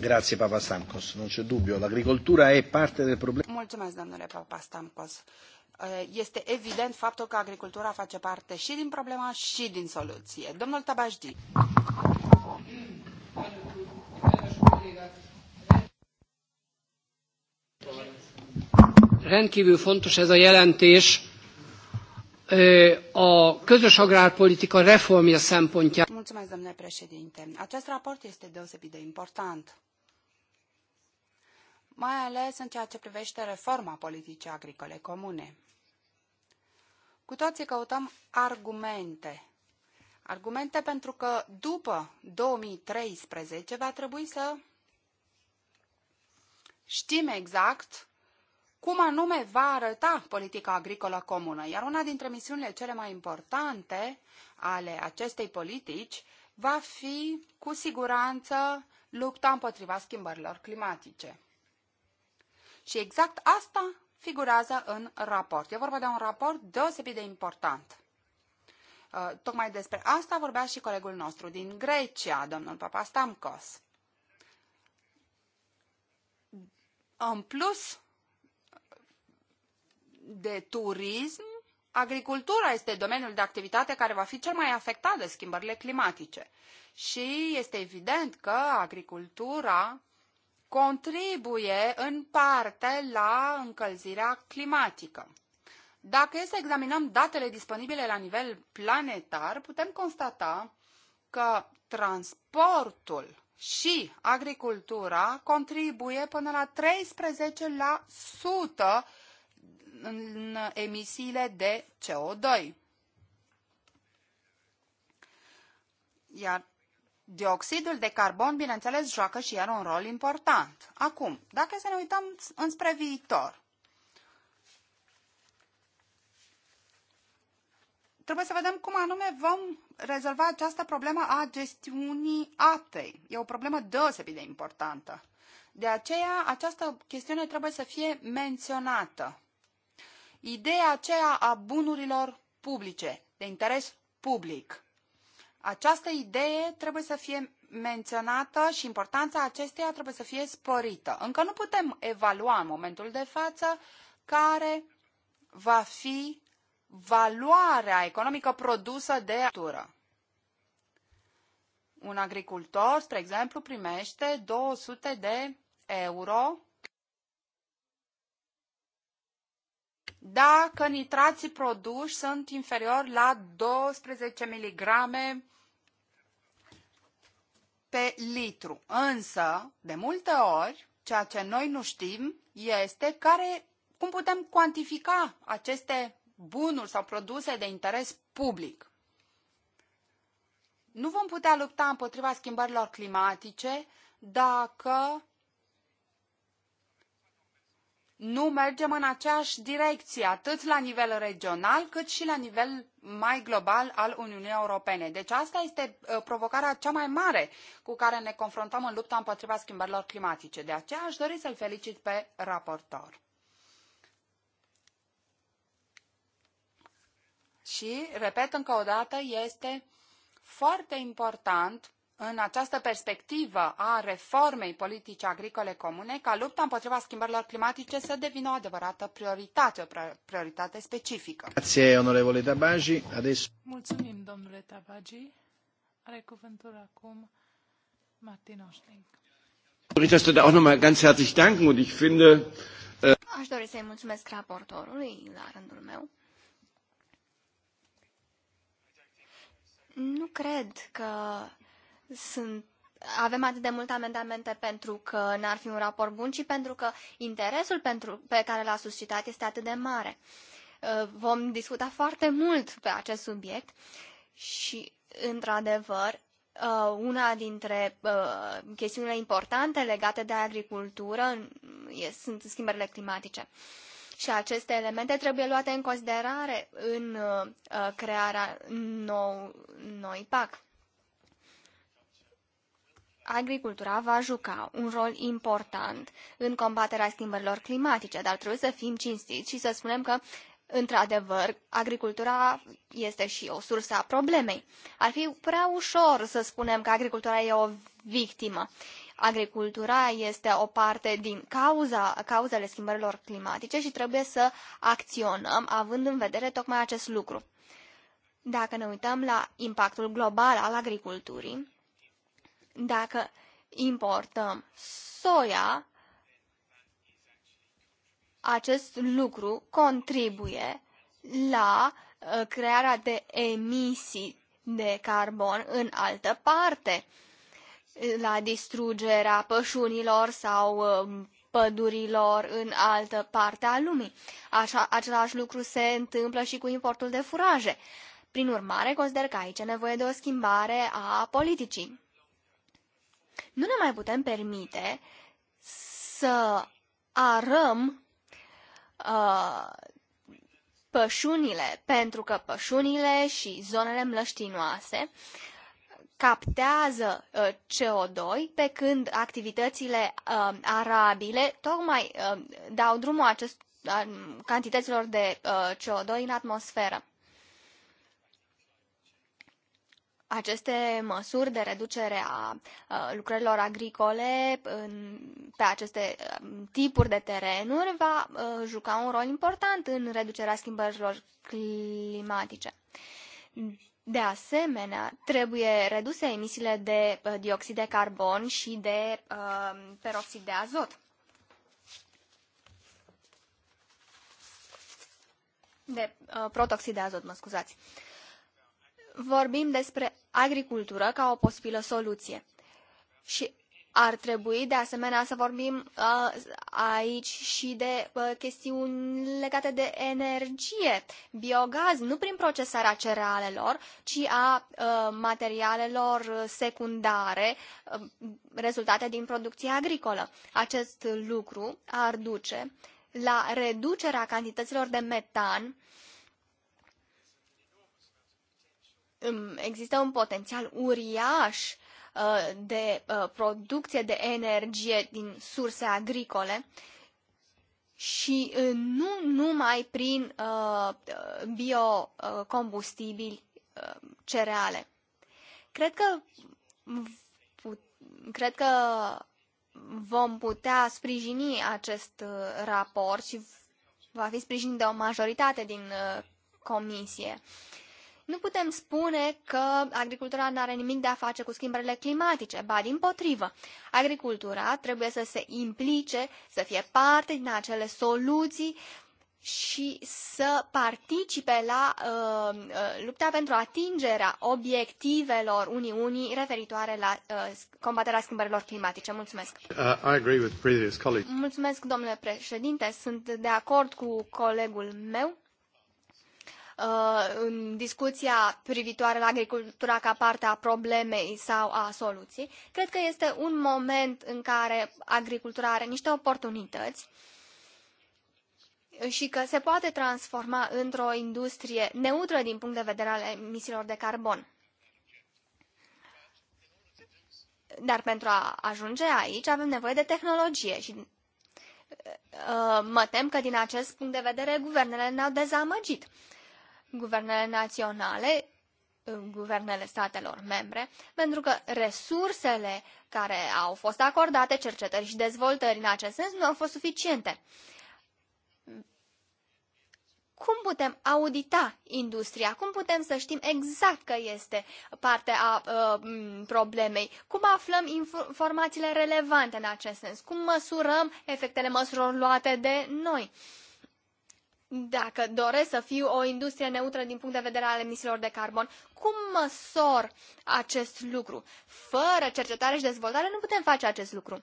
Grazie Papa Stamkos, non c'è dubbio, l'agricoltura è parte del problema.
Mulțumesc, domnule Papa Stamkos. Eh, este evident faptul că agricultura face parte și din problema și din soluție. Domnul Tabajdi. Rendkívül
fontos
ez a jelentés a közös agrárpolitika reformja szempontjából.
Mulțumesc, domnule președinte. Acest raport este deosebit de important mai ales în ceea ce privește reforma politicii agricole comune. Cu toții căutăm argumente. Argumente pentru că după 2013 va trebui să știm exact cum anume va arăta politica agricolă comună, iar una dintre misiunile cele mai importante ale acestei politici va fi, cu siguranță, lupta împotriva schimbărilor climatice. Și exact asta figurează în raport. E vorba de un raport deosebit de important. Uh, tocmai despre asta vorbea și colegul nostru din Grecia, domnul Papastamkos. În plus de turism, agricultura este domeniul de activitate care va fi cel mai afectat de schimbările climatice. Și este evident că agricultura contribuie în parte la încălzirea climatică. Dacă e să examinăm datele disponibile la nivel planetar, putem constata că transportul și agricultura contribuie până la 13% în emisiile de CO2. Iar Dioxidul de carbon, bineînțeles, joacă și el un rol important. Acum, dacă să ne uităm înspre viitor, trebuie să vedem cum anume vom rezolva această problemă a gestiunii apei. E o problemă deosebit de importantă. De aceea, această chestiune trebuie să fie menționată. Ideea aceea a bunurilor publice, de interes public. Această idee trebuie să fie menționată și importanța acesteia trebuie să fie sporită. Încă nu putem evalua în momentul de față care va fi valoarea economică produsă de natură. Un agricultor, spre exemplu, primește 200 de euro dacă nitrații produși sunt inferiori la 12 mg pe litru. Însă, de multe ori, ceea ce noi nu știm este care, cum putem cuantifica aceste bunuri sau produse de interes public. Nu vom putea lupta împotriva schimbărilor climatice dacă nu mergem în aceeași direcție, atât la nivel regional, cât și la nivel mai global al Uniunii Europene. Deci asta este uh, provocarea cea mai mare cu care ne confruntăm în lupta împotriva schimbărilor climatice. De aceea aș dori să-l felicit pe raportor. Și, repet încă o dată, este foarte important în această perspectivă a reformei politicii agricole comune ca lupta împotriva schimbărilor climatice să devină o adevărată prioritate, o prioritate specifică.
Grazie, onorevole Tabagi. Adesso...
Mulțumim, domnule
Tabagi. Are cuvântul acum Martin Oșling.
Äh,
Aș dori să-i mulțumesc raportorului la rândul meu. Nu cred că sunt avem atât de multe amendamente pentru că n-ar fi un raport bun, ci pentru că interesul pentru, pe care l-a suscitat este atât de mare. Uh, vom discuta foarte mult pe acest subiect și, într-adevăr, uh, una dintre uh, chestiunile importante legate de agricultură sunt schimbările climatice. Și aceste elemente trebuie luate în considerare în crearea nou, noi PAC agricultura va juca un rol important în combaterea schimbărilor climatice, dar trebuie să fim cinstiți și să spunem că Într-adevăr, agricultura este și o sursă a problemei. Ar fi prea ușor să spunem că agricultura e o victimă. Agricultura este o parte din cauza, cauzele schimbărilor climatice și trebuie să acționăm având în vedere tocmai acest lucru. Dacă ne uităm la impactul global al agriculturii, dacă importăm soia, acest lucru contribuie la uh, crearea de emisii de carbon în altă parte, la distrugerea pășunilor sau uh, pădurilor în altă parte a lumii. Așa, același lucru se întâmplă și cu importul de furaje. Prin urmare, consider că aici e nevoie de o schimbare a politicii. Nu ne mai putem permite să arăm uh, pășunile, pentru că pășunile și zonele mlăștinoase captează uh, CO2, pe când activitățile uh, arabile tocmai uh, dau drumul acest, uh, cantităților de uh, CO2 în atmosferă. aceste măsuri de reducere a lucrărilor agricole pe aceste um, tipuri de terenuri va uh, juca un rol important în reducerea schimbărilor climatice. De asemenea, trebuie reduse emisiile de uh, dioxid de carbon și de uh, peroxid de azot. De protoxid de azot, mă scuzați. Uh, vorbim despre agricultură ca o posibilă soluție. Și ar trebui de asemenea să vorbim uh, aici și de uh, chestiuni legate de energie, biogaz, nu prin procesarea cerealelor, ci a uh, materialelor secundare rezultate din producția agricolă. Acest lucru ar duce la reducerea cantităților de metan există un potențial uriaș uh, de uh, producție de energie din surse agricole și uh, nu numai prin biocombustibili cereale. Cred că cred că vom putea sprijini acest raport și va fi sprijinit de o majoritate din comisie. Uh, nu putem spune că agricultura nu are nimic de a face cu schimbările climatice, ba din potrivă. Agricultura trebuie să se implice, să fie parte din acele soluții și să participe la uh, uh lupta pentru atingerea obiectivelor Uniunii referitoare la uh, combaterea schimbărilor climatice. Mulțumesc.
Uh, I agree with previous colleagues.
Mulțumesc, domnule președinte. Sunt de acord cu colegul meu Uh, în discuția privitoare la agricultura ca parte a problemei sau a soluției, cred că este un moment în care agricultura are niște oportunități și că se poate transforma într-o industrie neutră din punct de vedere al emisiilor de carbon. Dar pentru a ajunge aici avem nevoie de tehnologie și uh, mă tem că din acest punct de vedere guvernele ne-au dezamăgit guvernele naționale, guvernele statelor membre, pentru că resursele care au fost acordate cercetării și dezvoltării în acest sens nu au fost suficiente. Cum putem audita industria? Cum putem să știm exact că este parte a uh, problemei? Cum aflăm informațiile relevante în acest sens? Cum măsurăm efectele măsurilor luate de noi? Uh, dacă doresc să fiu o industrie neutră din punct de vedere al emisiilor de carbon, cum măsor acest lucru? Fără cercetare și dezvoltare nu putem face acest lucru.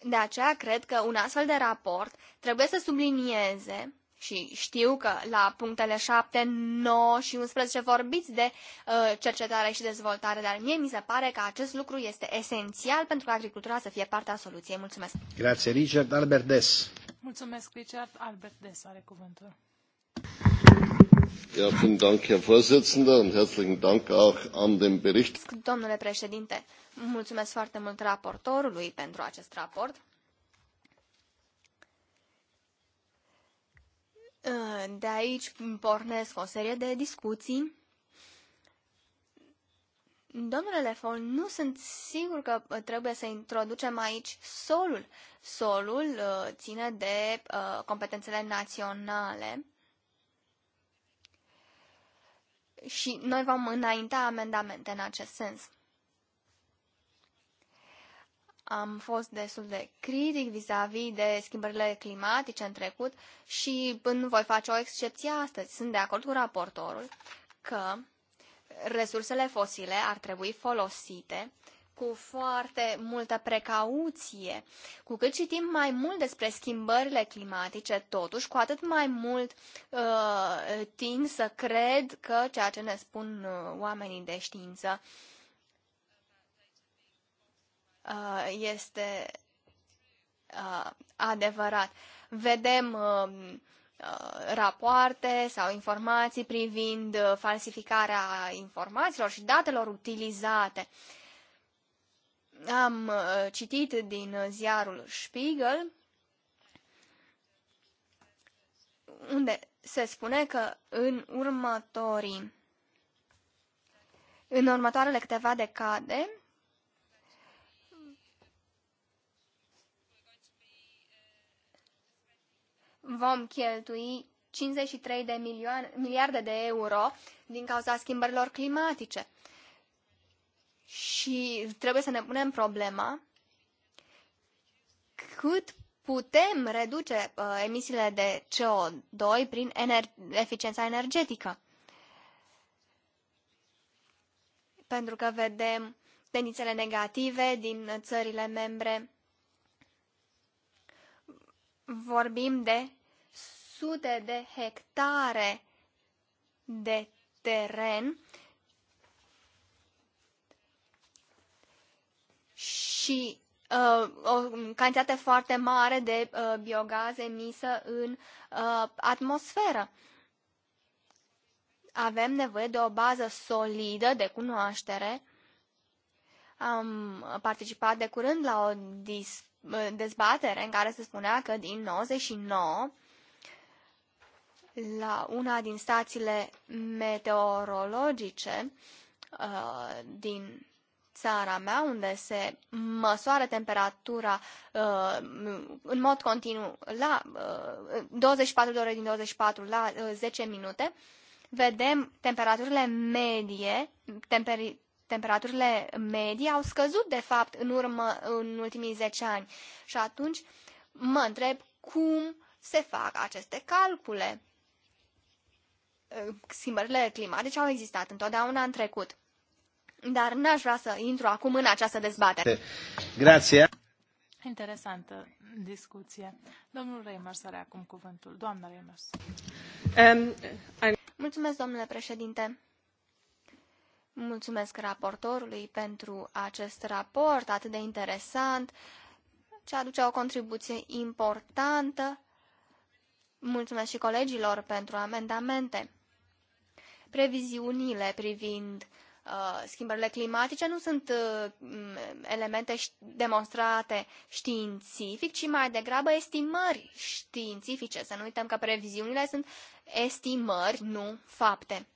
De aceea cred că un astfel de raport trebuie să sublinieze și știu că la punctele 7, 9 și 11 vorbiți de uh, cercetare și dezvoltare, dar mie mi se pare că acest lucru este esențial pentru ca agricultura să fie parte a soluției. Mulțumesc!
Grație, Richard Albert Des.
Mulțumesc, Richard Albert Des are cuvântul.
Ja, vielen Dank, Herr Vorsitzender, und herzlichen Dank auch an den Bericht.
Domnule președinte, mulțumesc foarte mult raportorului pentru acest raport. De aici pornesc o serie de discuții. Domnule Lefol, nu sunt sigur că uh, trebuie să introducem aici solul. Solul uh, ține de uh, competențele naționale și noi vom înainta amendamente în acest sens am fost destul de critic vis-a-vis -vis de schimbările climatice în trecut și nu voi face o excepție astăzi. Sunt de acord cu raportorul că resursele fosile ar trebui folosite cu foarte multă precauție. Cu cât citim mai mult despre schimbările climatice, totuși, cu atât mai mult uh, tind să cred că ceea ce ne spun uh, oamenii de știință uh, Uh, este uh, adevărat. Vedem um, uh, rapoarte sau informații privind falsificarea informațiilor și datelor utilizate. Am citit din ziarul Spiegel unde se spune că în următorii în următoarele câteva decade vom cheltui 53 de milioane, miliarde de euro din cauza schimbărilor climatice. Și trebuie să ne punem problema cât putem reduce uh, emisiile de CO2 prin ener- eficiența energetică. Pentru că vedem tendințele negative din țările membre vorbim de sute de hectare de teren și uh, o cantitate foarte mare de uh, biogaz emisă în uh, atmosferă. Avem nevoie de o bază solidă de cunoaștere. Am participat de curând la o discuție dezbatere în care se spunea că din 99 la una din stațiile meteorologice uh, din țara mea, unde se măsoară temperatura uh, în mod continuu la uh, 24 de ore din 24 la uh, 10 minute, vedem temperaturile medie, temperi, temperaturile medii au scăzut, de fapt, în, urmă, în ultimii 10 ani. Și atunci mă întreb cum se fac aceste calcule. Schimbările climatice au existat întotdeauna în trecut. Dar n-aș vrea să intru acum în această dezbatere. Grație. Interesantă discuție. Domnul Reimers are acum cuvântul. Doamna Reimers. Um, Mulțumesc, domnule președinte. Mulțumesc raportorului pentru acest raport atât de interesant, ce aduce o contribuție importantă. Mulțumesc și colegilor pentru amendamente. Previziunile privind uh, schimbările climatice nu sunt uh, elemente demonstrate științific, ci mai degrabă estimări științifice. Să nu uităm că previziunile sunt estimări, nu fapte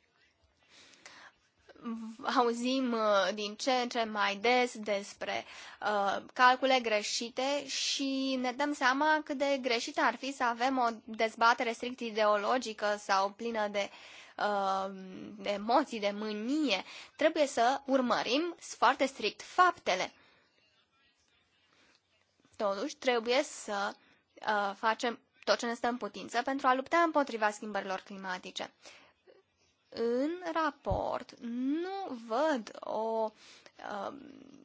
auzim uh, din ce în ce mai des despre uh, calcule greșite și ne dăm seama cât de greșit ar fi să avem o dezbatere strict ideologică sau plină de uh, de emoții, de mânie. Trebuie să urmărim foarte strict faptele. Totuși, trebuie să uh, facem tot ce ne stă în putință pentru a lupta împotriva schimbărilor climatice în raport nu văd o uh,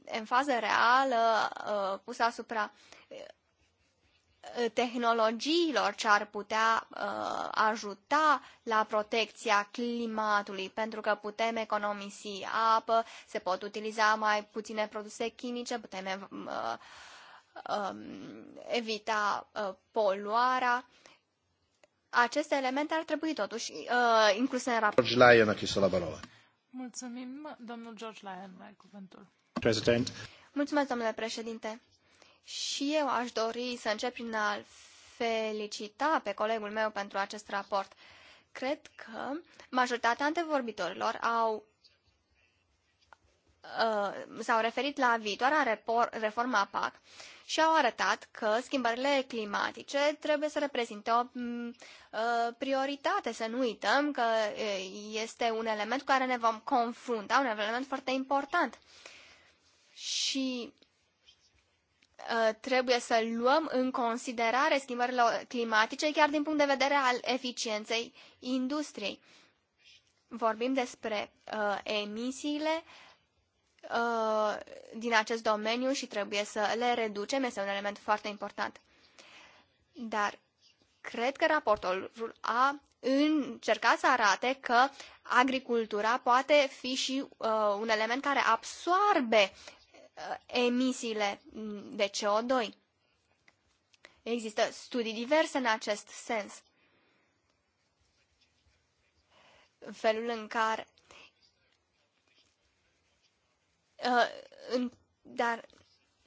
enfază reală uh, pusă asupra uh, tehnologiilor ce ar putea uh, ajuta la protecția climatului, pentru că putem economisi apă, se pot utiliza mai puține produse chimice, putem uh, uh, evita uh, poluarea. Uh, aceste elemente ar trebui totuși uh, incluse în raport. George
Lyon a chis la parola.
Mulțumim, domnul George Lyon, mai cuvântul. President. Mulțumesc, domnule președinte. Și eu aș dori să încep prin a felicita pe colegul meu pentru acest raport. Cred că majoritatea antevorbitorilor au Uh, s-au referit la viitoarea a PAC și au arătat că schimbările climatice trebuie să reprezinte o mm, uh, prioritate. Să nu uităm că uh, este un element cu care ne vom confrunta, un element foarte important. Și trebuie să luăm în considerare schimbările climatice chiar din punct de vedere al eficienței industriei. Vorbim despre uh, emisiile Uh, din acest domeniu și trebuie să le reducem. Este un element foarte important. Dar cred că raportul a încercat să arate că agricultura poate fi și uh, un element care absoarbe uh, emisiile de CO2. Există studii diverse în acest sens. Felul în care Uh, dar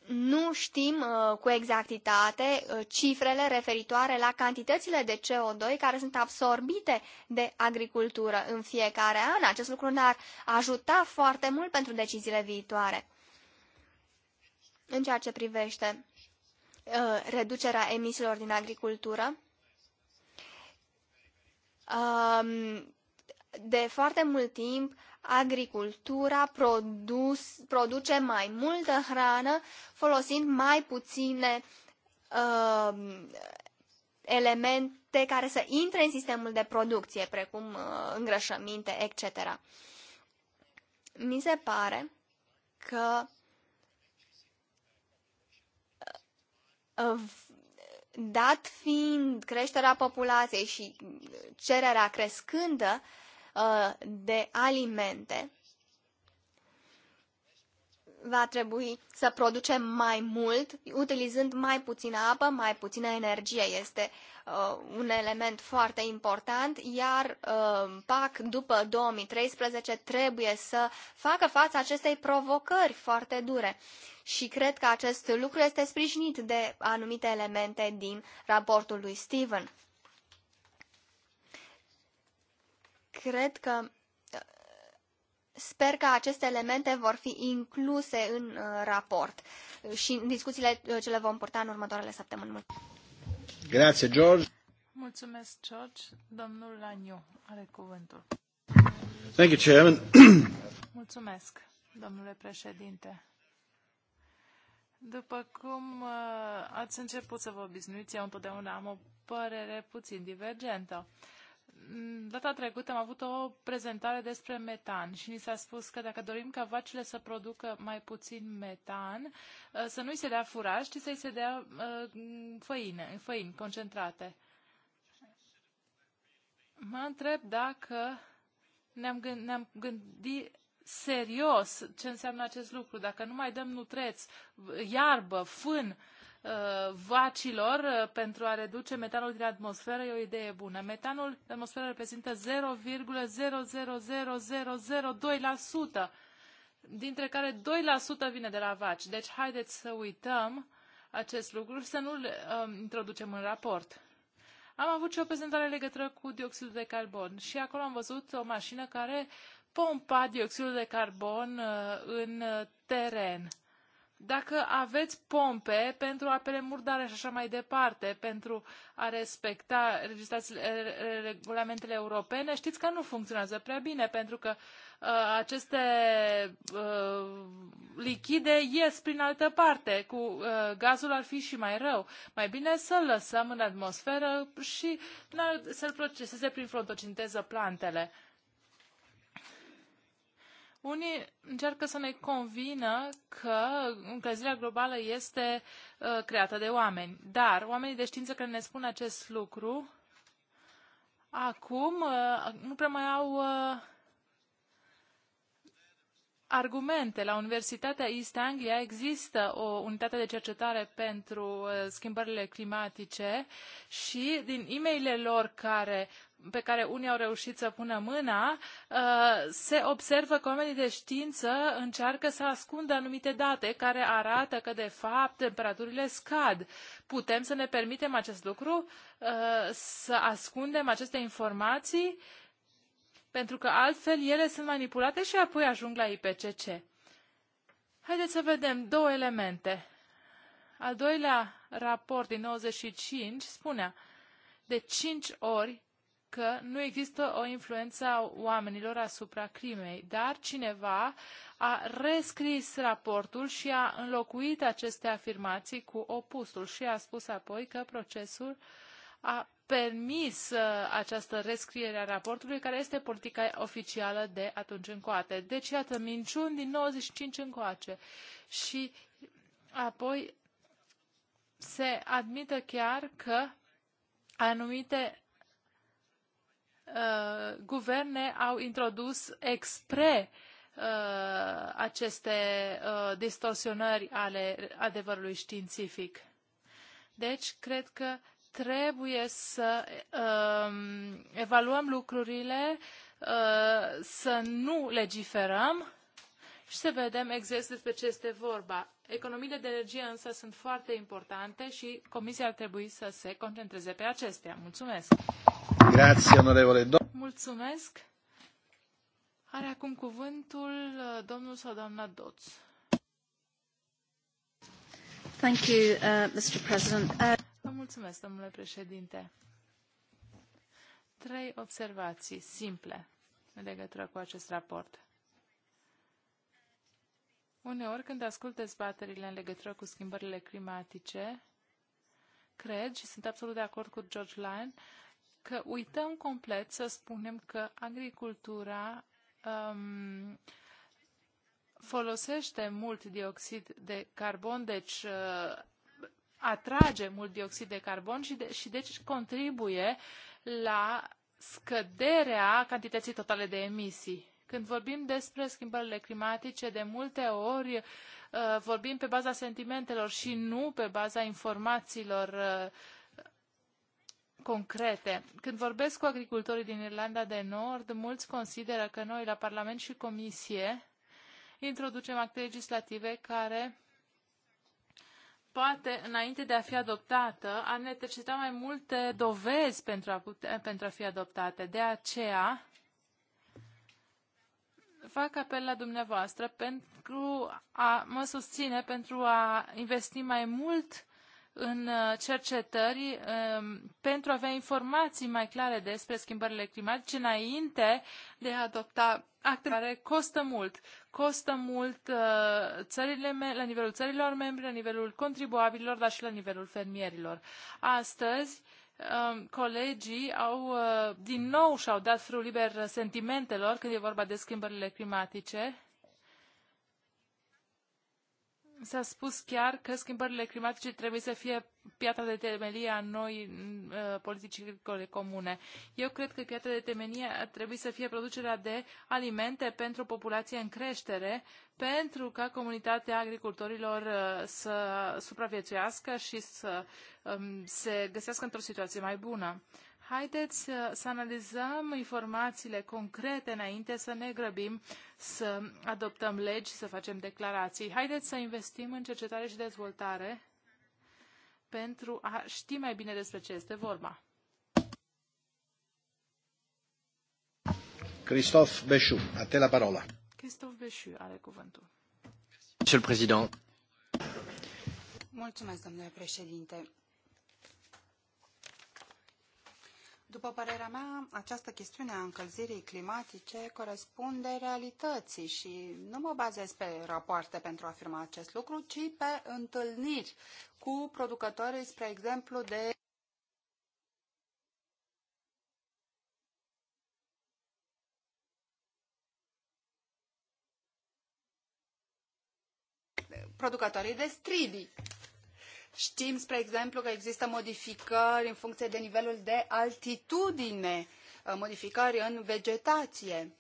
nu știm uh, cu exactitate uh, cifrele referitoare la cantitățile de CO2 care sunt absorbite de agricultură în fiecare an. Acest lucru ne-ar ajuta foarte mult pentru deciziile viitoare. În ceea ce privește reducerea emisiilor din agricultură, um, de foarte mult timp agricultura produs, produce mai multă hrană folosind mai puține uh, elemente care să intre în sistemul de producție, precum uh, îngrășăminte, etc. Mi se pare că uh, dat fiind creșterea populației și cererea crescândă, uh, Uh, de alimente, va trebui să producem mai mult, utilizând mai puțină apă, mai puțină energie. Este uh, un element foarte important, iar uh, PAC după 2013 trebuie să facă față acestei provocări foarte dure. Și cred că acest lucru este sprijinit de anumite elemente din raportul lui Steven. cred că uh, sper că aceste elemente vor fi incluse în uh, raport uh, și în discuțiile ce le vom purta în următoarele săptămâni.
Grazie, George.
Mulțumesc, George. Domnul Laniu are cuvântul.
Thank you, Chairman.
Mulțumesc, domnule președinte. După cum ați început să vă obișnuiți, eu întotdeauna am o părere puțin divergentă. Mm, data trecută am avut o prezentare despre metan și ni s-a spus că dacă dorim ca vacile să producă mai puțin metan, uh, să nu-i se dea furaj, ci să-i se dea uh, făine, făini concentrate. Mă întreb dacă ne-am gândit, ne gândit serios ce înseamnă acest lucru, dacă nu mai dăm nutreți, iarbă, fân, Uh, vacilor uh, pentru a reduce metanul din atmosferă e o idee bună. Metanul din atmosferă reprezintă 0,000002%, dintre care 2% vine de la vaci. Deci haideți să uităm acest lucru și să nu-l uh, introducem în raport. Am avut și o prezentare legătură cu dioxidul de carbon și acolo am văzut o mașină care pompa dioxidul de carbon uh, în teren dacă aveți pompe pentru apele murdare și așa mai departe, pentru a respecta regulamentele europene, știți că nu funcționează prea bine, pentru că uh, aceste uh, lichide ies prin altă parte. Cu uh, gazul ar fi și mai rău. Mai bine să-l lăsăm în atmosferă și să-l proceseze prin fotocinteză plantele. Unii încearcă să ne convină că încălzirea globală este uh, creată de oameni, dar oamenii de știință care ne spun acest lucru acum uh, nu prea mai au uh, argumente. La Universitatea East Anglia există o unitate de cercetare pentru uh, schimbările climatice și din e lor care pe care unii au reușit să pună mâna, uh, se observă că oamenii de știință încearcă să ascundă anumite date care arată că, de fapt, temperaturile scad. Putem să ne permitem acest lucru, uh, să ascundem aceste informații pentru că altfel ele sunt manipulate și apoi ajung la IPCC. Haideți să vedem două elemente. Al doilea raport din 95 spunea de 5 ori că nu există o influență a oamenilor asupra crimei, dar cineva a rescris raportul și a înlocuit aceste afirmații cu opusul și a spus apoi că procesul a permis uh, această rescriere a raportului, care este politica oficială de atunci încoace. Deci, iată, minciuni din 95 încoace. Și apoi se admită chiar că anumite uh, guverne au introdus expre uh, aceste distorsionări ale adevărului științific. Deci, cred că trebuie să uh, evaluăm lucrurile, uh, să nu legiferăm și să vedem exact despre ce este vorba. Economiile de energie însă sunt foarte importante și Comisia ar trebui să se concentreze pe acestea. Mulțumesc! Grazie, onorevole. Mulțumesc! Are acum cuvântul uh, domnul sau doamna Doț.
Thank you, uh,
Mr. President. Uh...
Mulțumesc, domnule președinte. Trei observații simple în legătură cu acest raport. Uneori, când ascult dezbaterile în legătură cu schimbările climatice, cred și sunt absolut de acord cu George Lyon că uităm complet să spunem că agricultura um, folosește mult dioxid de carbon, deci uh, atrage mult dioxid de carbon și, de, și deci contribuie la scăderea cantității totale de emisii. Când vorbim despre schimbările climatice, de multe ori uh, vorbim pe baza sentimentelor și nu pe baza informațiilor uh, concrete. Când vorbesc cu agricultorii din Irlanda de Nord, mulți consideră că noi la Parlament și Comisie introducem acte legislative care poate, înainte de a fi adoptată, a necesita mai multe dovezi pentru a, pute pentru a fi adoptate. De aceea, fac apel la dumneavoastră pentru a mă susține, pentru a investi mai mult în uh, cercetări um, pentru a avea informații mai clare despre schimbările climatice înainte de a adopta acte care costă mult. Costă mult uh, țările, la nivelul țărilor membre, la nivelul contribuabililor, dar și la nivelul fermierilor. Astăzi, um, colegii au uh, din nou și-au dat frul liber sentimentelor când e vorba de schimbările climatice S-a spus chiar că schimbările climatice trebuie să fie piatra de temelie a noi uh, politici agricole comune. Eu cred că piatra de temelie ar trebui să fie producerea de alimente pentru o populație în creștere, pentru ca comunitatea agricultorilor uh, să supraviețuiască și să um, se găsească într-o situație mai bună. Uh, Haideți uh, să analizăm informațiile concrete înainte să ne grăbim să adoptăm legi, să facem declarații. Haideți să investim în cercetare și dezvoltare pentru a ști mai bine despre ce este vorba.
Christophe Beșu, a te la parola.
Christophe Beșu are cuvântul.
Mulțumesc, domnule președinte. După părerea mea, această chestiune a încălzirii climatice corespunde realității și nu mă bazez pe rapoarte pentru a afirma acest lucru, ci pe întâlniri cu producătorii, spre exemplu, de producătorii de stridii. Știm, spre exemplu, că există modificări în funcție de nivelul de altitudine, uh, modificări în vegetație.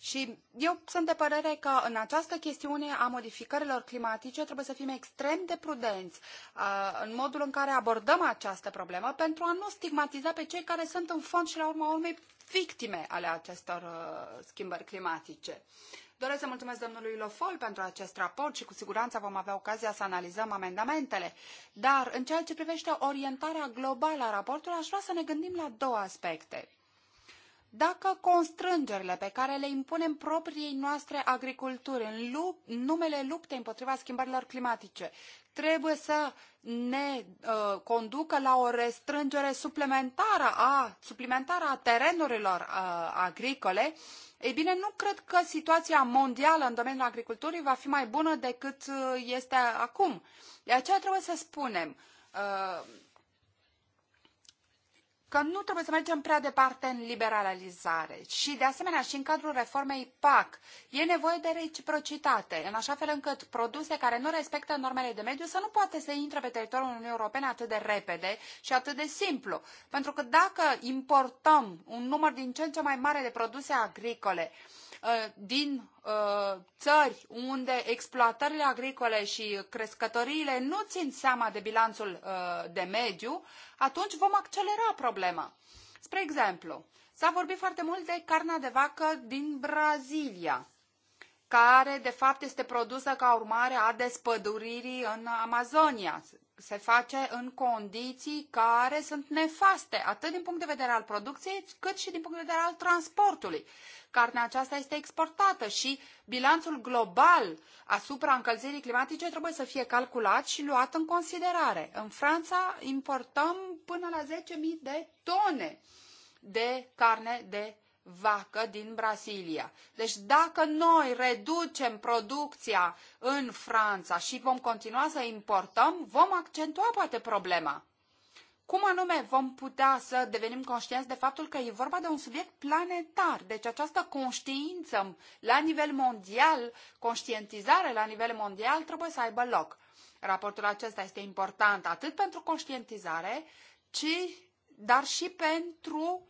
Și eu sunt de părere că în această chestiune a modificărilor climatice trebuie să fim extrem de prudenți uh, în modul în care abordăm această problemă pentru a nu stigmatiza pe cei care sunt în fond și la urma urmei victime ale acestor uh, schimbări climatice. Doresc să mulțumesc domnului Lofol pentru acest raport și cu siguranță vom avea ocazia să analizăm amendamentele. Dar în ceea ce privește orientarea globală a raportului, aș vrea să ne gândim la două aspecte. Dacă constrângerile pe care le impunem propriei noastre agriculturi în, numele luptei împotriva schimbărilor climatice trebuie să ne uh, conducă la o restrângere suplimentară a, suplimentară a terenurilor uh, agricole, ei bine, nu cred că situația mondială în domeniul agriculturii va fi mai bună decât uh, este acum. De aceea trebuie să spunem, uh, că nu trebuie să mergem prea departe în liberalizare și, de asemenea, și în cadrul reformei PAC e nevoie de reciprocitate, în așa fel încât produse care nu respectă normele de mediu să nu poate să intre pe teritoriul Uniunii Europene atât de repede și atât de simplu. Pentru că dacă importăm un număr din ce în ce mai mare de produse agricole, uh, Uh, din uh, țări unde exploatările agricole și crescătoriile nu țin seama de bilanțul uh, de mediu, atunci vom accelera problema. Spre exemplu, s-a vorbit foarte mult de carnea de vacă din Brazilia care de fapt este produsă ca urmare a despăduririi în Amazonia. Se face în condiții care sunt nefaste, atât din punct de vedere al producției, cât și din punct de vedere al transportului carnea aceasta este exportată și bilanțul global asupra încălzirii climatice trebuie să fie calculat și luat în considerare. În Franța importăm până la 10.000 de tone de carne de vacă din Brazilia. Deci dacă noi reducem producția în Franța și vom continua să importăm, vom accentua poate problema. Cum anume vom putea să devenim conștienți de faptul că e vorba de un subiect planetar? Deci această conștiință la nivel mondial, conștientizare la nivel mondial trebuie să aibă loc. Raportul acesta este important atât pentru conștientizare, ci, dar și pentru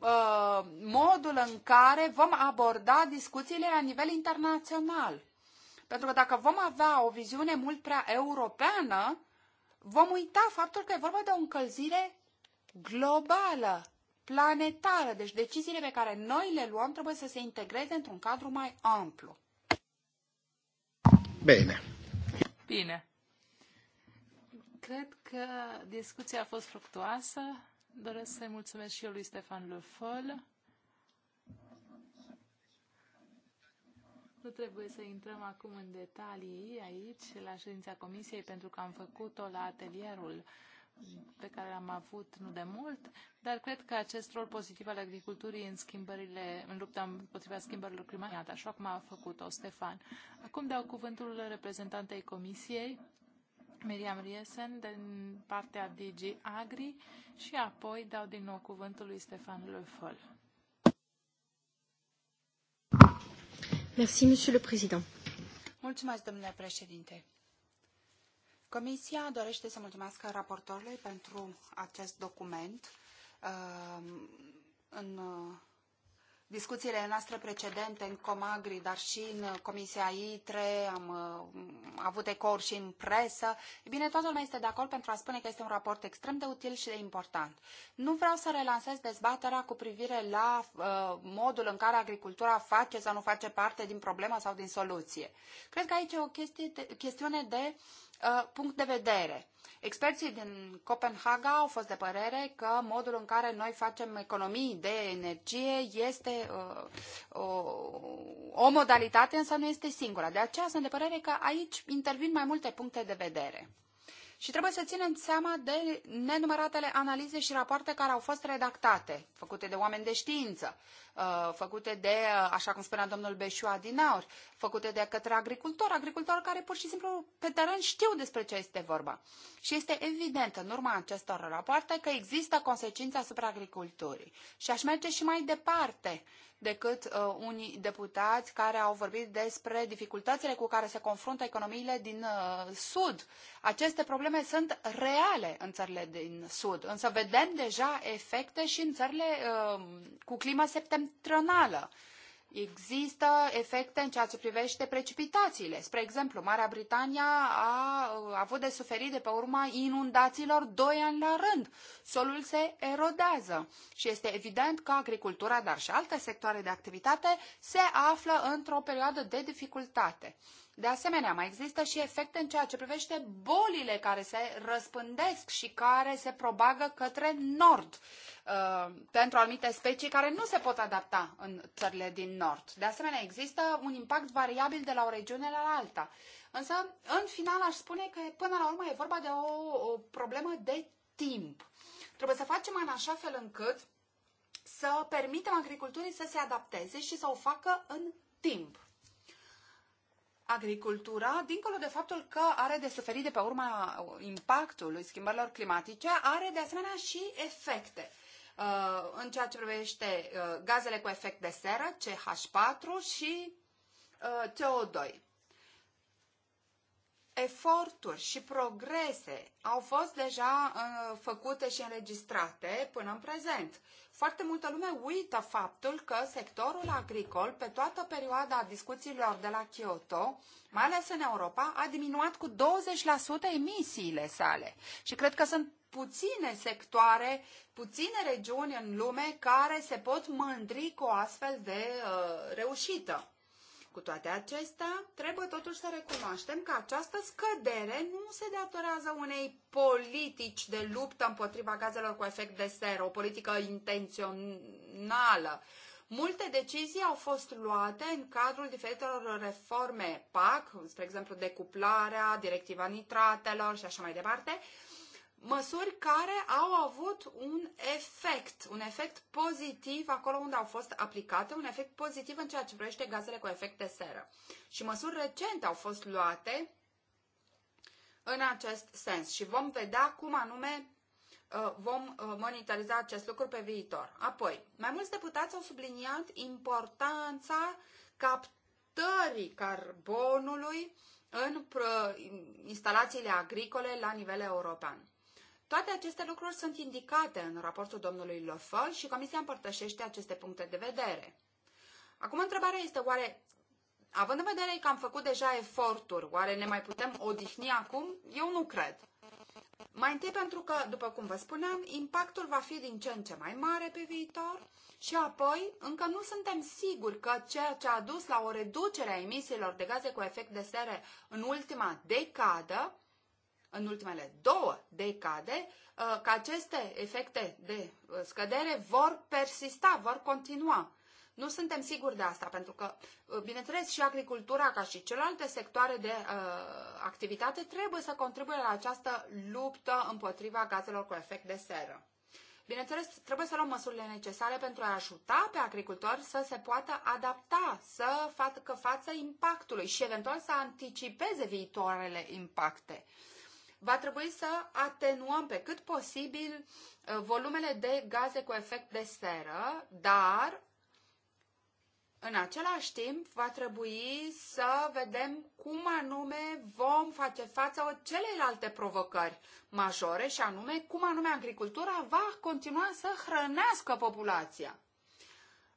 uh, modul în care vom aborda discuțiile la nivel internațional. Pentru că dacă vom avea o viziune mult prea europeană, vom uita faptul că e vorba de o încălzire globală, planetară. Deci deciziile pe care noi le luăm trebuie să se integreze într-un cadru mai amplu.
Bine.
Bine. Cred că discuția a fost fructuoasă. Doresc să-i mulțumesc și eu lui Stefan Le Foll Nu trebuie să intrăm acum în detalii aici, la ședința comisiei, pentru că am făcut-o la atelierul pe care l-am avut nu de mult, dar cred că acest rol pozitiv al agriculturii în, schimbările, în lupta împotriva schimbărilor climatice, așa cum a făcut-o Stefan. Acum dau cuvântul reprezentantei comisiei, Miriam Riesen, din partea DG Agri și apoi dau din nou cuvântul lui Stefan Löffel.
Mulțumesc, domnule președinte. Comisia dorește să mulțumesc raportorului pentru acest document. Uh, în uh, discuțiile noastre precedente în Comagri, dar și în Comisia ITRE, am uh, avut ecouri și în presă. E bine, toată lumea este de acord pentru a spune că este un raport extrem de util și de important. Nu vreau să relansez dezbaterea cu privire la uh, modul în care agricultura face sau nu face parte din problemă sau din soluție. Cred că aici e o chestie, chestiune de Uh, punct de vedere. Experții din Copenhaga au fost de părere că modul în care noi facem economii de energie este uh, o, o modalitate, însă nu este singura. De aceea sunt de părere că aici intervin mai multe puncte de vedere. Și trebuie să ținem seama de nenumăratele analize și rapoarte care au fost redactate, făcute de oameni de știință, Uh, făcute de, uh, așa cum spunea domnul Beșu Adinaur, făcute de către agricultori, agricultori care pur și simplu pe teren știu despre ce este vorba. Și este evident în urma acestor rapoarte că există consecințe asupra agriculturii. Și aș merge și mai departe decât uh, unii deputați care au vorbit despre dificultățile cu care se confruntă economiile din uh, Sud. Aceste probleme sunt reale în țările din Sud, însă vedem deja efecte și în țările uh, cu climă septem- septentrională. Există efecte în ceea ce privește precipitațiile. Spre exemplu, Marea Britania a avut de suferit de pe urma inundațiilor doi ani la rând. Solul se erodează și este evident că agricultura, dar și alte sectoare de activitate, se află într-o perioadă de dificultate. De asemenea, mai există și efecte în ceea ce privește bolile care se răspândesc și care se probagă către nord uh, pentru anumite specii care nu se pot adapta în țările din nord. De asemenea, există un impact variabil de la o regiune la alta. Însă, în final, aș spune că până la urmă e vorba de o, o problemă de timp. Trebuie să facem în așa fel încât să permitem agriculturii să se adapteze și să o facă în timp agricultura, dincolo de faptul că are de suferit de pe urma impactului schimbărilor climatice, are de asemenea și efecte uh, în ceea ce privește uh, gazele cu efect de seră, CH4 și uh, CO2 eforturi și progrese au fost deja uh, făcute și înregistrate până în prezent. Foarte multă lume uită faptul că sectorul agricol, pe toată perioada discuțiilor de la Kyoto, mai ales în Europa, a diminuat cu 20% emisiile sale. Și cred că sunt puține sectoare, puține regiuni în lume care se pot mândri cu o astfel de uh, reușită. Cu toate acestea, trebuie totuși să recunoaștem că această scădere nu se datorează unei politici de luptă împotriva gazelor cu efect de seră, o politică intențională. Multe decizii au fost luate în cadrul diferitelor reforme PAC, spre exemplu decuplarea, directiva nitratelor și așa mai departe, măsuri care au avut un efect, un efect pozitiv acolo unde au fost aplicate, un efect pozitiv în ceea ce privește gazele cu efect de seră. Și măsuri recente au fost luate în acest sens și vom vedea cum anume uh, vom uh, monitoriza acest lucru pe viitor. Apoi, mai mulți deputați au subliniat importanța captării carbonului în instalațiile agricole la nivel european. Toate aceste lucruri sunt indicate în raportul domnului Lofol și Comisia împărtășește aceste puncte de vedere. Acum întrebarea este oare, având în vedere că am făcut deja eforturi, oare ne mai putem odihni acum? Eu nu cred. Mai întâi pentru că, după cum vă spuneam, impactul va fi din ce în ce mai mare pe viitor și apoi încă nu suntem siguri că ceea ce a dus la o reducere a emisiilor de gaze cu efect de seră în ultima decadă în ultimele două decade uh, că aceste efecte de uh, scădere vor persista, vor continua. Nu suntem siguri de asta, pentru că, uh, bineînțeles, și agricultura, ca și celelalte sectoare de uh, activitate, trebuie să contribuie la această luptă împotriva gazelor cu efect de seră. Bineînțeles, trebuie să luăm măsurile necesare pentru a ajuta pe agricultori să se poată adapta, să facă față impactului și eventual să anticipeze viitoarele impacte. Uh, va trebui să atenuăm pe cât posibil uh, volumele de gaze cu efect de seră, dar în același timp va trebui să vedem cum anume vom face față celelalte provocări majore și anume cum anume agricultura va continua să hrănească populația.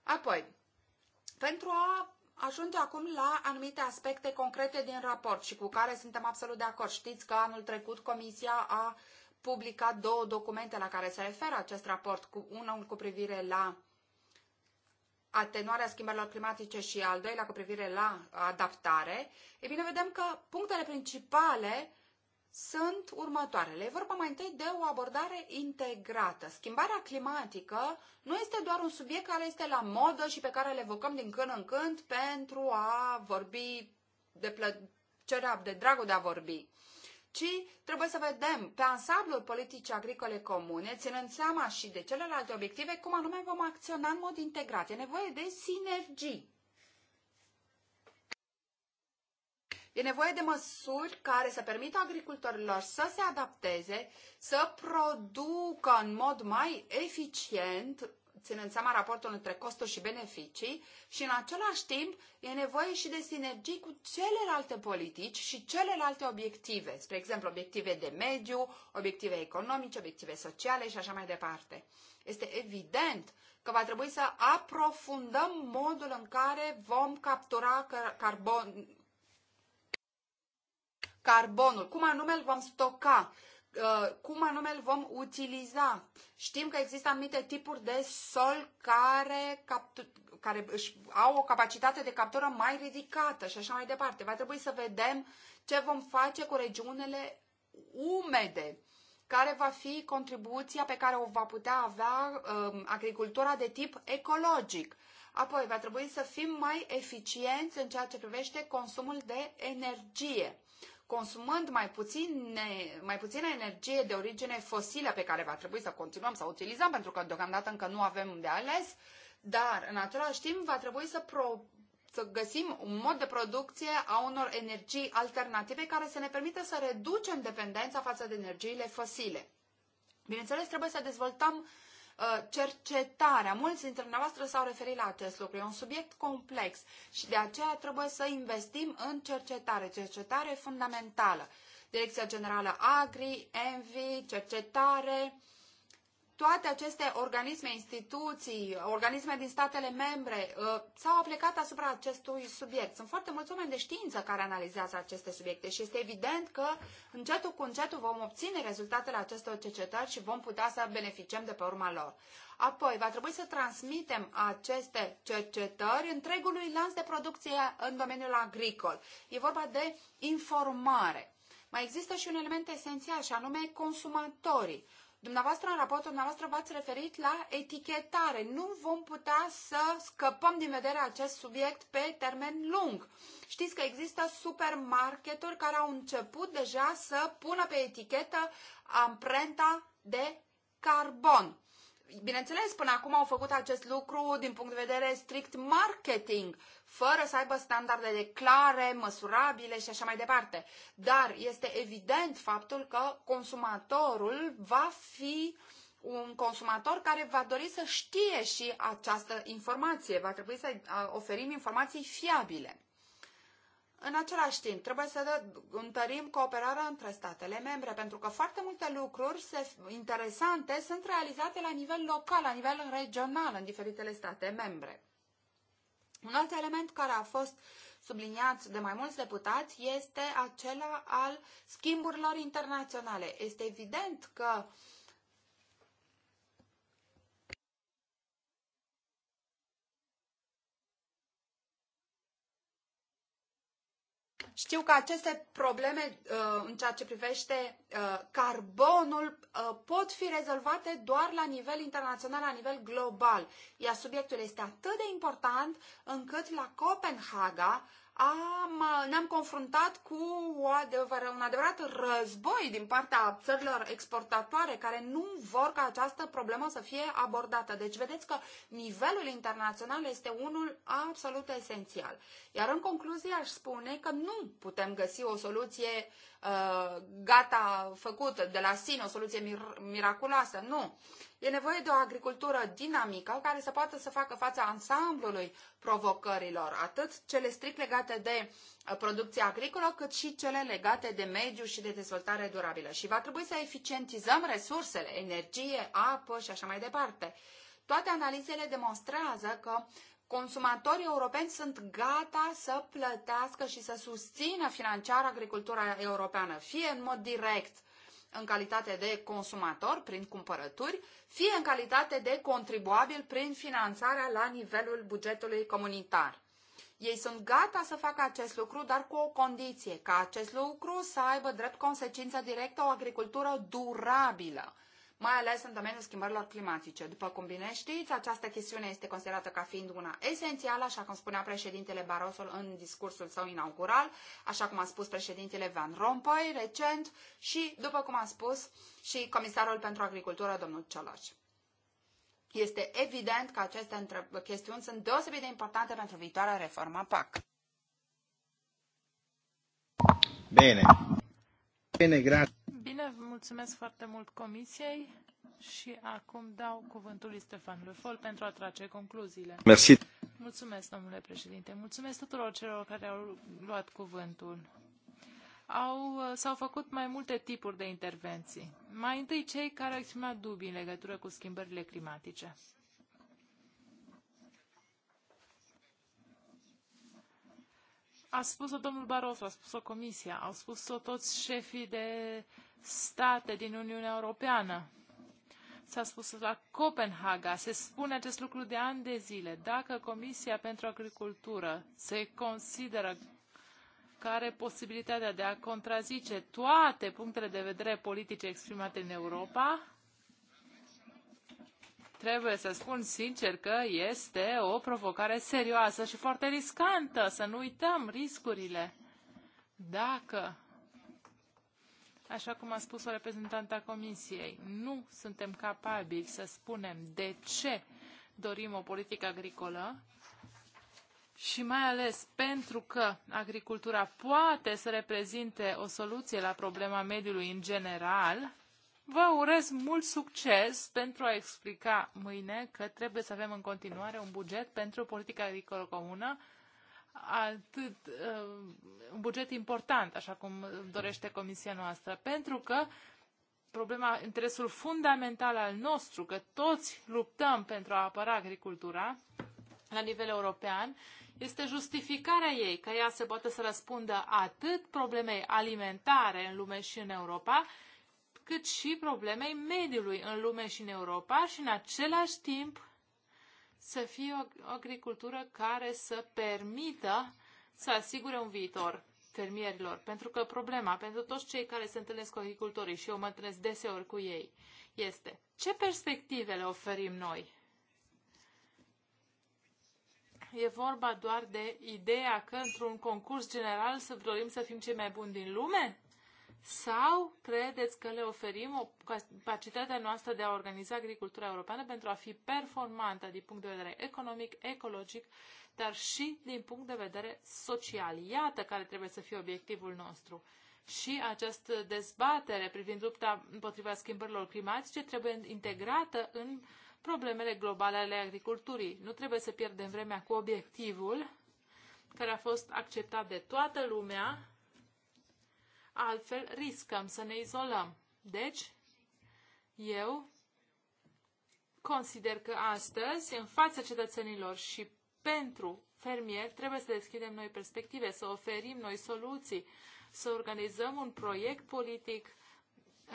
Apoi, pentru a ajunge acum la anumite aspecte concrete din raport și cu care suntem absolut de acord. Știți că anul trecut Comisia a publicat două documente la care se referă acest raport, cu unul cu privire la atenuarea schimbărilor climatice și al doilea cu privire la adaptare, e bine, vedem că punctele principale sunt următoarele. E vorba mai întâi de o abordare integrată. Schimbarea climatică nu este doar un subiect care este la modă și pe care le evocăm din când în când pentru a vorbi de plăcerea, de dragul de a vorbi ci trebuie să vedem pe ansamblul politicii agricole comune, ținând seama și de celelalte obiective, cum anume vom acționa în mod integrat. E nevoie de sinergii. E nevoie de măsuri care să permită agricultorilor să se adapteze, să producă în mod mai eficient, ținând seama raportul între costuri și beneficii, și în același timp e nevoie și de sinergii cu celelalte politici și celelalte obiective, spre exemplu obiective de mediu, obiective economice, obiective sociale și așa mai departe. Este evident că va trebui să aprofundăm modul în care vom captura carbon, carbonul, cum anume îl vom stoca, uh, cum anume îl vom utiliza. Știm că există anumite tipuri de sol care, care își au o capacitate de captură mai ridicată și așa mai departe. Va trebui să vedem ce vom face cu regiunile umede care va fi contribuția pe care o va putea avea um, agricultura de tip ecologic. Apoi, va trebui să fim mai eficienți în ceea ce privește consumul de energie consumând mai, puțin, mai puțină energie de origine fosilă pe care va trebui să continuăm să o utilizăm, pentru că deocamdată încă nu avem de ales, dar în același timp va trebui să, pro, să găsim un mod de producție a unor energii alternative care să ne permită să reducem dependența față de energiile fosile. Bineînțeles, trebuie să dezvoltăm uh, Uh, cercetarea. Mulți dintre dumneavoastră s-au referit la acest lucru. E un subiect complex și de aceea trebuie să investim în cercetare. Cercetare fundamentală. Direcția Generală Agri, Envi, cercetare, toate aceste organisme, instituții, organisme din statele membre uh, s-au aplicat asupra acestui subiect. Sunt foarte mulți oameni de știință care analizează aceste subiecte și este evident că încetul cu încetul vom obține rezultatele acestor cercetări și vom putea să beneficiem de pe urma lor. Apoi, va trebui să transmitem aceste cercetări întregului lanț de producție în domeniul agricol. E vorba de informare. Mai există și un element esențial, și anume consumatorii. Dumneavoastră, în raportul dumneavoastră, v-ați referit la etichetare. Nu vom putea să scăpăm din vedere acest subiect pe termen lung. Știți că există supermarketuri care au început deja să pună pe etichetă amprenta de carbon. Bineînțeles, până acum au făcut acest lucru din punct de vedere strict marketing, fără să aibă standarde clare, măsurabile și așa mai departe. Dar este evident faptul că consumatorul va fi un consumator care va dori să știe și această informație. Va trebui să oferim informații fiabile în același timp, trebuie să întărim cooperarea între statele membre, pentru că foarte multe lucruri interesante sunt realizate la nivel local, la nivel regional, în diferitele state membre. Un alt element care a fost subliniat de mai mulți deputați este acela al schimburilor internaționale. Este evident că uh, Știu că aceste probleme uh, în ceea ce privește uh, carbonul uh, pot fi rezolvate doar la nivel internațional, la nivel global. Iar subiectul este atât de important încât la Copenhaga am, ne-am confruntat cu o adevăr, un adevărat război din partea țărilor exportatoare care nu vor ca această problemă să fie abordată. Deci vedeți că nivelul internațional este unul absolut esențial. Iar în concluzie aș spune că nu putem găsi o soluție uh, Uh, gata, făcută de la sine, o soluție mir- miraculoasă. Nu. E nevoie de o agricultură dinamică care să poată să facă fața ansamblului provocărilor, atât cele strict legate de uh, producție agricolă, cât și cele legate de mediu și de dezvoltare durabilă. Și va trebui să eficientizăm resursele, energie, apă și așa mai departe. Toate analizele demonstrează că consumatorii europeni sunt gata să plătească și să susțină financiar agricultura europeană, fie în mod direct în calitate de consumator prin cumpărături, fie în calitate de contribuabil prin finanțarea la nivelul bugetului comunitar. Ei sunt gata să facă acest lucru, dar cu o condiție, ca acest lucru să aibă drept consecință directă o agricultură durabilă mai ales în domeniul schimbărilor climatice. După cum bine știți, această chestiune este considerată ca fiind una esențială, așa cum spunea președintele Barroso în discursul său inaugural, așa cum a spus președintele Van Rompuy recent și, după cum a spus, și comisarul pentru agricultură, domnul Cioloș. Este evident că aceste chestiuni sunt deosebit de importante pentru viitoarea reforma PAC.
Bine. Bine, grazie.
Bine, mulțumesc foarte mult
Comisiei și acum dau cuvântul lui Stefan Lefol pentru a trage concluziile. Merci. Mulțumesc, domnule președinte. Mulțumesc tuturor celor care au luat cuvântul. Au, s-au făcut mai multe tipuri de intervenții. Mai întâi cei care au exprimat dubii în legătură cu schimbările climatice. A spus-o domnul Barroso, a spus-o Comisia, au spus-o toți șefii de state din Uniunea Europeană. S-a spus la Copenhaga, se spune acest lucru de ani de zile. Dacă Comisia pentru Agricultură se consideră că are posibilitatea de a contrazice toate punctele de vedere politice exprimate în Europa, trebuie să spun sincer că este o provocare serioasă și foarte riscantă. Să nu uităm riscurile. Dacă așa cum a spus o reprezentanta Comisiei, nu suntem capabili să spunem de ce dorim o politică agricolă și mai ales pentru că agricultura poate să reprezinte o soluție la problema mediului în general, vă urez mult succes pentru a explica mâine că trebuie să avem în continuare un buget pentru politica agricolă comună atât uh, un buget important, așa cum dorește comisia noastră, pentru că problema, interesul fundamental al nostru, că toți luptăm pentru a apăra agricultura la nivel european, este justificarea ei, că ea se poate să răspundă atât problemei alimentare în lume și în Europa, cât și problemei mediului în lume și în Europa și în același timp să fie o agricultură care să permită să asigure un viitor fermierilor. Pentru că problema pentru toți cei care se întâlnesc cu agricultorii și eu mă întâlnesc deseori cu ei este ce perspective le oferim noi? E vorba doar de ideea că într-un concurs general să dorim să fim cei mai buni din lume? Sau credeți că le oferim o capacitatea noastră de a organiza agricultura europeană pentru a fi performantă din punct de vedere economic, ecologic, dar și din punct de vedere social? Iată care trebuie să fie obiectivul nostru. Și această dezbatere privind lupta împotriva schimbărilor climatice trebuie integrată în problemele globale ale agriculturii. Nu trebuie să pierdem vremea cu obiectivul care a fost acceptat de toată lumea, Altfel, riscăm să ne izolăm. Deci, eu consider că astăzi, în fața cetățenilor și pentru fermieri, trebuie să deschidem noi perspective, să oferim noi soluții, să organizăm un proiect politic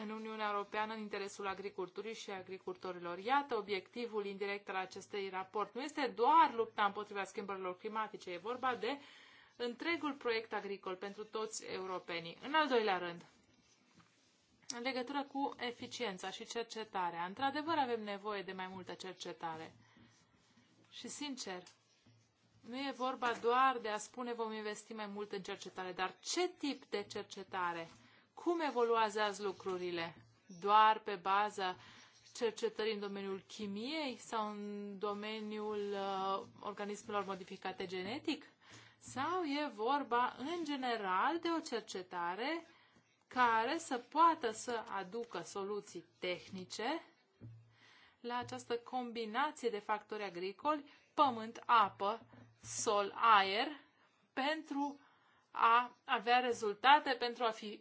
în Uniunea Europeană în interesul agriculturii și agricultorilor. Iată obiectivul indirect al acestui raport. Nu este doar lupta împotriva schimbărilor climatice, e vorba de întregul proiect agricol pentru toți europenii. În al doilea rând, în legătură cu eficiența și cercetarea. Într-adevăr, avem nevoie de mai multă cercetare. Și, sincer, nu e vorba doar de a spune vom investi mai mult în cercetare, dar ce tip de cercetare? Cum evoluează azi lucrurile? Doar pe baza cercetării în domeniul chimiei sau în domeniul uh, organismelor modificate genetic? Sau e vorba, în general, de o cercetare care să poată să aducă soluții tehnice la această combinație de factori agricoli, pământ, apă, sol, aer, pentru a avea rezultate, pentru a fi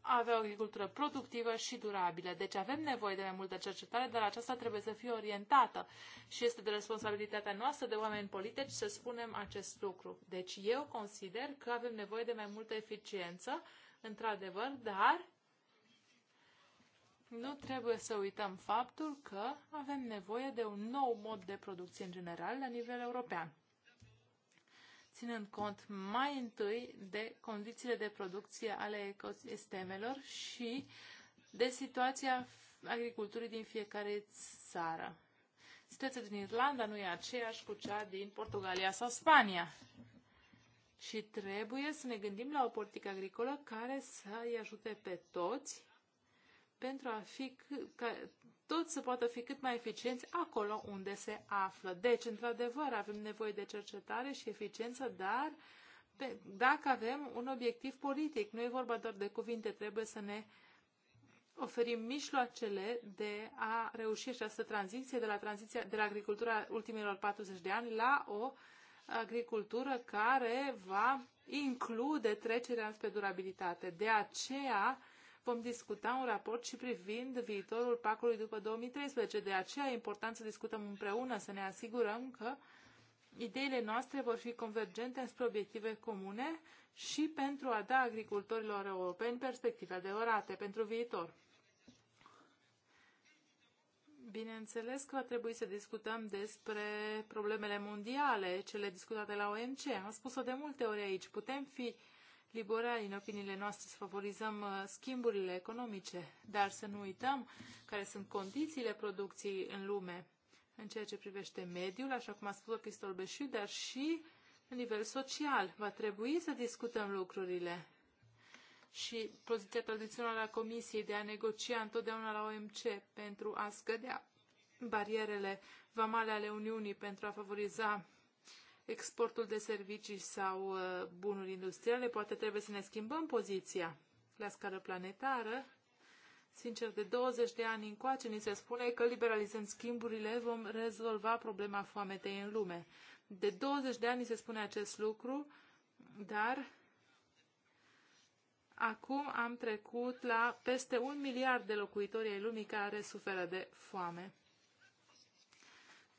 avea o agricultură productivă și durabilă. Deci avem nevoie de mai multă cercetare, dar aceasta trebuie să fie orientată și este de responsabilitatea noastră de oameni politici să spunem acest lucru. Deci eu consider că avem nevoie de mai multă eficiență, într-adevăr, dar nu trebuie să uităm faptul că avem nevoie de un nou mod de producție în general la nivel european ținând cont mai întâi de condițiile de producție ale ecosistemelor și de situația agriculturii din fiecare țară. Situația din Irlanda nu e aceeași cu cea din Portugalia sau Spania. Și trebuie să ne gândim la o politică agricolă care să îi ajute pe toți pentru a fi, toți să poată fi cât mai eficienți acolo unde se află. Deci, într-adevăr, avem nevoie de cercetare și eficiență, dar pe, dacă avem un obiectiv politic, nu e vorba doar de cuvinte, trebuie să ne oferim mijloacele de a reuși această tranziție de la, tranziția, de la agricultura ultimilor 40 de ani la o agricultură care va include trecerea spre durabilitate. De aceea, vom discuta un raport și privind viitorul pacului după 2013. De aceea e important să discutăm împreună, să ne asigurăm că ideile noastre vor fi convergente spre obiective comune și pentru a da agricultorilor europeni perspective adevărate pentru viitor. Bineînțeles că va trebui să discutăm despre problemele mondiale, cele discutate la OMC. Am spus-o de multe ori aici. Putem fi liberali în opiniile noastre să favorizăm uh, schimburile economice, dar să nu uităm care sunt condițiile producției în lume în ceea ce privește mediul, așa cum a spus Cristol Beșiu, dar și în nivel social. Va trebui să discutăm lucrurile. Și poziția tradițională a Comisiei de a negocia întotdeauna la OMC pentru a scădea barierele vamale ale Uniunii pentru a favoriza exportul de servicii sau uh, bunuri industriale, poate trebuie să ne schimbăm poziția la scară planetară. Sincer, de 20 de ani încoace ni se spune că liberalizând schimburile vom rezolva problema foametei în lume. De 20 de ani ni se spune acest lucru, dar acum am trecut la peste un miliard de locuitori ai lumii care suferă de foame.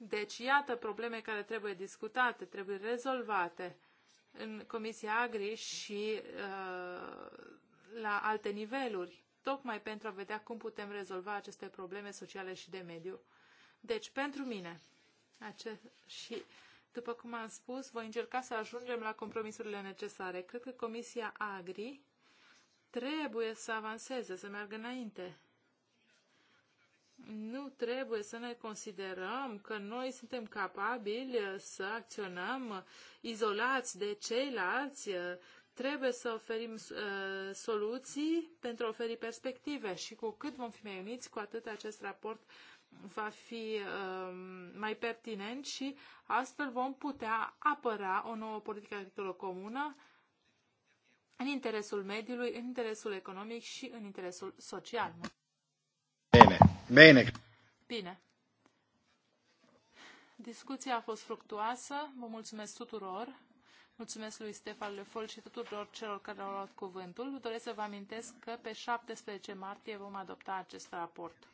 Deci, iată probleme care trebuie discutate, trebuie rezolvate în Comisia Agri și uh, la alte niveluri, tocmai pentru a vedea cum putem rezolva aceste probleme sociale și de mediu. Deci, pentru mine, acest, și după cum am spus, voi încerca să ajungem la compromisurile necesare. Cred că Comisia Agri trebuie să avanseze, să meargă înainte nu trebuie să ne considerăm că noi suntem capabili să acționăm izolați de ceilalți. Trebuie să oferim uh, soluții pentru a oferi perspective și cu cât vom fi mai uniți, cu atât acest raport va fi uh, mai pertinent și astfel vom putea apăra o nouă politică agricolă comună în interesul mediului, în interesul economic și în interesul social.
Bine.
Bine.
Bine. Discuția a fost fructuoasă. Vă mulțumesc tuturor. Mulțumesc lui Stefan Lefol și tuturor celor care au luat cuvântul. Doresc să vă amintesc că pe 17 martie vom adopta acest raport.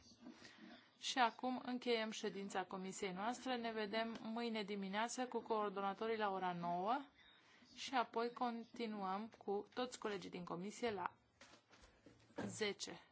Și acum încheiem ședința comisiei noastre. Ne vedem mâine dimineață cu coordonatorii la ora 9 și apoi continuăm cu toți colegii din comisie la 10.